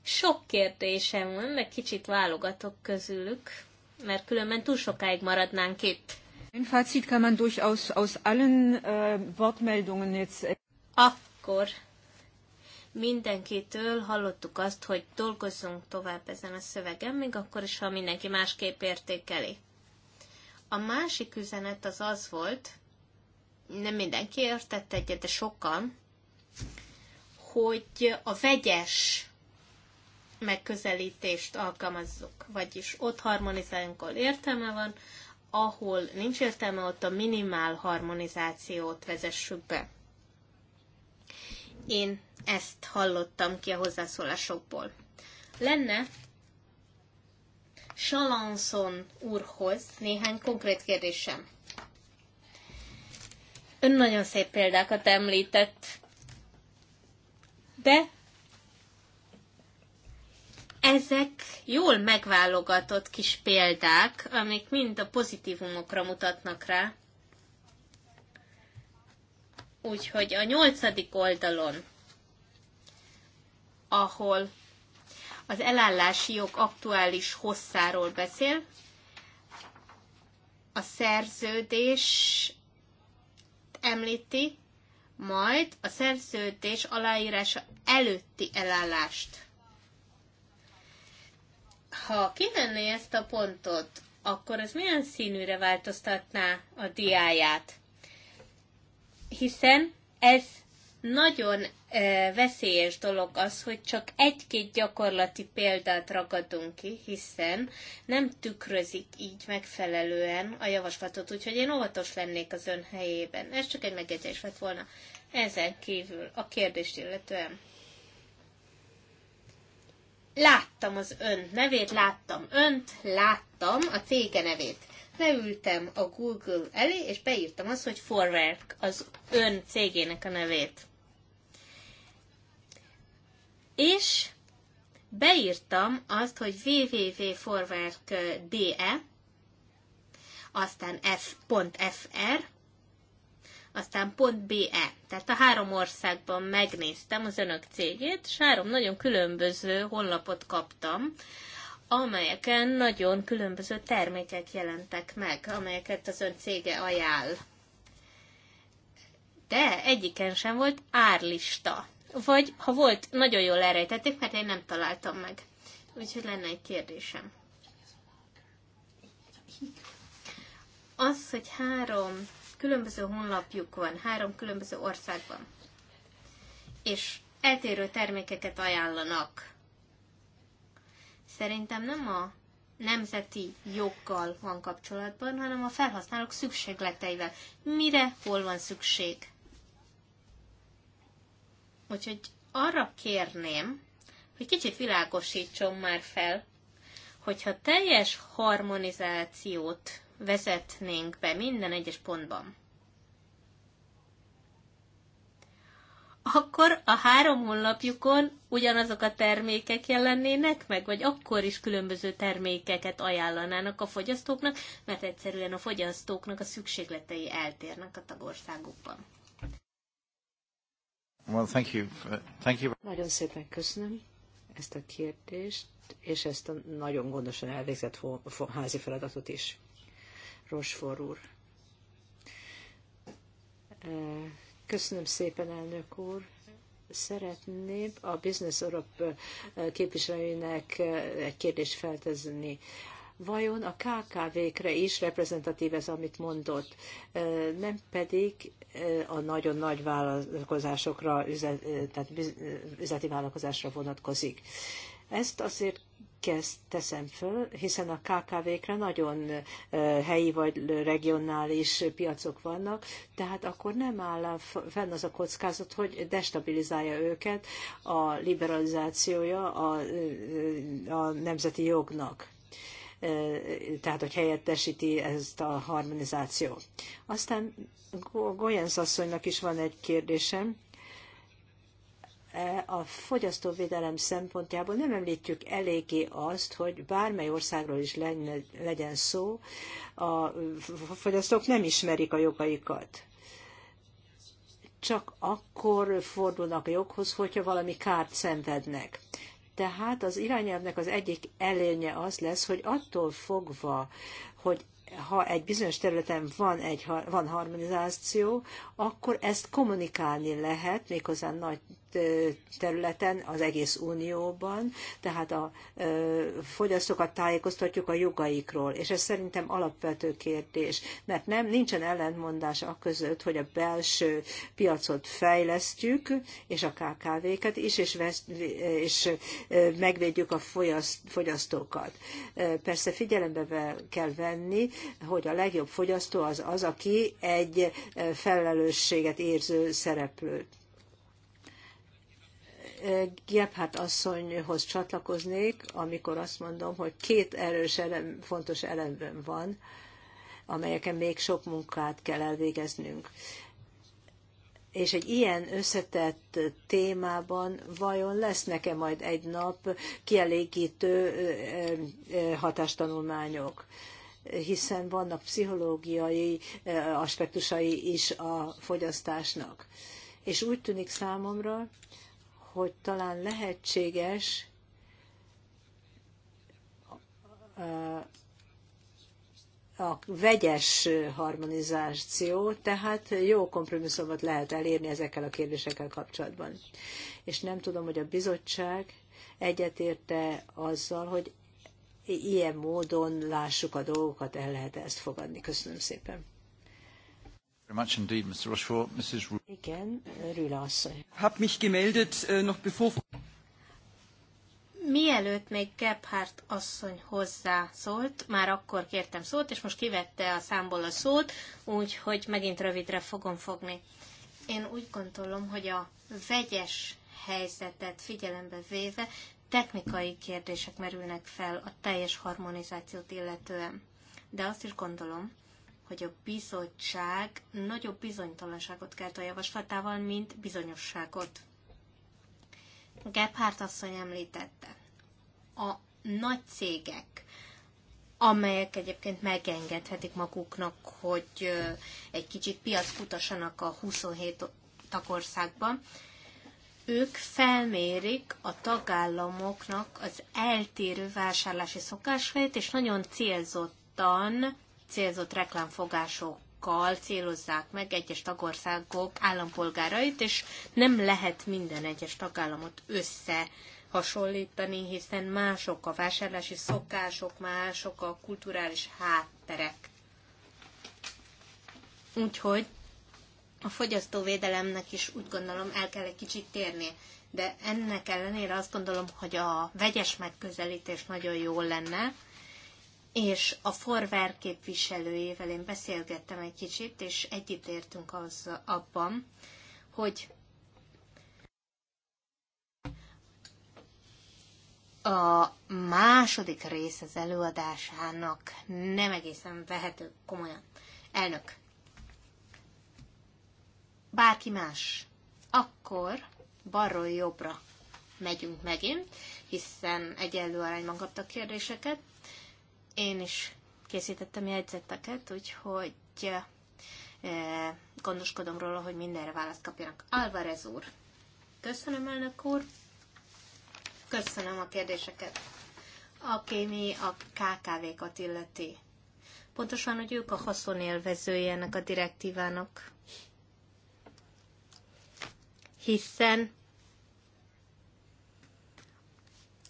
Sok kérdésem van, de kicsit válogatok közülük mert különben túl sokáig maradnánk itt. Ein Fazit kann man durchaus aus allen äh, Wortmeldungen jetzt. Äh, akkor mindenkitől hallottuk azt, hogy dolgozzunk tovább ezen a szövegen, még akkor is, ha mindenki másképp értékeli. A másik üzenet az az volt, nem mindenki értette egyet, de sokan, hogy a vegyes megközelítést alkalmazzuk. Vagyis ott harmonizálunk, ahol értelme van, ahol nincs értelme, ott a minimál harmonizációt vezessük be. Én ezt hallottam ki a hozzászólásokból. Lenne Salanson úrhoz néhány konkrét kérdésem. Ön nagyon szép példákat említett, de ezek jól megválogatott kis példák, amik mind a pozitívumokra mutatnak rá. Úgyhogy a nyolcadik oldalon, ahol az elállási jog aktuális hosszáról beszél, a szerződés említi, majd a szerződés aláírása előtti elállást ha kivenné ezt a pontot, akkor ez milyen színűre változtatná a diáját? Hiszen ez nagyon veszélyes dolog az, hogy csak egy-két gyakorlati példát ragadunk ki, hiszen nem tükrözik így megfelelően a javaslatot, úgyhogy én óvatos lennék az ön helyében. Ez csak egy megjegyzés lett volna ezen kívül a kérdést illetően. Láttam az ön nevét, láttam önt, láttam a cége nevét. Leültem a Google elé, és beírtam azt, hogy Forwerk az ön cégének a nevét. És beírtam azt, hogy www.forwerk.de, aztán f.fr, aztán pont BE. Tehát a három országban megnéztem az önök cégét, és három nagyon különböző honlapot kaptam, amelyeken nagyon különböző termékek jelentek meg, amelyeket az ön cége ajánl. De egyiken sem volt árlista. Vagy ha volt, nagyon jól elrejtették, mert én nem találtam meg. Úgyhogy lenne egy kérdésem. Az, hogy három különböző honlapjuk van, három különböző országban, és eltérő termékeket ajánlanak. Szerintem nem a nemzeti joggal van kapcsolatban, hanem a felhasználók szükségleteivel. Mire, hol van szükség? Úgyhogy arra kérném, hogy kicsit világosítson már fel, hogyha teljes harmonizációt vezetnénk be minden egyes pontban, akkor a három honlapjukon ugyanazok a termékek jelennének meg, vagy akkor is különböző termékeket ajánlanának a fogyasztóknak, mert egyszerűen a fogyasztóknak a szükségletei eltérnek a tagországokban. Well, thank you. Thank you. Nagyon szépen köszönöm ezt a kérdést, és ezt a nagyon gondosan elvégzett házi feladatot is. Rosfor úr. Köszönöm szépen, elnök úr. Szeretném a Business Europe képviselőinek egy kérdést feltezni vajon a KKV-kre is reprezentatív ez, amit mondott, nem pedig a nagyon nagy vállalkozásokra, tehát üzleti vállalkozásra vonatkozik. Ezt azért kezd, teszem föl, hiszen a KKV-kre nagyon helyi vagy regionális piacok vannak, tehát akkor nem áll fenn az a kockázat, hogy destabilizálja őket a liberalizációja a, a nemzeti jognak tehát hogy helyettesíti ezt a harmonizáció. Aztán Goyens asszonynak is van egy kérdésem, a fogyasztóvédelem szempontjából nem említjük eléggé azt, hogy bármely országról is legyen szó, a fogyasztók nem ismerik a jogaikat. Csak akkor fordulnak a joghoz, hogyha valami kárt szenvednek. Tehát az irányelvnek az egyik előnye az lesz, hogy attól fogva, hogy ha egy bizonyos területen van, egy, van harmonizáció, akkor ezt kommunikálni lehet méghozzá nagy területen, az egész unióban, tehát a fogyasztókat tájékoztatjuk a jogaikról, és ez szerintem alapvető kérdés, mert nem, nincsen ellentmondás a között, hogy a belső piacot fejlesztjük, és a KKV-ket is, és, és megvédjük a fogyasztókat. Persze figyelembe kell venni, hogy a legjobb fogyasztó az az, aki egy felelősséget érző szereplő Gebhardt asszonyhoz csatlakoznék, amikor azt mondom, hogy két erős elem, fontos elemben van, amelyeken még sok munkát kell elvégeznünk. És egy ilyen összetett témában vajon lesz nekem majd egy nap kielégítő hatástanulmányok? hiszen vannak pszichológiai aspektusai is a fogyasztásnak. És úgy tűnik számomra, hogy talán lehetséges a vegyes harmonizáció, tehát jó kompromisszumot lehet elérni ezekkel a kérdésekkel kapcsolatban. És nem tudom, hogy a bizottság egyetérte azzal, hogy ilyen módon lássuk a dolgokat, el lehet ezt fogadni. Köszönöm szépen. Hab mich gemeldet, äh, noch bevor... Mielőtt még Gebhardt asszony hozzászólt, már akkor kértem szót, és most kivette a számból a szót, úgyhogy megint rövidre fogom fogni. Én úgy gondolom, hogy a vegyes helyzetet figyelembe véve technikai kérdések merülnek fel a teljes harmonizációt illetően. De azt is gondolom, hogy a bizottság nagyobb bizonytalanságot kelt a javaslatával, mint bizonyosságot. Gebhardt asszony említette, a nagy cégek, amelyek egyébként megengedhetik maguknak, hogy egy kicsit piac kutassanak a 27 tagországban, ők felmérik a tagállamoknak az eltérő vásárlási szokásait, és nagyon célzottan célzott reklámfogásokkal célozzák meg egyes tagországok állampolgárait, és nem lehet minden egyes tagállamot össze hasonlítani, hiszen mások a vásárlási szokások, mások a kulturális hátterek. Úgyhogy a fogyasztóvédelemnek is úgy gondolom el kell egy kicsit térni, de ennek ellenére azt gondolom, hogy a vegyes megközelítés nagyon jó lenne, és a Forver képviselőjével én beszélgettem egy kicsit, és értünk az abban, hogy a második rész az előadásának nem egészen vehető komolyan. Elnök, bárki más, akkor balról jobbra megyünk megint, hiszen egyenlő arányban kaptak kérdéseket, én is készítettem jegyzeteket, úgyhogy eh, eh, gondoskodom róla, hogy mindenre választ kapjanak. Álvarez úr. Köszönöm, elnök úr. Köszönöm a kérdéseket. Aki mi a KKV-kat illeti. Pontosan, hogy ők a haszonélvezői ennek a direktívának. Hiszen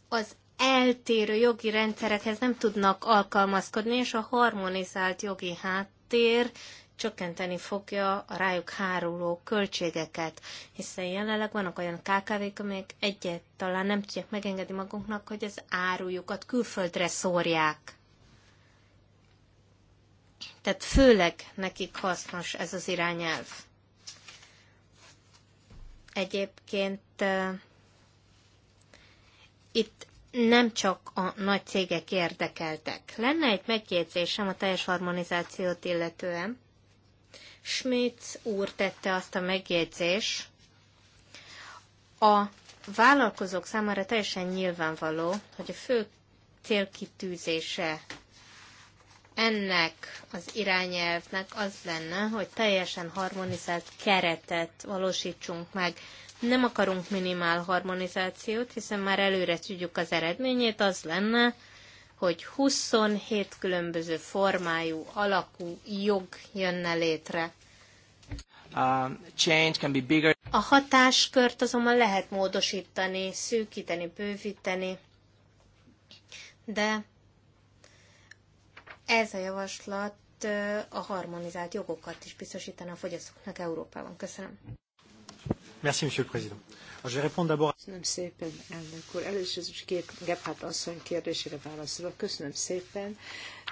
az eltérő jogi rendszerekhez nem tudnak alkalmazkodni, és a harmonizált jogi háttér csökkenteni fogja a rájuk háruló költségeket, hiszen jelenleg vannak olyan KKV-k, amelyek egyet talán nem tudják megengedni magunknak, hogy az árujukat külföldre szórják. Tehát főleg nekik hasznos ez az irányelv. Egyébként itt nem csak a nagy cégek érdekeltek. Lenne egy megjegyzésem a teljes harmonizációt illetően. Schmidt úr tette azt a megjegyzés, a vállalkozók számára teljesen nyilvánvaló, hogy a fő célkitűzése ennek az irányelvnek az lenne, hogy teljesen harmonizált keretet valósítsunk meg. Nem akarunk minimál harmonizációt, hiszen már előre tudjuk az eredményét, az lenne, hogy 27 különböző formájú, alakú jog jönne létre. Um, a hatáskört azonban lehet módosítani, szűkíteni, bővíteni, de ez a javaslat a harmonizált jogokat is biztosítana a fogyasztóknak Európában. Köszönöm. Merci, Monsieur le Président. Je vais répondre d'abord... Köszönöm szépen, elnök úr. Először is két Gebhardt asszony kérdésére válaszolva. Köszönöm szépen,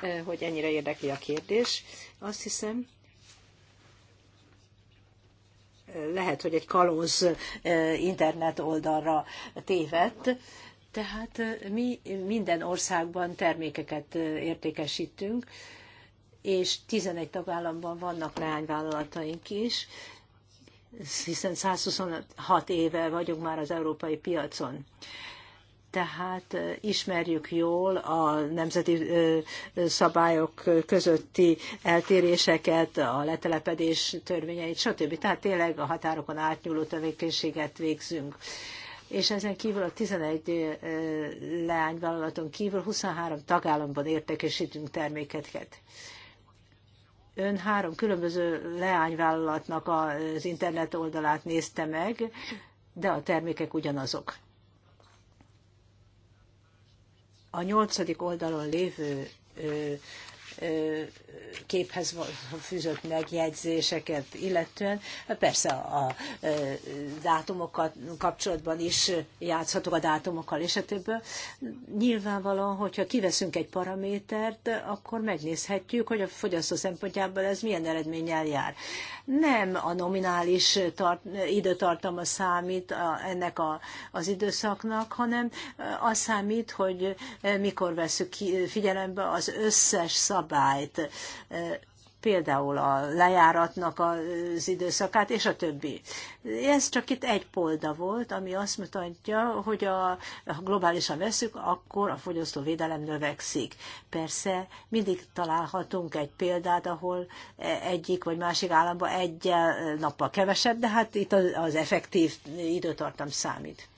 eh, hogy ennyire érdekli a kérdés. Azt hiszem, eh, lehet, hogy egy kalóz eh, internet oldalra tévedt, tehát mi minden országban termékeket értékesítünk, és 11 tagállamban vannak leányvállalataink is, hiszen 126 éve vagyunk már az európai piacon. Tehát ismerjük jól a nemzeti szabályok közötti eltéréseket, a letelepedés törvényeit, stb. Tehát tényleg a határokon átnyúló tevékenységet végzünk és ezen kívül a 11 leányvállalaton kívül 23 tagállamban értékesítünk termékeket ön három különböző leányvállalatnak az internet oldalát nézte meg, de a termékek ugyanazok. A nyolcadik oldalon lévő képhez fűzött megjegyzéseket illetően. Hát persze a dátumokat kapcsolatban is játszhatok a dátumokkal és a többől. Nyilvánvalóan, hogyha kiveszünk egy paramétert, akkor megnézhetjük, hogy a fogyasztó szempontjából ez milyen eredménnyel jár. Nem a nominális tart, időtartama számít a, ennek a, az időszaknak, hanem az számít, hogy mikor veszük figyelembe az összes szab szabályt, például a lejáratnak az időszakát, és a többi. Ez csak itt egy polda volt, ami azt mutatja, hogy a, ha globálisan veszük, akkor a fogyasztóvédelem növekszik. Persze mindig találhatunk egy példát, ahol e, egyik vagy másik államban egy nappal kevesebb, de hát itt az effektív időtartam számít.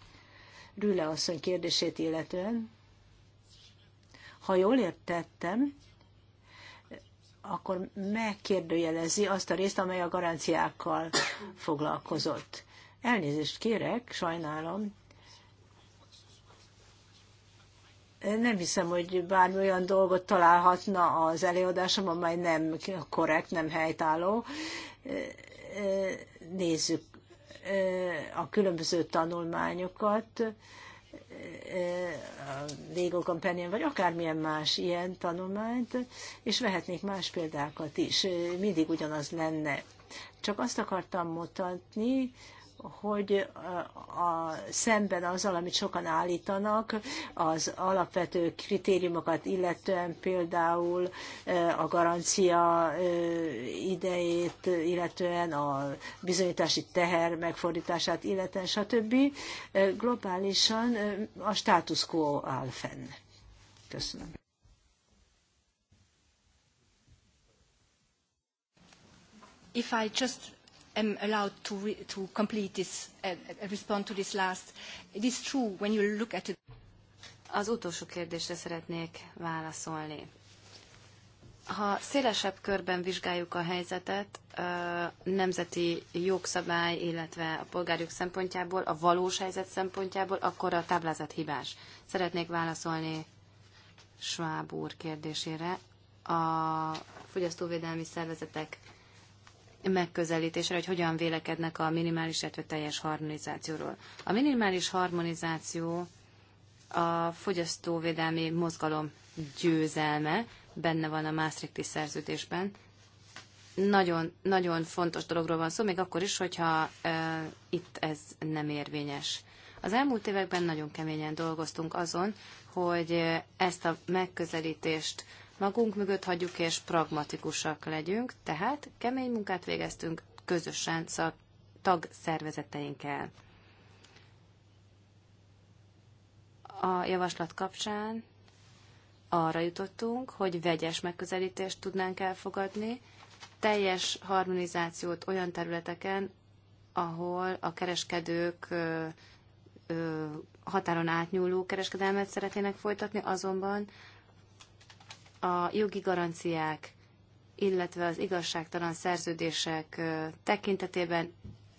Rüle asszony kérdését illetően, ha jól értettem, akkor megkérdőjelezi azt a részt, amely a garanciákkal foglalkozott. Elnézést kérek, sajnálom. Nem hiszem, hogy bármi olyan dolgot találhatna az előadásom, amely nem korrekt, nem helytálló. Nézzük a különböző tanulmányokat Eh, Legal Companion, vagy akármilyen más ilyen tanulmányt, és vehetnék más példákat is. Mindig ugyanaz lenne. Csak azt akartam mutatni, hogy eh, a, szemben azzal, amit sokan állítanak, az alapvető kritériumokat illetően például eh, a garancia eh, idejét, illetően a bizonyítási teher megfordítását, illetően stb. globálisan a status quo áll fenn. Köszönöm. If I just am allowed to, re to complete this, uh, uh, respond to this last. It is true when you look at it. Az utolsó kérdésre szeretnék válaszolni. Ha szélesebb körben vizsgáljuk a helyzetet, a nemzeti jogszabály, illetve a polgárjog szempontjából, a valós helyzet szempontjából, akkor a táblázat hibás. Szeretnék válaszolni Schwab úr kérdésére. A fogyasztóvédelmi szervezetek megközelítésre, hogy hogyan vélekednek a minimális, illetve teljes harmonizációról. A minimális harmonizáció a fogyasztóvédelmi mozgalom győzelme, benne van a Maastrichti szerződésben. Nagyon, nagyon fontos dologról van szó, még akkor is, hogyha e, itt ez nem érvényes. Az elmúlt években nagyon keményen dolgoztunk azon, hogy ezt a megközelítést magunk mögött hagyjuk és pragmatikusak legyünk, tehát kemény munkát végeztünk közösen szak szervezeteinkkel. A javaslat kapcsán arra jutottunk, hogy vegyes megközelítést tudnánk elfogadni, teljes harmonizációt olyan területeken, ahol a kereskedők határon átnyúló kereskedelmet szeretnének folytatni, azonban a jogi garanciák, illetve az igazságtalan szerződések tekintetében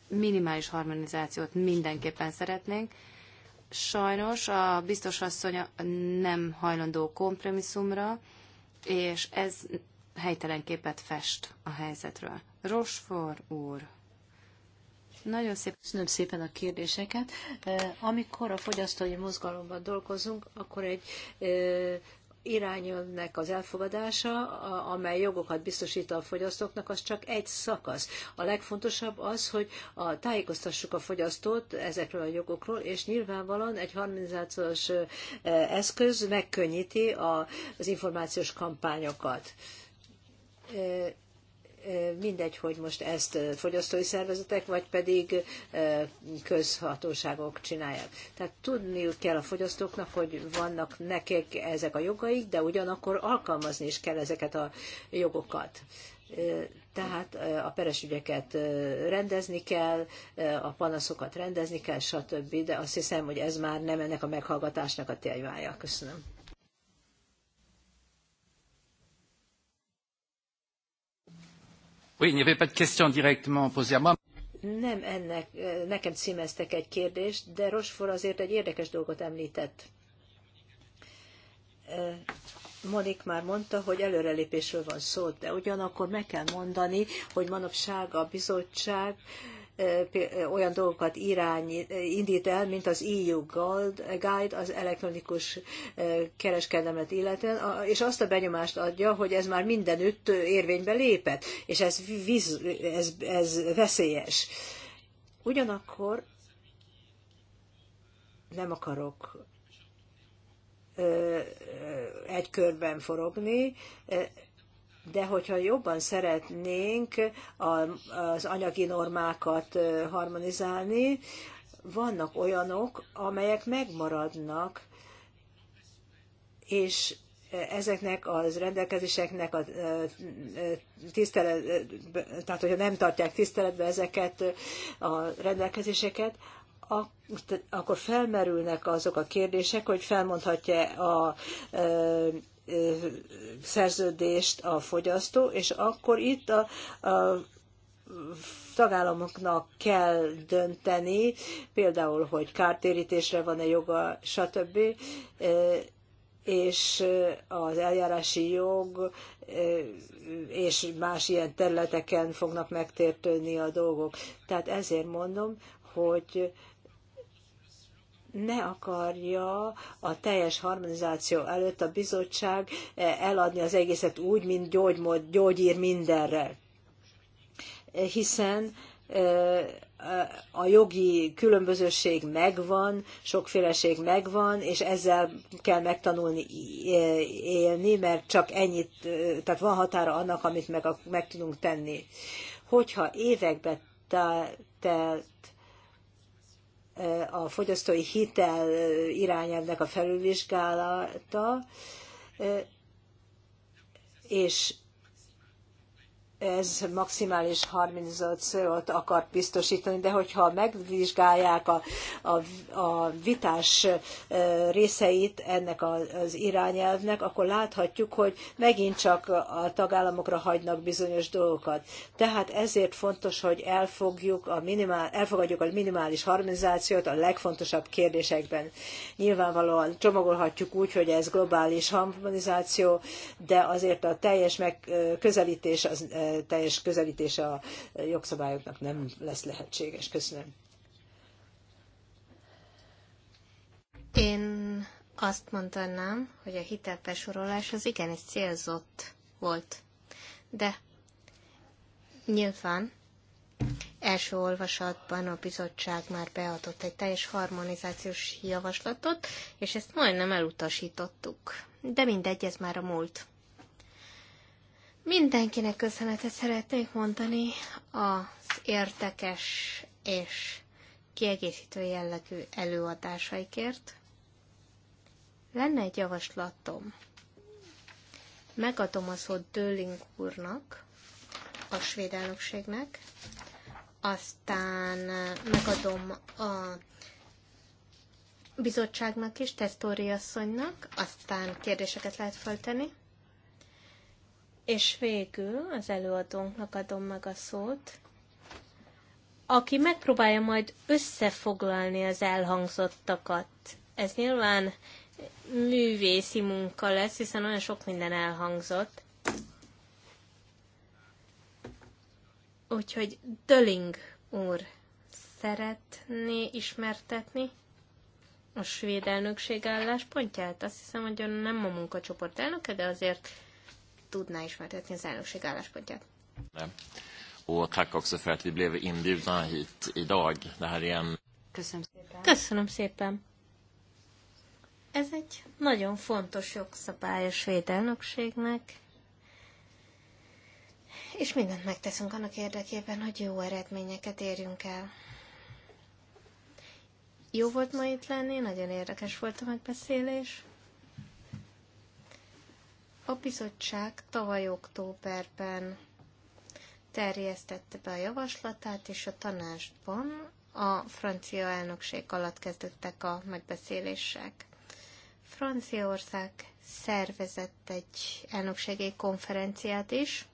minimális harmonizációt mindenképpen szeretnénk. Sajnos a biztos asszony nem hajlandó kompromisszumra, és ez helytelen képet fest a helyzetről. Rosfor úr. Nagyon szép. Köszönöm szépen a kérdéseket. Amikor a fogyasztói mozgalomban dolgozunk, akkor egy irányelvnek az elfogadása, amely jogokat biztosít a fogyasztóknak, az csak egy szakasz. A legfontosabb az, hogy a, tájékoztassuk a fogyasztót ezekről a jogokról, és nyilvánvalóan egy harmonizációs eszköz megkönnyíti az információs kampányokat mindegy, hogy most ezt fogyasztói szervezetek, vagy pedig közhatóságok csinálják. Tehát tudniuk kell a fogyasztóknak, hogy vannak nekik ezek a jogaik, de ugyanakkor alkalmazni is kell ezeket a jogokat. Tehát a peresügyeket rendezni kell, a panaszokat rendezni kell, stb. De azt hiszem, hogy ez már nem ennek a meghallgatásnak a térvája. Köszönöm. Oui, il n'y avait pas de question directement posée à moi. Nem ennek, nekem címeztek egy kérdést, de Rochefort azért egy érdekes dolgot említett. Monik már mondta, hogy előrelépésről van szó, de ugyanakkor meg kell mondani, hogy manapság a bizottság olyan dolgokat irány, indít el, mint az EU Guide, az elektronikus kereskedelmet illetően, és azt a benyomást adja, hogy ez már mindenütt érvénybe lépett, és ez, víz, ez, ez veszélyes. Ugyanakkor nem akarok egy körben forogni, de hogyha jobban szeretnénk az anyagi normákat harmonizálni, vannak olyanok, amelyek megmaradnak, és ezeknek az rendelkezéseknek a tisztelet, tehát hogyha nem tartják tiszteletbe ezeket a rendelkezéseket, akkor felmerülnek azok a kérdések, hogy felmondhatja a szerződést a fogyasztó, és akkor itt a, a tagállamoknak kell dönteni, például, hogy kártérítésre van-e joga, stb. És az eljárási jog és más ilyen területeken fognak megtértődni a dolgok. Tehát ezért mondom, hogy ne akarja a teljes harmonizáció előtt a bizottság eh, eladni az egészet úgy, mint gyógymód, gyógyír mindenre. Hiszen eh, a jogi különbözőség megvan, sokféleség megvan, és ezzel kell megtanulni eh, élni, mert csak ennyit, tehát van határa annak, amit meg, meg tudunk tenni. Hogyha évekbe telt a fogyasztói hitel irányelvnek a felülvizsgálata, és ez maximális harmonizációt akar biztosítani, de hogyha megvizsgálják a, a, a vitás részeit ennek az irányelvnek, akkor láthatjuk, hogy megint csak a tagállamokra hagynak bizonyos dolgokat. Tehát ezért fontos, hogy elfogjuk a minimál, elfogadjuk a minimális harmonizációt a legfontosabb kérdésekben. Nyilvánvalóan csomagolhatjuk úgy, hogy ez globális harmonizáció, de azért a teljes megközelítés az teljes közelítése a jogszabályoknak nem lesz lehetséges. Köszönöm. Én azt mondanám, hogy a hitelbesorolás az igenis célzott volt. De nyilván első olvasatban a bizottság már beadott egy teljes harmonizációs javaslatot, és ezt majdnem elutasítottuk. De mindegy, ez már a múlt. Mindenkinek köszönetet szeretnék mondani az értekes és kiegészítő jellegű előadásaikért. Lenne egy javaslatom. Megadom a szót Dőling úrnak, a svéd elnökségnek, aztán megadom a bizottságnak is, Tesztóri asszonynak, aztán kérdéseket lehet föltenni. És végül az előadónknak adom meg a szót, aki megpróbálja majd összefoglalni az elhangzottakat. Ez nyilván művészi munka lesz, hiszen olyan sok minden elhangzott. Úgyhogy Döling úr szeretné ismertetni a svéd elnökség álláspontját. Azt hiszem, hogy ön nem a munkacsoport elnöke, de azért tudná ismertetni az elnökség álláspontját. Nem. tack också för att vi blev inbjudna hit idag. Det hát här är en... Köszönöm szépen. Köszönöm szépen. Ez egy nagyon fontos jogszabály a svéd elnökségnek, és mindent megteszünk annak érdekében, hogy jó eredményeket érjünk el. Jó volt ma itt lenni, nagyon érdekes volt a megbeszélés. A bizottság tavaly októberben terjesztette be a javaslatát, és a tanácsban a francia elnökség alatt kezdődtek a megbeszélések. Franciaország szervezett egy elnökségi konferenciát is,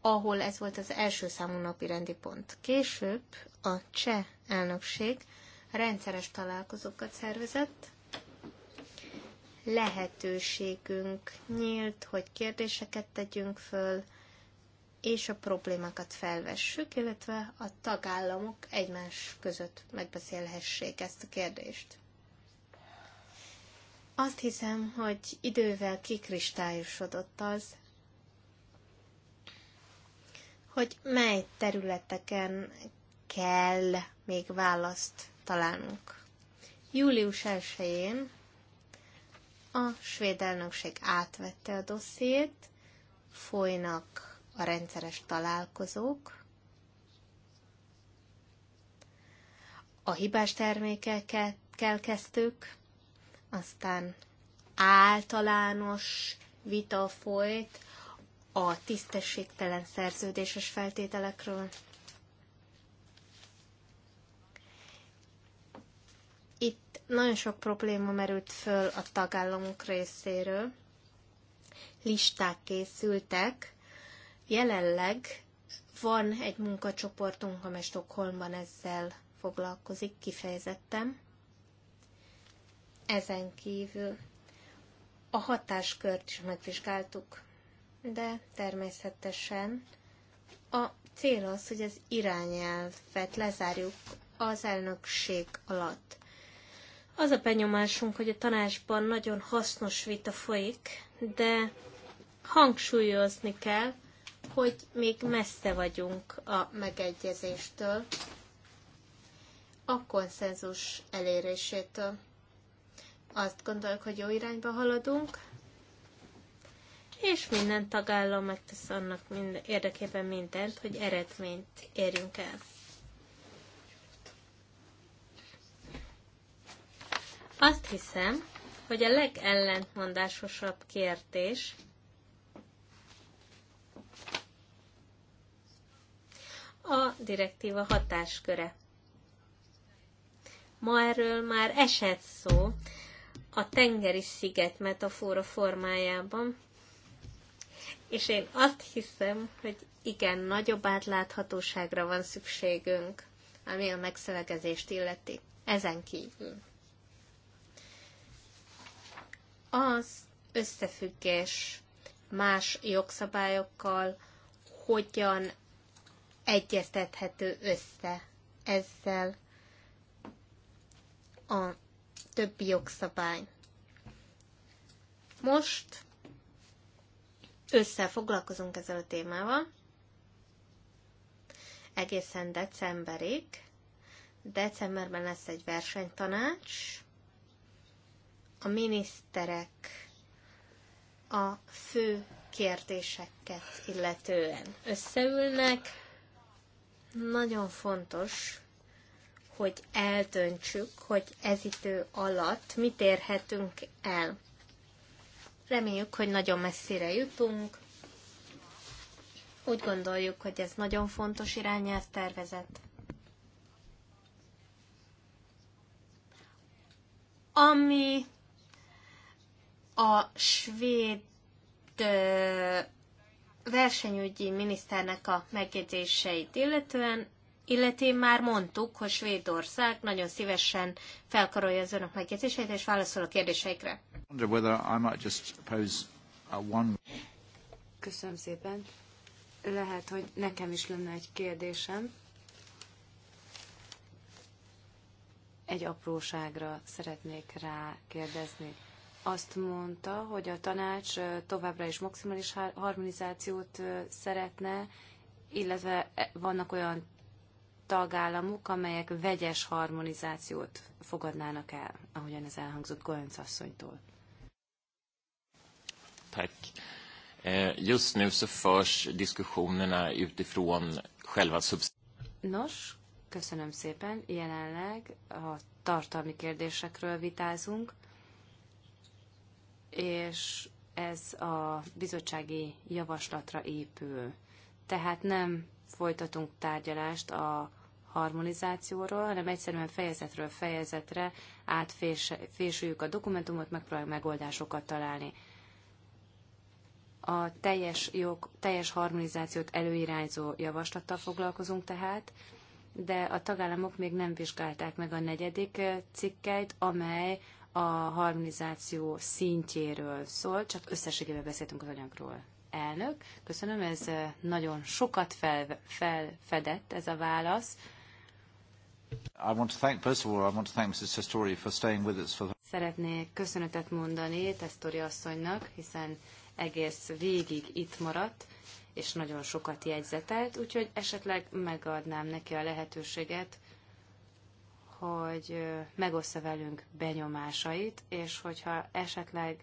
ahol ez volt az első számú napi rendi pont. Később a cseh elnökség rendszeres találkozókat szervezett, lehetőségünk nyílt, hogy kérdéseket tegyünk föl, és a problémákat felvessük, illetve a tagállamok egymás között megbeszélhessék ezt a kérdést. Azt hiszem, hogy idővel kikristályosodott az, hogy mely területeken kell még választ találnunk. Július 1-én a svéd elnökség átvette a dossziét, folynak a rendszeres találkozók, a hibás termékekkel kezdtük, aztán általános vita folyt a tisztességtelen szerződéses feltételekről. Itt nagyon sok probléma merült föl a tagállamok részéről. Listák készültek. Jelenleg van egy munkacsoportunk, amely Stockholmban ezzel foglalkozik kifejezettem. Ezen kívül a hatáskört is megvizsgáltuk, de természetesen a cél az, hogy az irányelvet lezárjuk az elnökség alatt. Az a benyomásunk, hogy a tanácsban nagyon hasznos vita folyik, de hangsúlyozni kell, hogy még messze vagyunk a megegyezéstől, a konszenzus elérésétől. Azt gondoljuk, hogy jó irányba haladunk, és minden tagállam megtesz annak érdekében mindent, hogy eredményt érjünk el. Azt hiszem, hogy a legellentmondásosabb kérdés a direktíva hatásköre. Ma erről már esett szó a tengeri sziget metafora formájában, és én azt hiszem, hogy igen, nagyobb átláthatóságra van szükségünk, ami a megszövegezést illeti. Ezen kívül az összefüggés más jogszabályokkal, hogyan egyeztethető össze ezzel a többi jogszabály. Most össze foglalkozunk ezzel a témával, egészen decemberig. Decemberben lesz egy versenytanács, a miniszterek a fő kérdéseket illetően összeülnek. Nagyon fontos, hogy eldöntsük, hogy ez idő alatt mit érhetünk el. Reméljük, hogy nagyon messzire jutunk. Úgy gondoljuk, hogy ez nagyon fontos irányelv tervezet. Ami a svéd versenyügyi miniszternek a megjegyzéseit illetően, illeti már mondtuk, hogy Svédország nagyon szívesen felkarolja az önök megjegyzéseit, és válaszol a kérdéseikre. Köszönöm szépen. Lehet, hogy nekem is lenne egy kérdésem. Egy apróságra szeretnék rá kérdezni azt mondta, hogy a tanács továbbra is maximális harmonizációt szeretne, illetve e, vannak olyan tagállamok, amelyek vegyes harmonizációt fogadnának el, ahogyan ez elhangzott Golönc asszonytól. Tack. Eh, just nu så förs diskussionerna utifrån själva Nos, köszönöm szépen. Jelenleg a tartalmi kérdésekről vitázunk és ez a bizottsági javaslatra épül. Tehát nem folytatunk tárgyalást a harmonizációról, hanem egyszerűen fejezetről fejezetre átfésüljük a dokumentumot, megpróbáljuk megoldásokat találni. A teljes, jog, teljes harmonizációt előirányzó javaslattal foglalkozunk tehát, de a tagállamok még nem vizsgálták meg a negyedik cikkeit, amely a harmonizáció szintjéről szól, csak összességében beszéltünk az anyagról. Elnök, köszönöm, ez nagyon sokat fel, felfedett ez a válasz. I want to thank, first of all, I want to thank Mrs. Testori for staying with us for the... Szeretnék köszönetet mondani Testori asszonynak, hiszen egész végig itt maradt, és nagyon sokat jegyzetelt, úgyhogy esetleg megadnám neki a lehetőséget, hogy megossza velünk benyomásait, és hogyha esetleg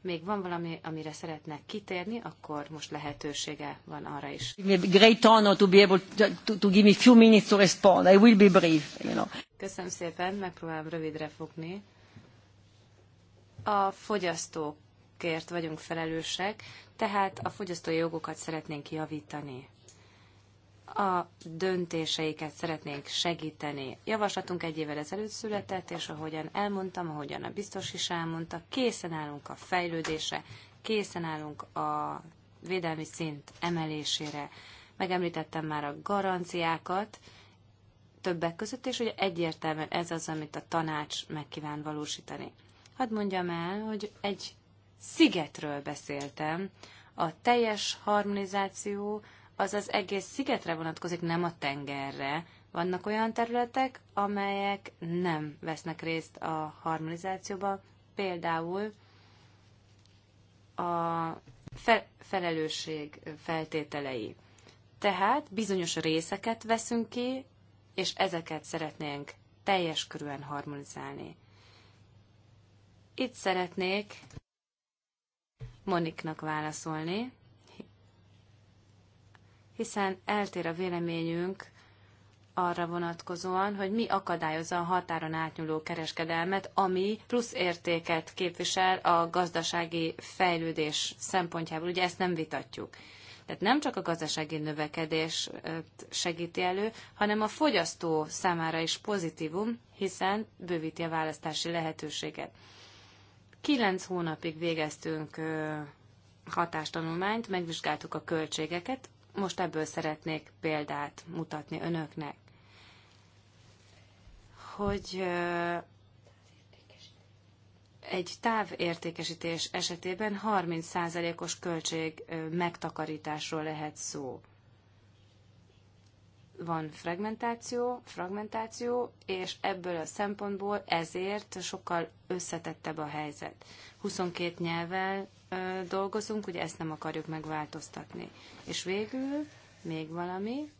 még van valami, amire szeretnek kitérni, akkor most lehetősége van arra is. Great honor to be able to, give me few minutes to respond. I will be brief, you know. Köszönöm szépen, megpróbálom rövidre fogni. A fogyasztókért vagyunk felelősek, tehát a fogyasztói jogokat szeretnénk javítani a döntéseiket szeretnénk segíteni. Javaslatunk egy évvel ezelőtt született, és ahogyan elmondtam, ahogyan a biztos is elmondta, készen állunk a fejlődésre, készen állunk a védelmi szint emelésére. Megemlítettem már a garanciákat, többek között, és hogy egyértelműen ez az, amit a tanács megkíván valósítani. Hadd mondjam el, hogy egy szigetről beszéltem. A teljes harmonizáció az az egész szigetre vonatkozik, nem a tengerre. Vannak olyan területek, amelyek nem vesznek részt a harmonizációba, például a fe- felelősség feltételei. Tehát bizonyos részeket veszünk ki, és ezeket szeretnénk teljes körűen harmonizálni. Itt szeretnék Moniknak válaszolni hiszen eltér a véleményünk arra vonatkozóan, hogy mi akadályozza a határon átnyúló kereskedelmet, ami plusz értéket képvisel a gazdasági fejlődés szempontjából. Ugye ezt nem vitatjuk. Tehát nem csak a gazdasági növekedés segíti elő, hanem a fogyasztó számára is pozitívum, hiszen bővíti a választási lehetőséget. Kilenc hónapig végeztünk hatástanulmányt, megvizsgáltuk a költségeket, most ebből szeretnék példát mutatni önöknek, hogy egy távértékesítés esetében 30%-os költség megtakarításról lehet szó van fragmentáció, fragmentáció, és ebből a szempontból ezért sokkal összetettebb a helyzet. 22 nyelvvel ö, dolgozunk, ugye ezt nem akarjuk megváltoztatni. És végül még valami,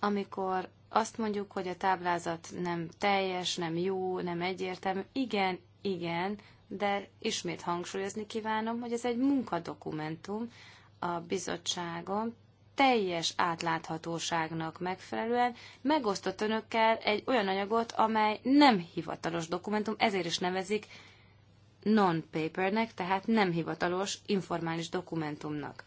amikor azt mondjuk, hogy a táblázat nem teljes, nem jó, nem egyértelmű, igen, igen, de ismét hangsúlyozni kívánom, hogy ez egy munkadokumentum, a bizottságom teljes átláthatóságnak megfelelően megosztott önökkel egy olyan anyagot, amely nem hivatalos dokumentum, ezért is nevezik non-papernek, tehát nem hivatalos, informális dokumentumnak.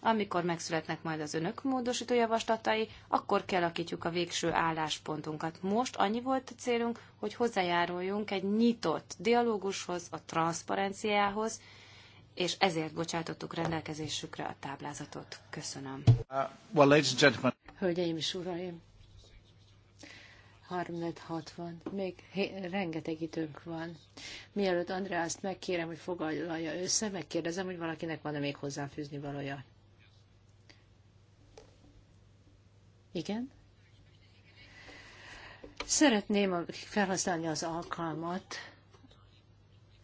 Amikor megszületnek majd az önök módosító javaslatai, akkor kialakítjuk a végső álláspontunkat. Most annyi volt a célunk, hogy hozzájáruljunk egy nyitott dialógushoz, a transzparenciához, és ezért bocsátottuk rendelkezésükre a táblázatot. Köszönöm. Uh, well, ladies and gentlemen. Hölgyeim és uraim, 360 60 még rengeteg időnk van. Mielőtt Andreászt megkérem, hogy foglalja össze, megkérdezem, hogy valakinek van-e még hozzáfűzni valója. Igen? Szeretném felhasználni az alkalmat,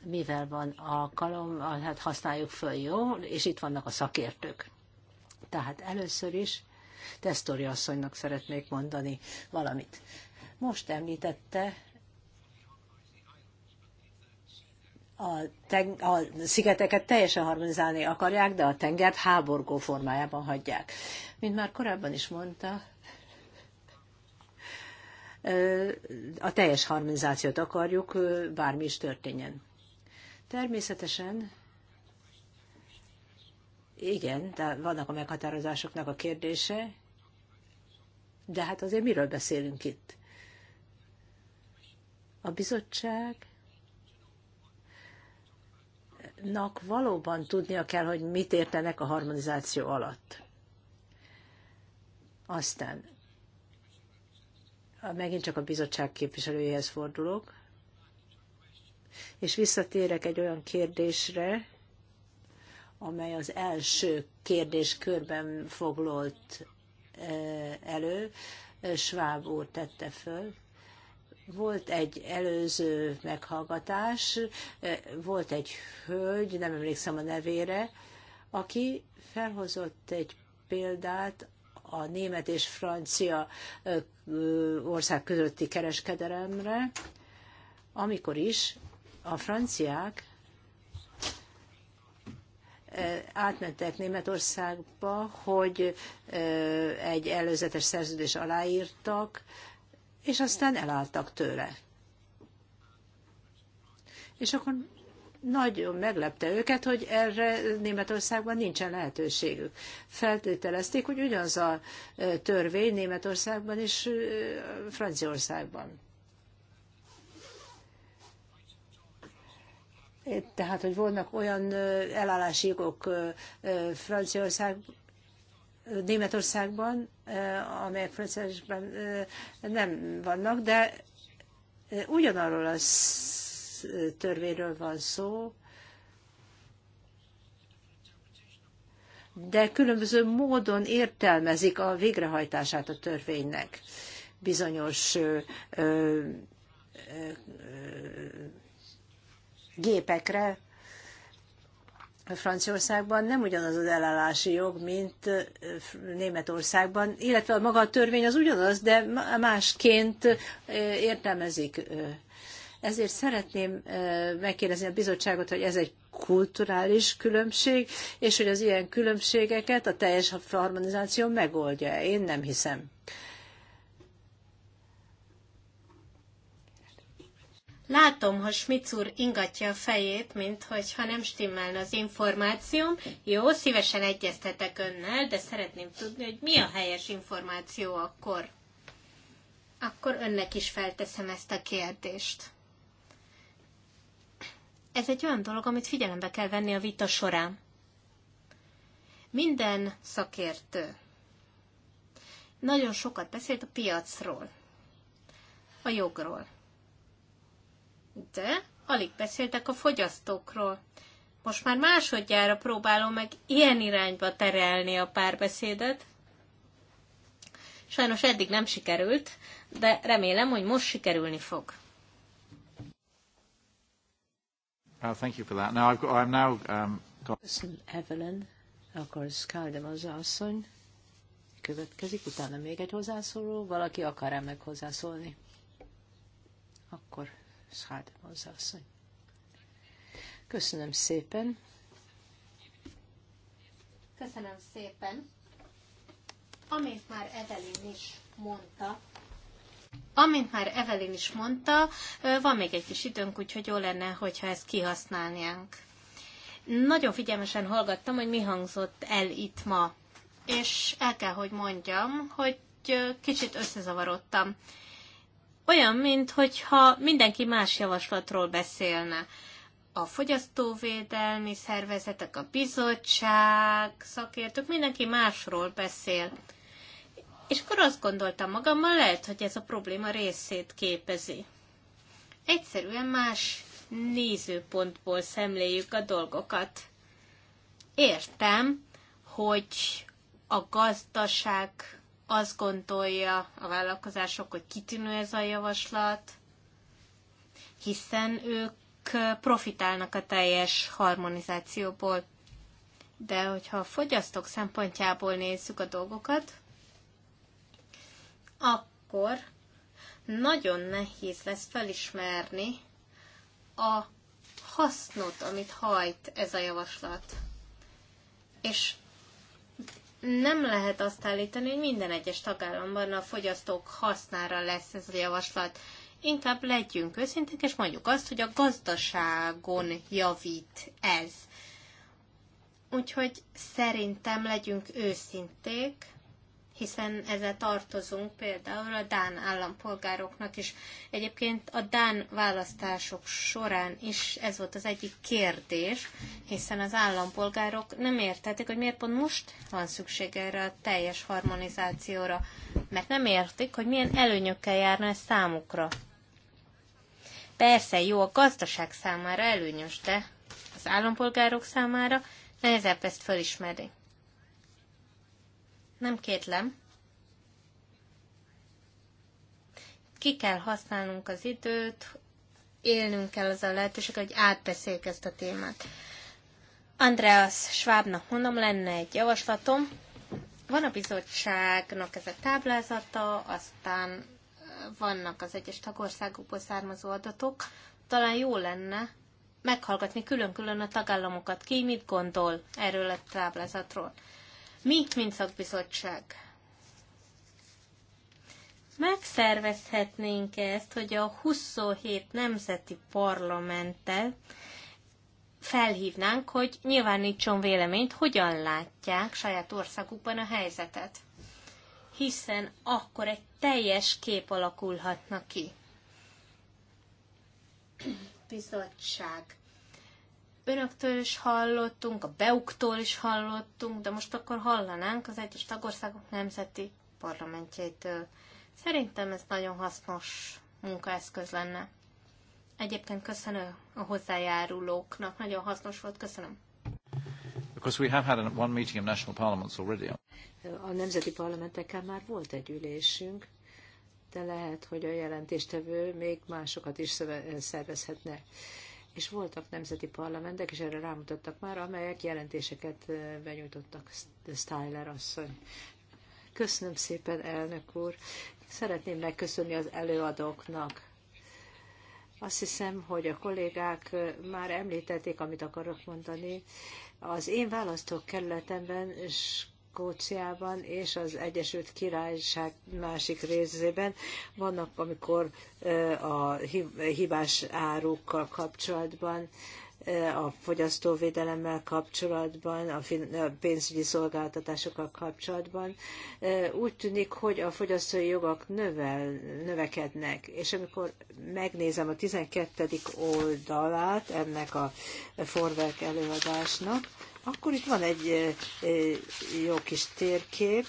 mivel van alkalom, hát használjuk föl, jó? És itt vannak a szakértők. Tehát először is Tesztori asszonynak szeretnék mondani valamit. Most említette a, teng- a szigeteket teljesen harmonizálni akarják, de a tengert háborgó formájában hagyják. Mint már korábban is mondta, a teljes harmonizációt akarjuk, bármi is történjen. Természetesen igen, de vannak a meghatározásoknak a kérdése, de hát azért miről beszélünk itt? A bizottság nak valóban tudnia kell, hogy mit értenek a harmonizáció alatt. Aztán megint csak a bizottság képviselőjéhez fordulok. És visszatérek egy olyan kérdésre, amely az első kérdéskörben foglalt elő, Schwab úr tette föl. Volt egy előző meghallgatás, volt egy hölgy, nem emlékszem a nevére, aki felhozott egy példát a német és francia ország közötti kereskedelemre, amikor is a franciák átmentek Németországba, hogy egy előzetes szerződés aláírtak, és aztán elálltak tőle. És akkor nagyon meglepte őket, hogy erre Németországban nincsen lehetőségük. Feltételezték, hogy ugyanaz a törvény Németországban és Franciaországban. Tehát, hogy vannak olyan elállási jogok Franciaország, Németországban, amelyek Franciaországban nem vannak, de ugyanarról a törvényről van szó, de különböző módon értelmezik a végrehajtását a törvénynek. Bizonyos gépekre Franciaországban nem ugyanaz az elállási jog, mint Németországban, illetve a maga a törvény az ugyanaz, de másként értelmezik. Ezért szeretném megkérdezni a bizottságot, hogy ez egy kulturális különbség, és hogy az ilyen különbségeket a teljes harmonizáció megoldja. Én nem hiszem. Látom, hogy Schmitz úr ingatja a fejét, mint hogyha nem stimmelne az információm. Jó, szívesen egyeztetek önnel, de szeretném tudni, hogy mi a helyes információ akkor. Akkor önnek is felteszem ezt a kérdést. Ez egy olyan dolog, amit figyelembe kell venni a vita során. Minden szakértő nagyon sokat beszélt a piacról, a jogról de alig beszéltek a fogyasztókról. Most már másodjára próbálom meg ilyen irányba terelni a párbeszédet. Sajnos eddig nem sikerült, de remélem, hogy most sikerülni fog. Uh, thank you for that. Now I've got, I'm now um, got... Evelyn. Akkor Skaldem az asszony. Következik, utána még egy hozzászóló. Valaki akar -e meg hozzászólni? Akkor asszony. Köszönöm szépen. Köszönöm szépen. Amint már Evelyn is mondta, amint már Evelyn is mondta, van még egy kis időnk, úgyhogy jó lenne, hogyha ezt kihasználnánk. Nagyon figyelmesen hallgattam, hogy mi hangzott el itt ma, és el kell, hogy mondjam, hogy kicsit összezavarodtam. Olyan, mintha mindenki más javaslatról beszélne. A fogyasztóvédelmi szervezetek, a bizottság, szakértők, mindenki másról beszél. És akkor azt gondoltam magammal, lehet, hogy ez a probléma részét képezi. Egyszerűen más nézőpontból szemléljük a dolgokat. Értem, hogy a gazdaság azt gondolja a vállalkozások, hogy kitűnő ez a javaslat, hiszen ők profitálnak a teljes harmonizációból. De hogyha a fogyasztók szempontjából nézzük a dolgokat, akkor nagyon nehéz lesz felismerni a hasznot, amit hajt ez a javaslat. És nem lehet azt állítani, hogy minden egyes tagállamban a fogyasztók hasznára lesz ez a javaslat. Inkább legyünk őszinték, és mondjuk azt, hogy a gazdaságon javít ez. Úgyhogy szerintem legyünk őszinték, hiszen ezzel tartozunk például a Dán állampolgároknak is. Egyébként a Dán választások során is ez volt az egyik kérdés, hiszen az állampolgárok nem értették, hogy miért pont most van szükség erre a teljes harmonizációra, mert nem értik, hogy milyen előnyökkel járna ez számukra. Persze jó a gazdaság számára előnyös, de az állampolgárok számára nehezebb ezt fölismerni. Nem kétlem. Ki kell használnunk az időt, élnünk kell az a lehetőség, hogy átbeszéljük ezt a témát. Andreas Schwabnak mondom, lenne egy javaslatom. Van a bizottságnak ez a táblázata, aztán eh, vannak az egyes tagországokból származó adatok. Talán jó lenne meghallgatni külön-külön a tagállamokat, ki mit gondol erről a táblázatról. Mi, mint szakbizottság, megszervezhetnénk ezt, hogy a 27 nemzeti parlamenttel felhívnánk, hogy nyilvánítson véleményt, hogyan látják saját országukban a helyzetet. Hiszen akkor egy teljes kép alakulhatna ki. Bizottság önöktől is hallottunk, a beuktól is hallottunk, de most akkor hallanánk az egyes tagországok nemzeti parlamentjeitől. Szerintem ez nagyon hasznos munkaeszköz lenne. Egyébként köszönöm a hozzájárulóknak, nagyon hasznos volt, köszönöm. Because we have had one meeting of national parliaments already. A nemzeti parlamentekkel már volt egy ülésünk, de lehet, hogy a jelentéstevő még másokat is szervezhetne és voltak nemzeti parlamentek, és erre rámutattak már, amelyek jelentéseket benyújtottak Styler asszony. Köszönöm szépen, elnök úr. Szeretném megköszönni az előadóknak. Azt hiszem, hogy a kollégák már említették, amit akarok mondani. Az én választókerületemben és Skóciában és az Egyesült Királyság másik részében vannak, amikor a hibás árukkal kapcsolatban a fogyasztóvédelemmel kapcsolatban, a pénzügyi szolgáltatásokkal kapcsolatban. Úgy tűnik, hogy a fogyasztói jogok növel, növekednek, és amikor megnézem a 12. oldalát ennek a forvek előadásnak, akkor itt van egy eh, eh, jó kis térkép,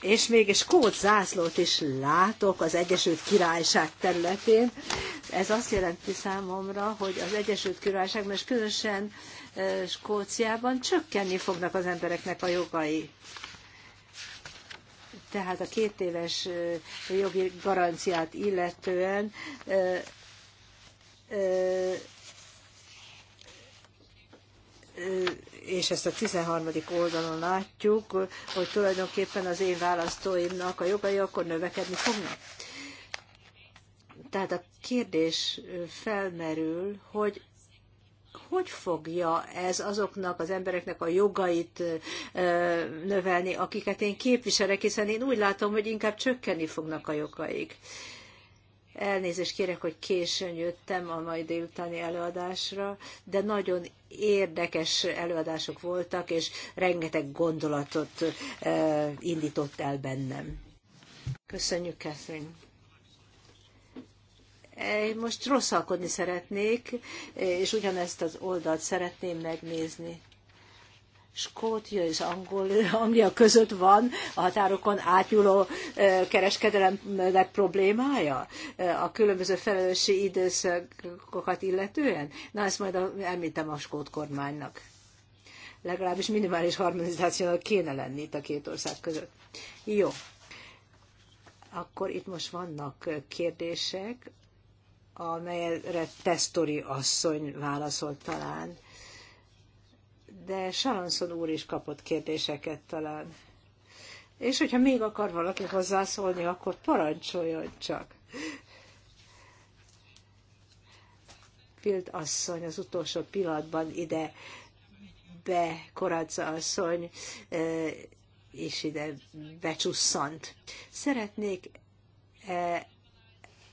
és még egy skót zászlót is látok az Egyesült Királyság területén. Ez azt jelenti számomra, hogy az Egyesült Királyság, és különösen eh, Skóciában csökkenni fognak az embereknek a jogai. Tehát a két éves jogi garanciát illetően és ezt a 13. oldalon látjuk, hogy tulajdonképpen az én választóimnak a jogai akkor növekedni fognak. Tehát a kérdés felmerül, hogy hogy fogja ez azoknak az embereknek a jogait növelni, akiket én képviselek, hiszen én úgy látom, hogy inkább csökkenni fognak a jogaik. Elnézést kérek, hogy későn jöttem a mai délutáni előadásra, de nagyon érdekes előadások voltak, és rengeteg gondolatot indított el bennem. Köszönjük, Catherine. Most rosszalkodni szeretnék, és ugyanezt az oldalt szeretném megnézni. Skótia és Angol, Anglia között van a határokon átnyúló kereskedelemnek problémája a különböző felelősségi időszakokat illetően? Na, ezt majd említem a skót kormánynak. Legalábbis minimális harmonizációnak kéne lenni itt a két ország között. Jó. Akkor itt most vannak kérdések, amelyre Tesztori asszony válaszolt talán de Saranszon úr is kapott kérdéseket talán. És hogyha még akar valaki hozzászólni, akkor parancsoljon csak. Pild asszony az utolsó pillanatban ide be, Koradza asszony, és ide becsusszant. Szeretnék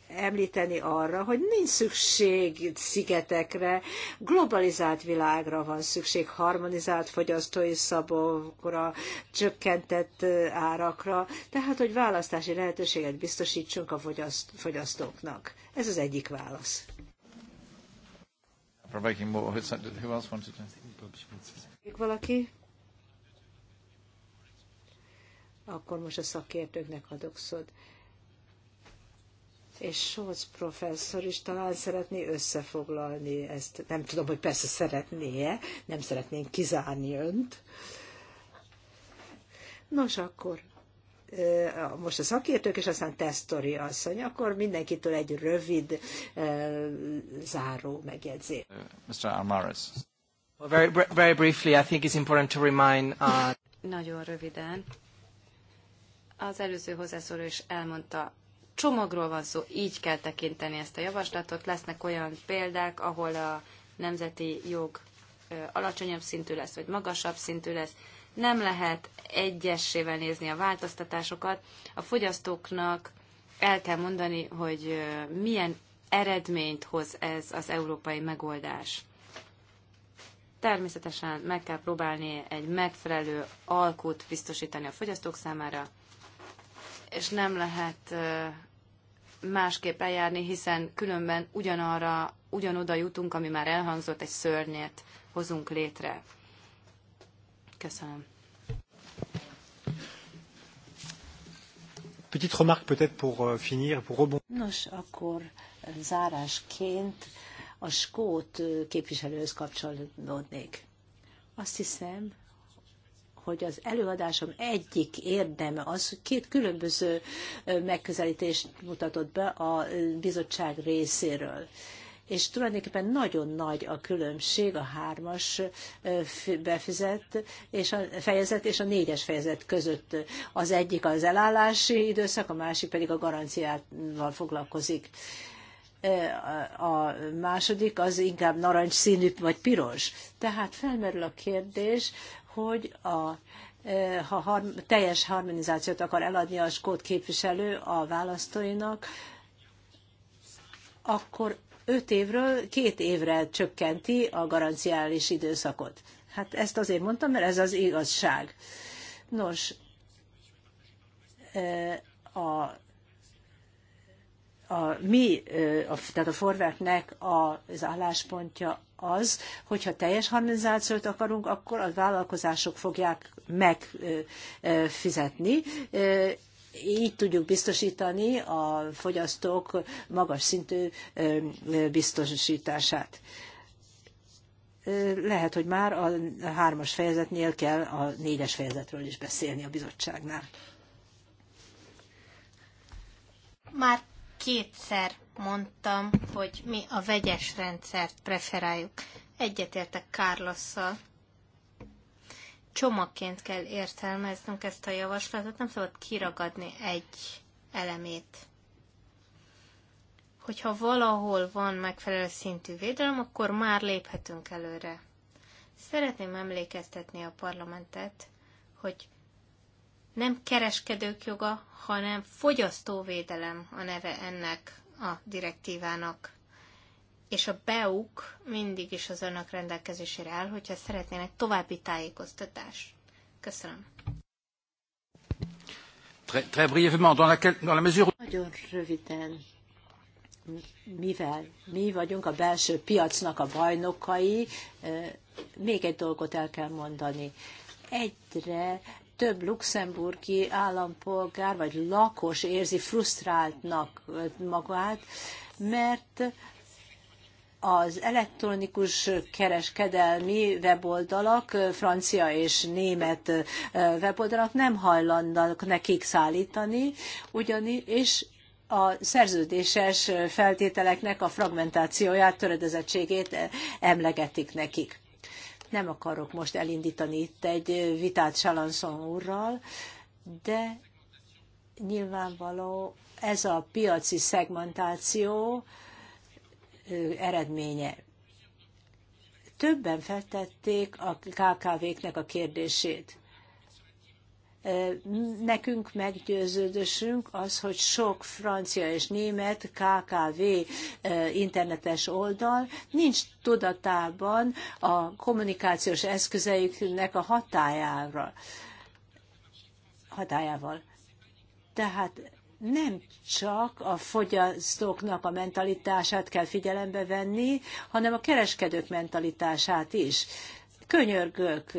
említeni arra, hogy nincs szükség szigetekre, globalizált világra van szükség, harmonizált fogyasztói szabokra, csökkentett árakra, tehát hogy választási lehetőséget biztosítsunk a fogyasztóknak. Ez az egyik válasz. Még valaki? Akkor most a szakértőknek adok szót és Scholz professzor is talán szeretné összefoglalni ezt. Nem tudom, hogy persze szeretné-e, nem szeretnénk kizárni önt. Nos, akkor most a szakértők, és aztán tesztori asszony, akkor mindenkitől egy rövid záró megjegyzés. Uh, Mr. Almares. Well, very, very briefly, I think it's important to remind... Uh... Nagyon röviden. Az előző hozzászóló is elmondta, csomagról van szó, így kell tekinteni ezt a javaslatot. Lesznek olyan példák, ahol a nemzeti jog alacsonyabb szintű lesz, vagy magasabb szintű lesz. Nem lehet egyessével nézni a változtatásokat. A fogyasztóknak el kell mondani, hogy milyen eredményt hoz ez az európai megoldás. Természetesen meg kell próbálni egy megfelelő alkut biztosítani a fogyasztók számára, és nem lehet másképp eljárni, hiszen különben ugyanarra, ugyanoda jutunk, ami már elhangzott, egy szörnyet hozunk létre. Köszönöm. Petite remarque peut-être pour euh, finir, pour rebondir. Nos, akkor euh, zárásként a skót euh, képviselőhöz kapcsolódnék. Azt hiszem, hogy az előadásom egyik érdeme az, hogy két különböző megközelítést mutatott be a bizottság részéről és tulajdonképpen nagyon nagy a különbség a hármas befizet és a fejezet és a négyes fejezet között. Az egyik az elállási időszak, a másik pedig a garanciával foglalkozik. A második az inkább narancsszínű vagy piros. Tehát felmerül a kérdés, hogy a e, ha har- teljes harmonizációt akar eladni a skót képviselő a választóinak, akkor öt évről két évre csökkenti a garanciális időszakot. Hát ezt azért mondtam, mert ez az igazság. Nos, e, a, a mi, e, a, tehát a Forvertnek az álláspontja az, hogyha teljes harmonizációt akarunk, akkor a vállalkozások fogják megfizetni. Így tudjuk biztosítani a fogyasztók magas szintű biztosítását. Lehet, hogy már a hármas fejezetnél kell a négyes fejezetről is beszélni a bizottságnál. Már kétszer mondtam, hogy mi a vegyes rendszert preferáljuk. Egyetértek Kárlosszal. Csomagként kell értelmeznünk ezt a javaslatot, nem szabad kiragadni egy elemét. Hogyha valahol van megfelelő szintű védelem, akkor már léphetünk előre. Szeretném emlékeztetni a parlamentet, hogy nem kereskedők joga, hanem fogyasztóvédelem a neve ennek a direktívának, és a BEUK mindig is az önök rendelkezésére áll, hogyha szeretnének további tájékoztatást. Köszönöm. Très, brièvement, dans la mesure... Nagyon röviden, mivel mi vagyunk a belső piacnak a bajnokai, még egy dolgot el kell mondani. Egyre több luxemburgi állampolgár vagy lakos érzi frusztráltnak magát, mert az elektronikus kereskedelmi weboldalak, francia és német weboldalak nem hajlandak nekik szállítani, ugyani, és a szerződéses feltételeknek a fragmentációját, töredezettségét emlegetik nekik. Nem akarok most elindítani itt egy vitát Salanson úrral, de nyilvánvaló ez a piaci szegmentáció eredménye. Többen feltették a KKV-knek a kérdését. Nekünk meggyőződésünk az, hogy sok francia és német KKV internetes oldal nincs tudatában a kommunikációs eszközeiknek a hatájára, hatájával. Tehát nem csak a fogyasztóknak a mentalitását kell figyelembe venni, hanem a kereskedők mentalitását is. Könyörgök,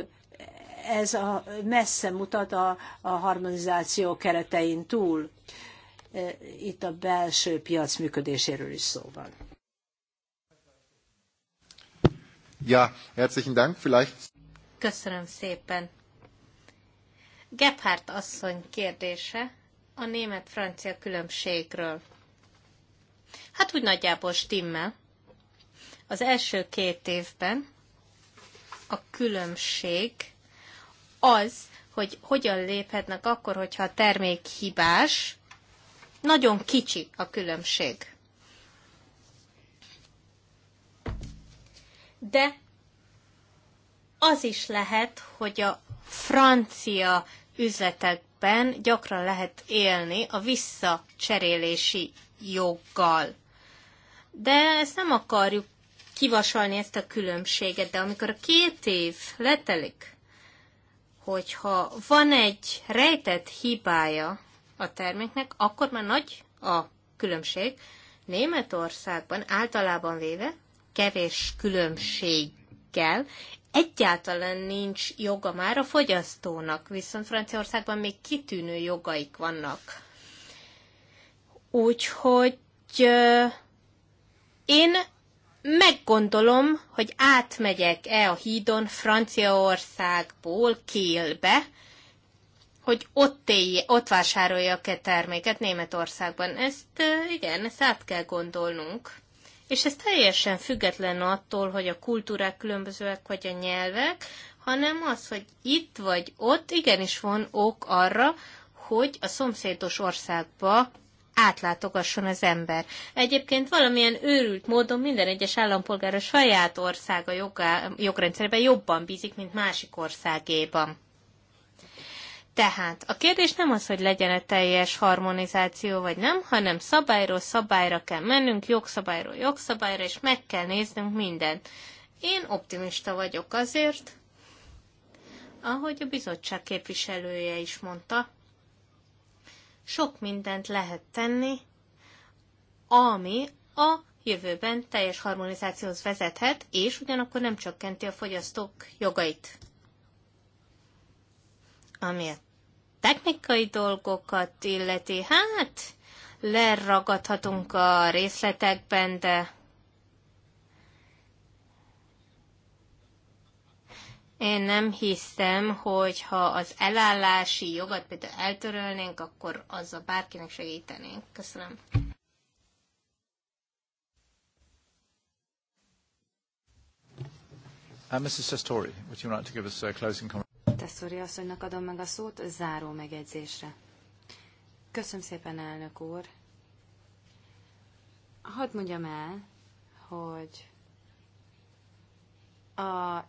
ez a, messze mutat a, a harmonizáció keretein túl. E, itt a belső piac működéséről is szó van. Ja, herzlichen Dank, vielleicht. Köszönöm szépen. Gebhardt asszony kérdése a német-francia különbségről. Hát úgy nagyjából stimmel. Az első két évben a különbség az, hogy hogyan léphetnek akkor, hogyha a termék hibás, nagyon kicsi a különbség. De az is lehet, hogy a francia üzletekben gyakran lehet élni a visszacserélési joggal. De ezt nem akarjuk kivasalni ezt a különbséget, de amikor a két év letelik, hogyha van egy rejtett hibája a terméknek, akkor már nagy a különbség. Németországban általában véve kevés különbséggel egyáltalán nincs joga már a fogyasztónak, viszont Franciaországban még kitűnő jogaik vannak. Úgyhogy én meggondolom, hogy átmegyek-e a hídon Franciaországból Kélbe, hogy ott, élj, ott vásároljak-e terméket Németországban. Ezt igen, ezt át kell gondolnunk. És ez teljesen független attól, hogy a kultúrák különbözőek vagy a nyelvek, hanem az, hogy itt vagy ott igenis van ok arra, hogy a szomszédos országba átlátogasson az ember. Egyébként valamilyen őrült módon minden egyes állampolgár a saját országa jogá, jogrendszerben jobban bízik, mint másik országéban. Tehát a kérdés nem az, hogy legyen -e teljes harmonizáció vagy nem, hanem szabályról szabályra kell mennünk, jogszabályról jogszabályra, és meg kell néznünk mindent. Én optimista vagyok azért, ahogy a bizottság képviselője is mondta, sok mindent lehet tenni, ami a jövőben teljes harmonizációhoz vezethet, és ugyanakkor nem csökkenti a fogyasztók jogait. Ami a technikai dolgokat illeti, hát leragadhatunk a részletekben, de Én nem hiszem, hogy ha az elállási jogot például eltörölnénk, akkor azzal bárkinek segítenénk. Köszönöm. And uh, Mrs. Sestori, would you like to give us a closing comment? Testori asszonynak adom meg a szót záró megjegyzésre. Köszönöm szépen, elnök úr. Hadd mondjam el, hogy a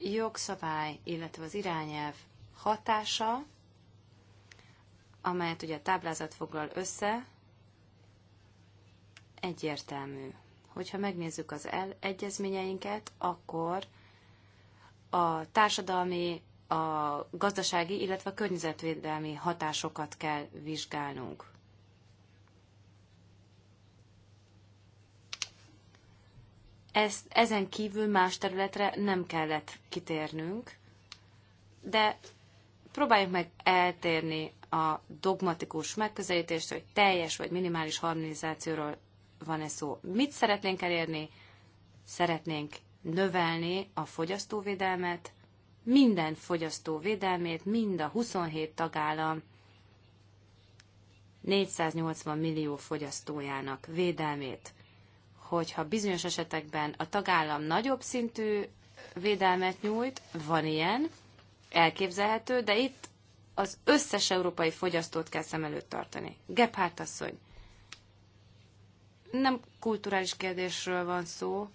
jogszabály, illetve az irányelv hatása, amelyet ugye a táblázat foglal össze, egyértelmű. Hogyha megnézzük az el egyezményeinket, akkor a társadalmi, a gazdasági, illetve a környezetvédelmi hatásokat kell vizsgálnunk. ezt, ezen kívül más területre nem kellett kitérnünk, de próbáljuk meg eltérni a dogmatikus megközelítést, hogy teljes vagy minimális harmonizációról van-e szó. Mit szeretnénk elérni? Szeretnénk növelni a fogyasztóvédelmet, minden fogyasztóvédelmét, mind a 27 tagállam 480 millió fogyasztójának védelmét hogyha bizonyos esetekben a tagállam nagyobb szintű védelmet nyújt, van ilyen, elképzelhető, de itt az összes európai fogyasztót kell szem előtt tartani. Gephardt asszony, nem kulturális kérdésről van szó,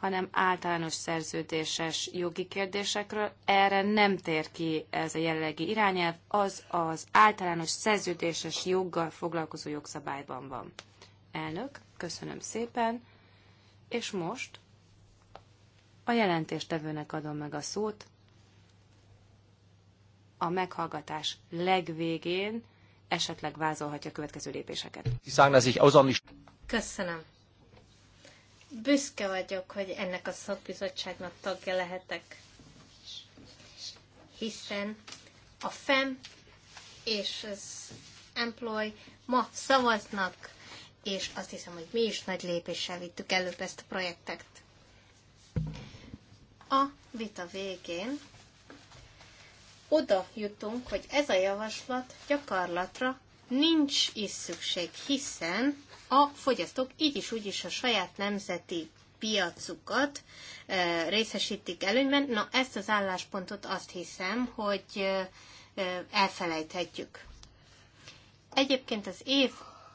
hanem általános szerződéses jogi kérdésekről. Erre nem tér ki ez a jelenlegi irányelv, az az általános szerződéses joggal foglalkozó jogszabályban van. Elnök, Köszönöm szépen. És most a jelentéstevőnek adom meg a szót. A meghallgatás legvégén esetleg vázolhatja a következő lépéseket. Köszönöm. Büszke vagyok, hogy ennek a szakbizottságnak tagja lehetek, hiszen a FEM és az Employ ma szavaznak és azt hiszem, hogy mi is nagy lépéssel vittük előbb ezt a projektet. A vita végén oda jutunk, hogy ez a javaslat gyakorlatra nincs is szükség, hiszen a fogyasztók így is úgy is a saját nemzeti piacukat e, részesítik előnyben. Na, ezt az álláspontot azt hiszem, hogy e, elfelejthetjük. Egyébként az év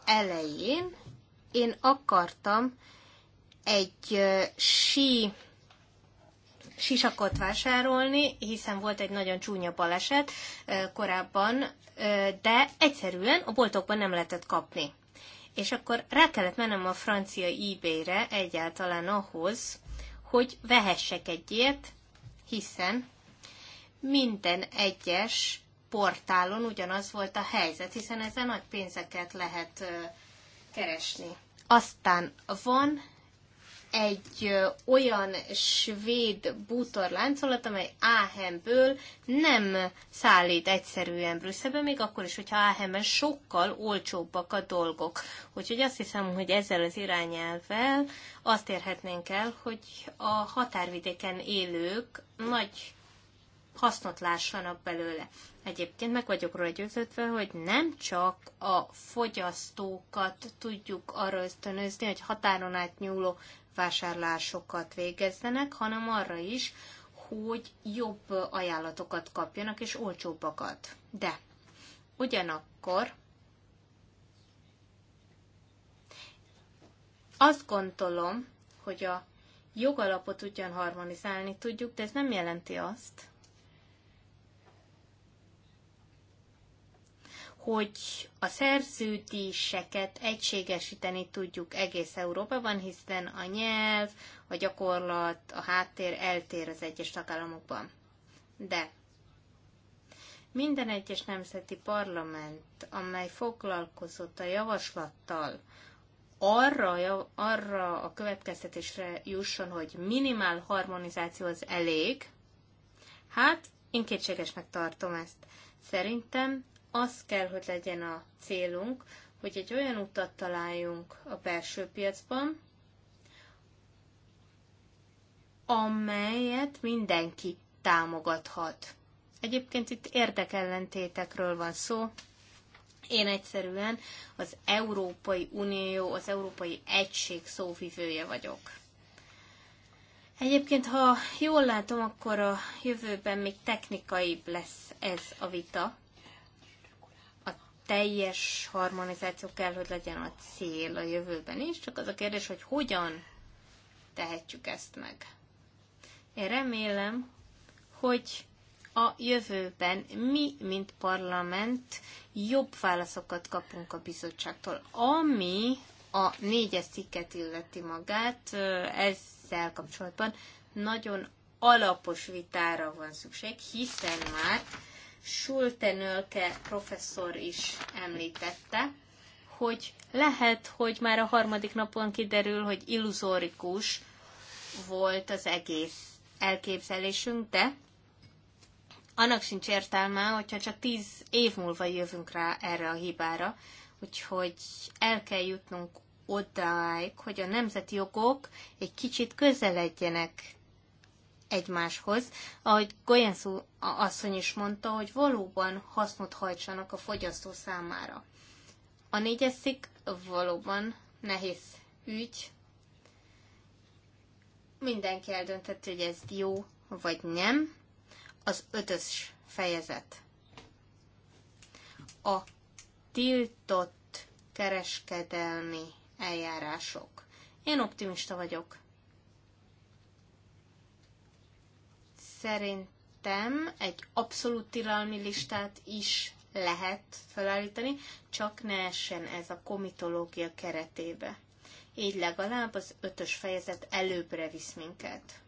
elején én akartam egy sí sisakot vásárolni, hiszen volt egy nagyon csúnya baleset korábban, de egyszerűen a boltokban nem lehetett kapni. És akkor rá kellett mennem a francia eBay-re egyáltalán ahhoz, hogy vehessek egy ilyet, hiszen minden egyes portálon ugyanaz volt a helyzet, hiszen ezzel nagy pénzeket lehet keresni. Aztán van egy olyan svéd bútorláncolat, amely Áhenből nem szállít egyszerűen Brüsszelbe, még akkor is, hogyha Áhenben sokkal olcsóbbak a dolgok. Úgyhogy azt hiszem, hogy ezzel az irányelvel azt érhetnénk el, hogy a határvidéken élők nagy hasznot lássanak belőle. Egyébként meg vagyok róla győződve, hogy nem csak a fogyasztókat tudjuk arra ösztönözni, hogy határon átnyúló vásárlásokat végezzenek, hanem arra is, hogy jobb ajánlatokat kapjanak és olcsóbbakat. De ugyanakkor azt gondolom, hogy a jogalapot ugyan harmonizálni tudjuk, de ez nem jelenti azt, hogy a szerződéseket egységesíteni tudjuk egész Európában, hiszen a nyelv, a gyakorlat, a háttér eltér az egyes tagállamokban. De minden egyes nemzeti parlament, amely foglalkozott a javaslattal, arra, arra a következtetésre jusson, hogy minimál harmonizáció az elég, hát én kétségesnek tartom ezt. Szerintem az kell, hogy legyen a célunk, hogy egy olyan utat találjunk a belső piacban, amelyet mindenki támogathat. Egyébként itt érdekellentétekről van szó. Én egyszerűen az Európai Unió, az Európai Egység szóvivője vagyok. Egyébként, ha jól látom, akkor a jövőben még technikai lesz ez a vita, teljes harmonizáció kell, hogy legyen a cél a jövőben is, csak az a kérdés, hogy hogyan tehetjük ezt meg. Én remélem, hogy a jövőben mi, mint parlament, jobb válaszokat kapunk a bizottságtól, ami a négyes cikket illeti magát, ezzel kapcsolatban nagyon alapos vitára van szükség, hiszen már Schultenölke professzor is említette, hogy lehet, hogy már a harmadik napon kiderül, hogy illuzórikus volt az egész elképzelésünk, de annak sincs értelme, hogyha csak tíz év múlva jövünk rá erre a hibára, úgyhogy el kell jutnunk odáig, hogy a nemzeti jogok egy kicsit közeledjenek egymáshoz. Ahogy Goyenszú asszony is mondta, hogy valóban hasznot hajtsanak a fogyasztó számára. A négyeszik valóban nehéz ügy. Mindenki eldöntött, hogy ez jó vagy nem. Az ötös fejezet. A tiltott kereskedelmi eljárások. Én optimista vagyok. szerintem egy abszolút tilalmi listát is lehet felállítani, csak ne essen ez a komitológia keretébe. Így legalább az ötös fejezet előbbre visz minket.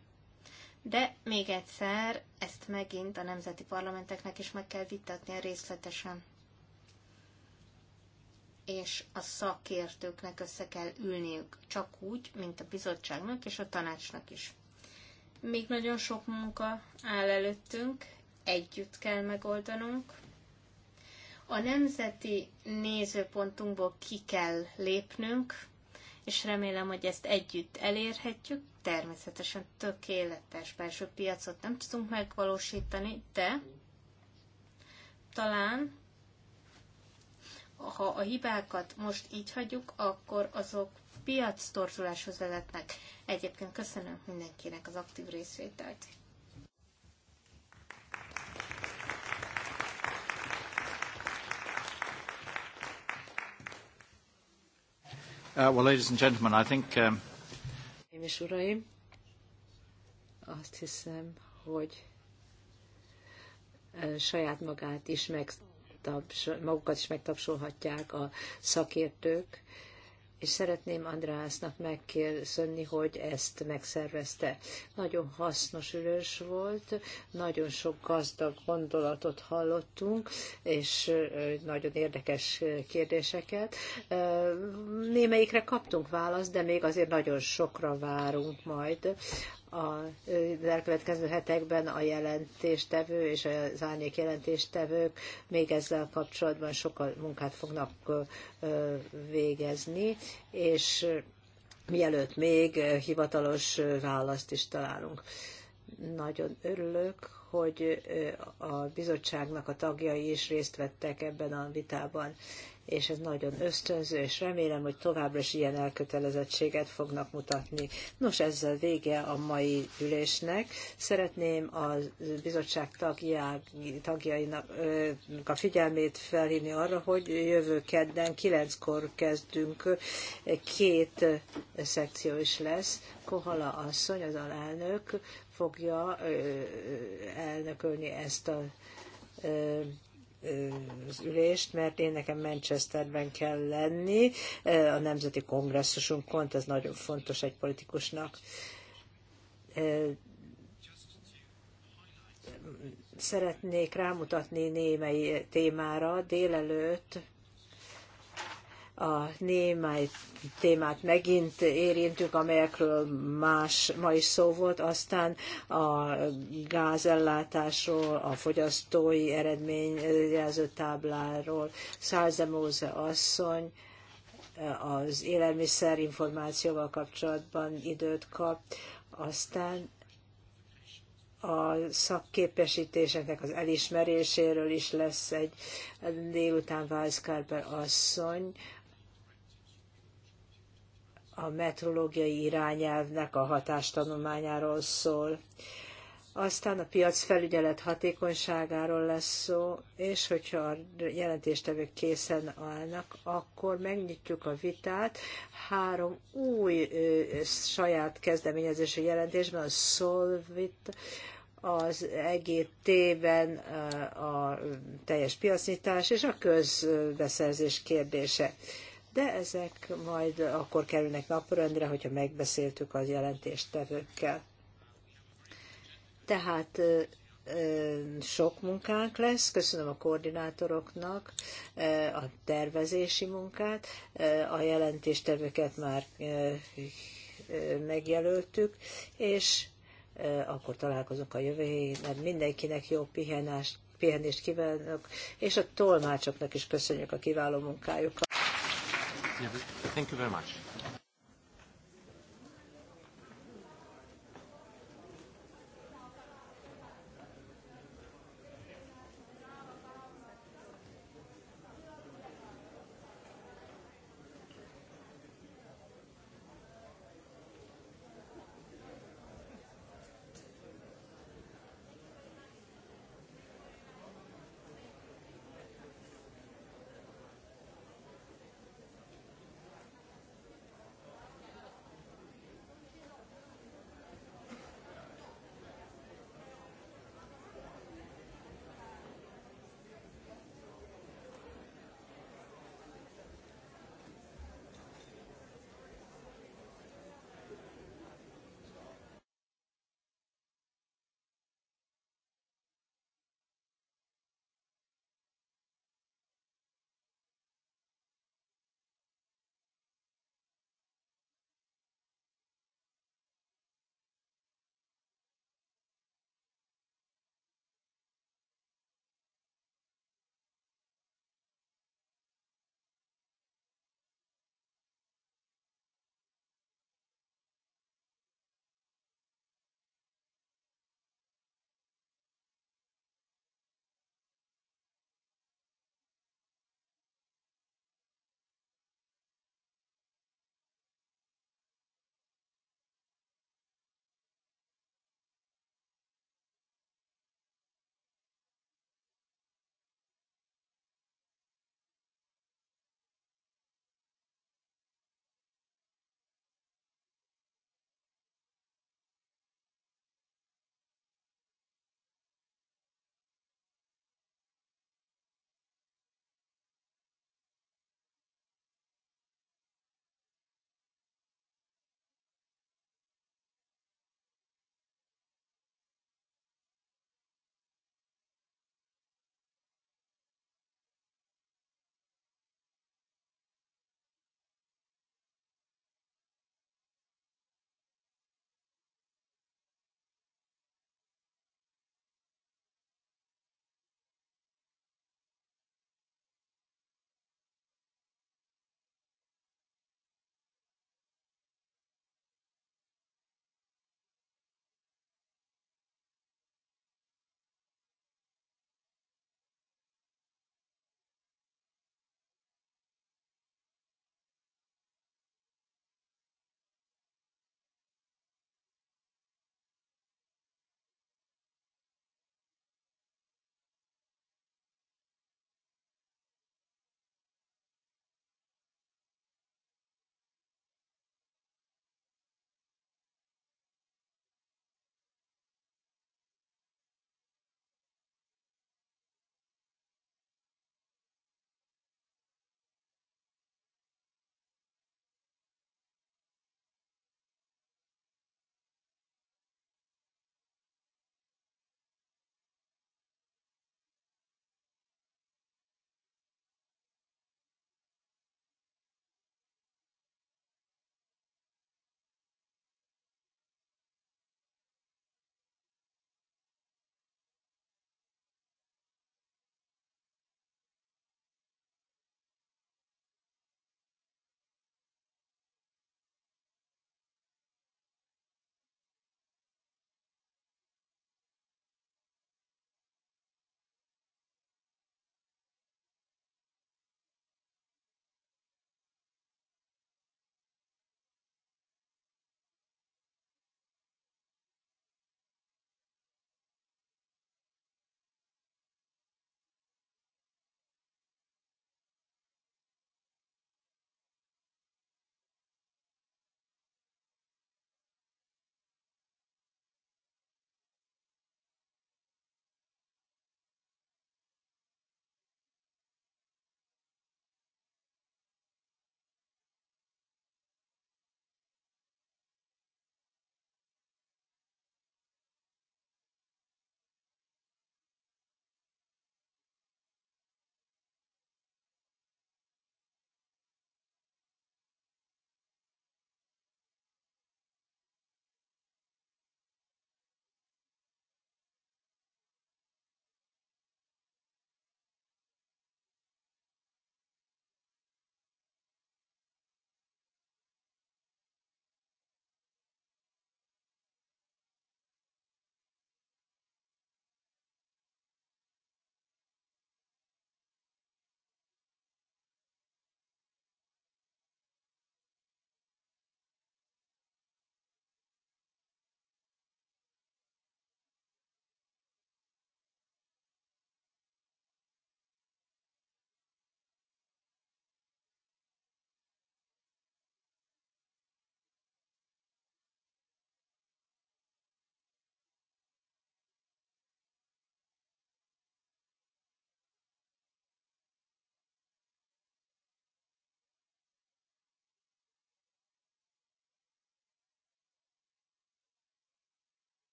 De még egyszer, ezt megint a nemzeti parlamenteknek is meg kell vitatnia részletesen. És a szakértőknek össze kell ülniük, csak úgy, mint a bizottságnak és a tanácsnak is. Még nagyon sok munka áll előttünk, együtt kell megoldanunk. A nemzeti nézőpontunkból ki kell lépnünk, és remélem, hogy ezt együtt elérhetjük. Természetesen tökéletes belső piacot nem tudunk megvalósítani, de talán ha a hibákat most így hagyjuk, akkor azok piac torzuláshoz vezetnek. Egyébként köszönöm mindenkinek az aktív részvételt. Uh, well, ladies and gentlemen, I think... Um... Én és uraim, azt hiszem, hogy uh, saját magát is meg, magukat is megtapsolhatják a szakértők, és szeretném Andrásnak megköszönni, hogy ezt megszervezte. Nagyon hasznos ülős volt, nagyon sok gazdag gondolatot hallottunk, és nagyon érdekes kérdéseket. Némelyikre kaptunk választ, de még azért nagyon sokra várunk majd az elkövetkező hetekben a jelentéstevő és az árnyék jelentéstevők még ezzel kapcsolatban sokkal munkát fognak végezni, és mielőtt még hivatalos választ is találunk. Nagyon örülök, hogy a bizottságnak a tagjai is részt vettek ebben a vitában és ez nagyon ösztönző, és remélem, hogy továbbra is ilyen elkötelezettséget fognak mutatni. Nos, ezzel vége a mai ülésnek. Szeretném a bizottság tagjá, tagjainak a figyelmét felhívni arra, hogy jövő kedden kilenckor kezdünk, két szekció is lesz. Kohala asszony, az alelnök fogja elnökölni ezt a az ülést, mert én nekem Manchesterben kell lenni, a Nemzeti Kongresszusunkon, ez nagyon fontos egy politikusnak. Szeretnék rámutatni némely témára délelőtt a némely témát megint érintünk, amelyekről más, ma is szó volt, aztán a gázellátásról, a fogyasztói eredményjelző tábláról, Szálzemóze asszony, az élelmiszer információval kapcsolatban időt kap, aztán a szakképesítéseknek az elismeréséről is lesz egy délután Vázkárper asszony, a metrológiai irányelvnek a hatástanulmányáról szól. Aztán a piac felügyelet hatékonyságáról lesz szó, és hogyha a jelentéstevők készen állnak, akkor megnyitjuk a vitát. Három új ö, saját kezdeményezési jelentésben, a Solvit, az EGT-ben a teljes piacnyitás és a közbeszerzés kérdése de ezek majd akkor kerülnek napörendre, hogyha megbeszéltük az jelentéstevőkkel. Tehát sok munkánk lesz. Köszönöm a koordinátoroknak a tervezési munkát. A jelentéstevőket már megjelöltük, és akkor találkozunk a jövő héten. Mindenkinek jó pihenást, pihenést kívánok, és a tolmácsoknak is köszönjük a kiváló munkájukat. Yeah, thank you very much.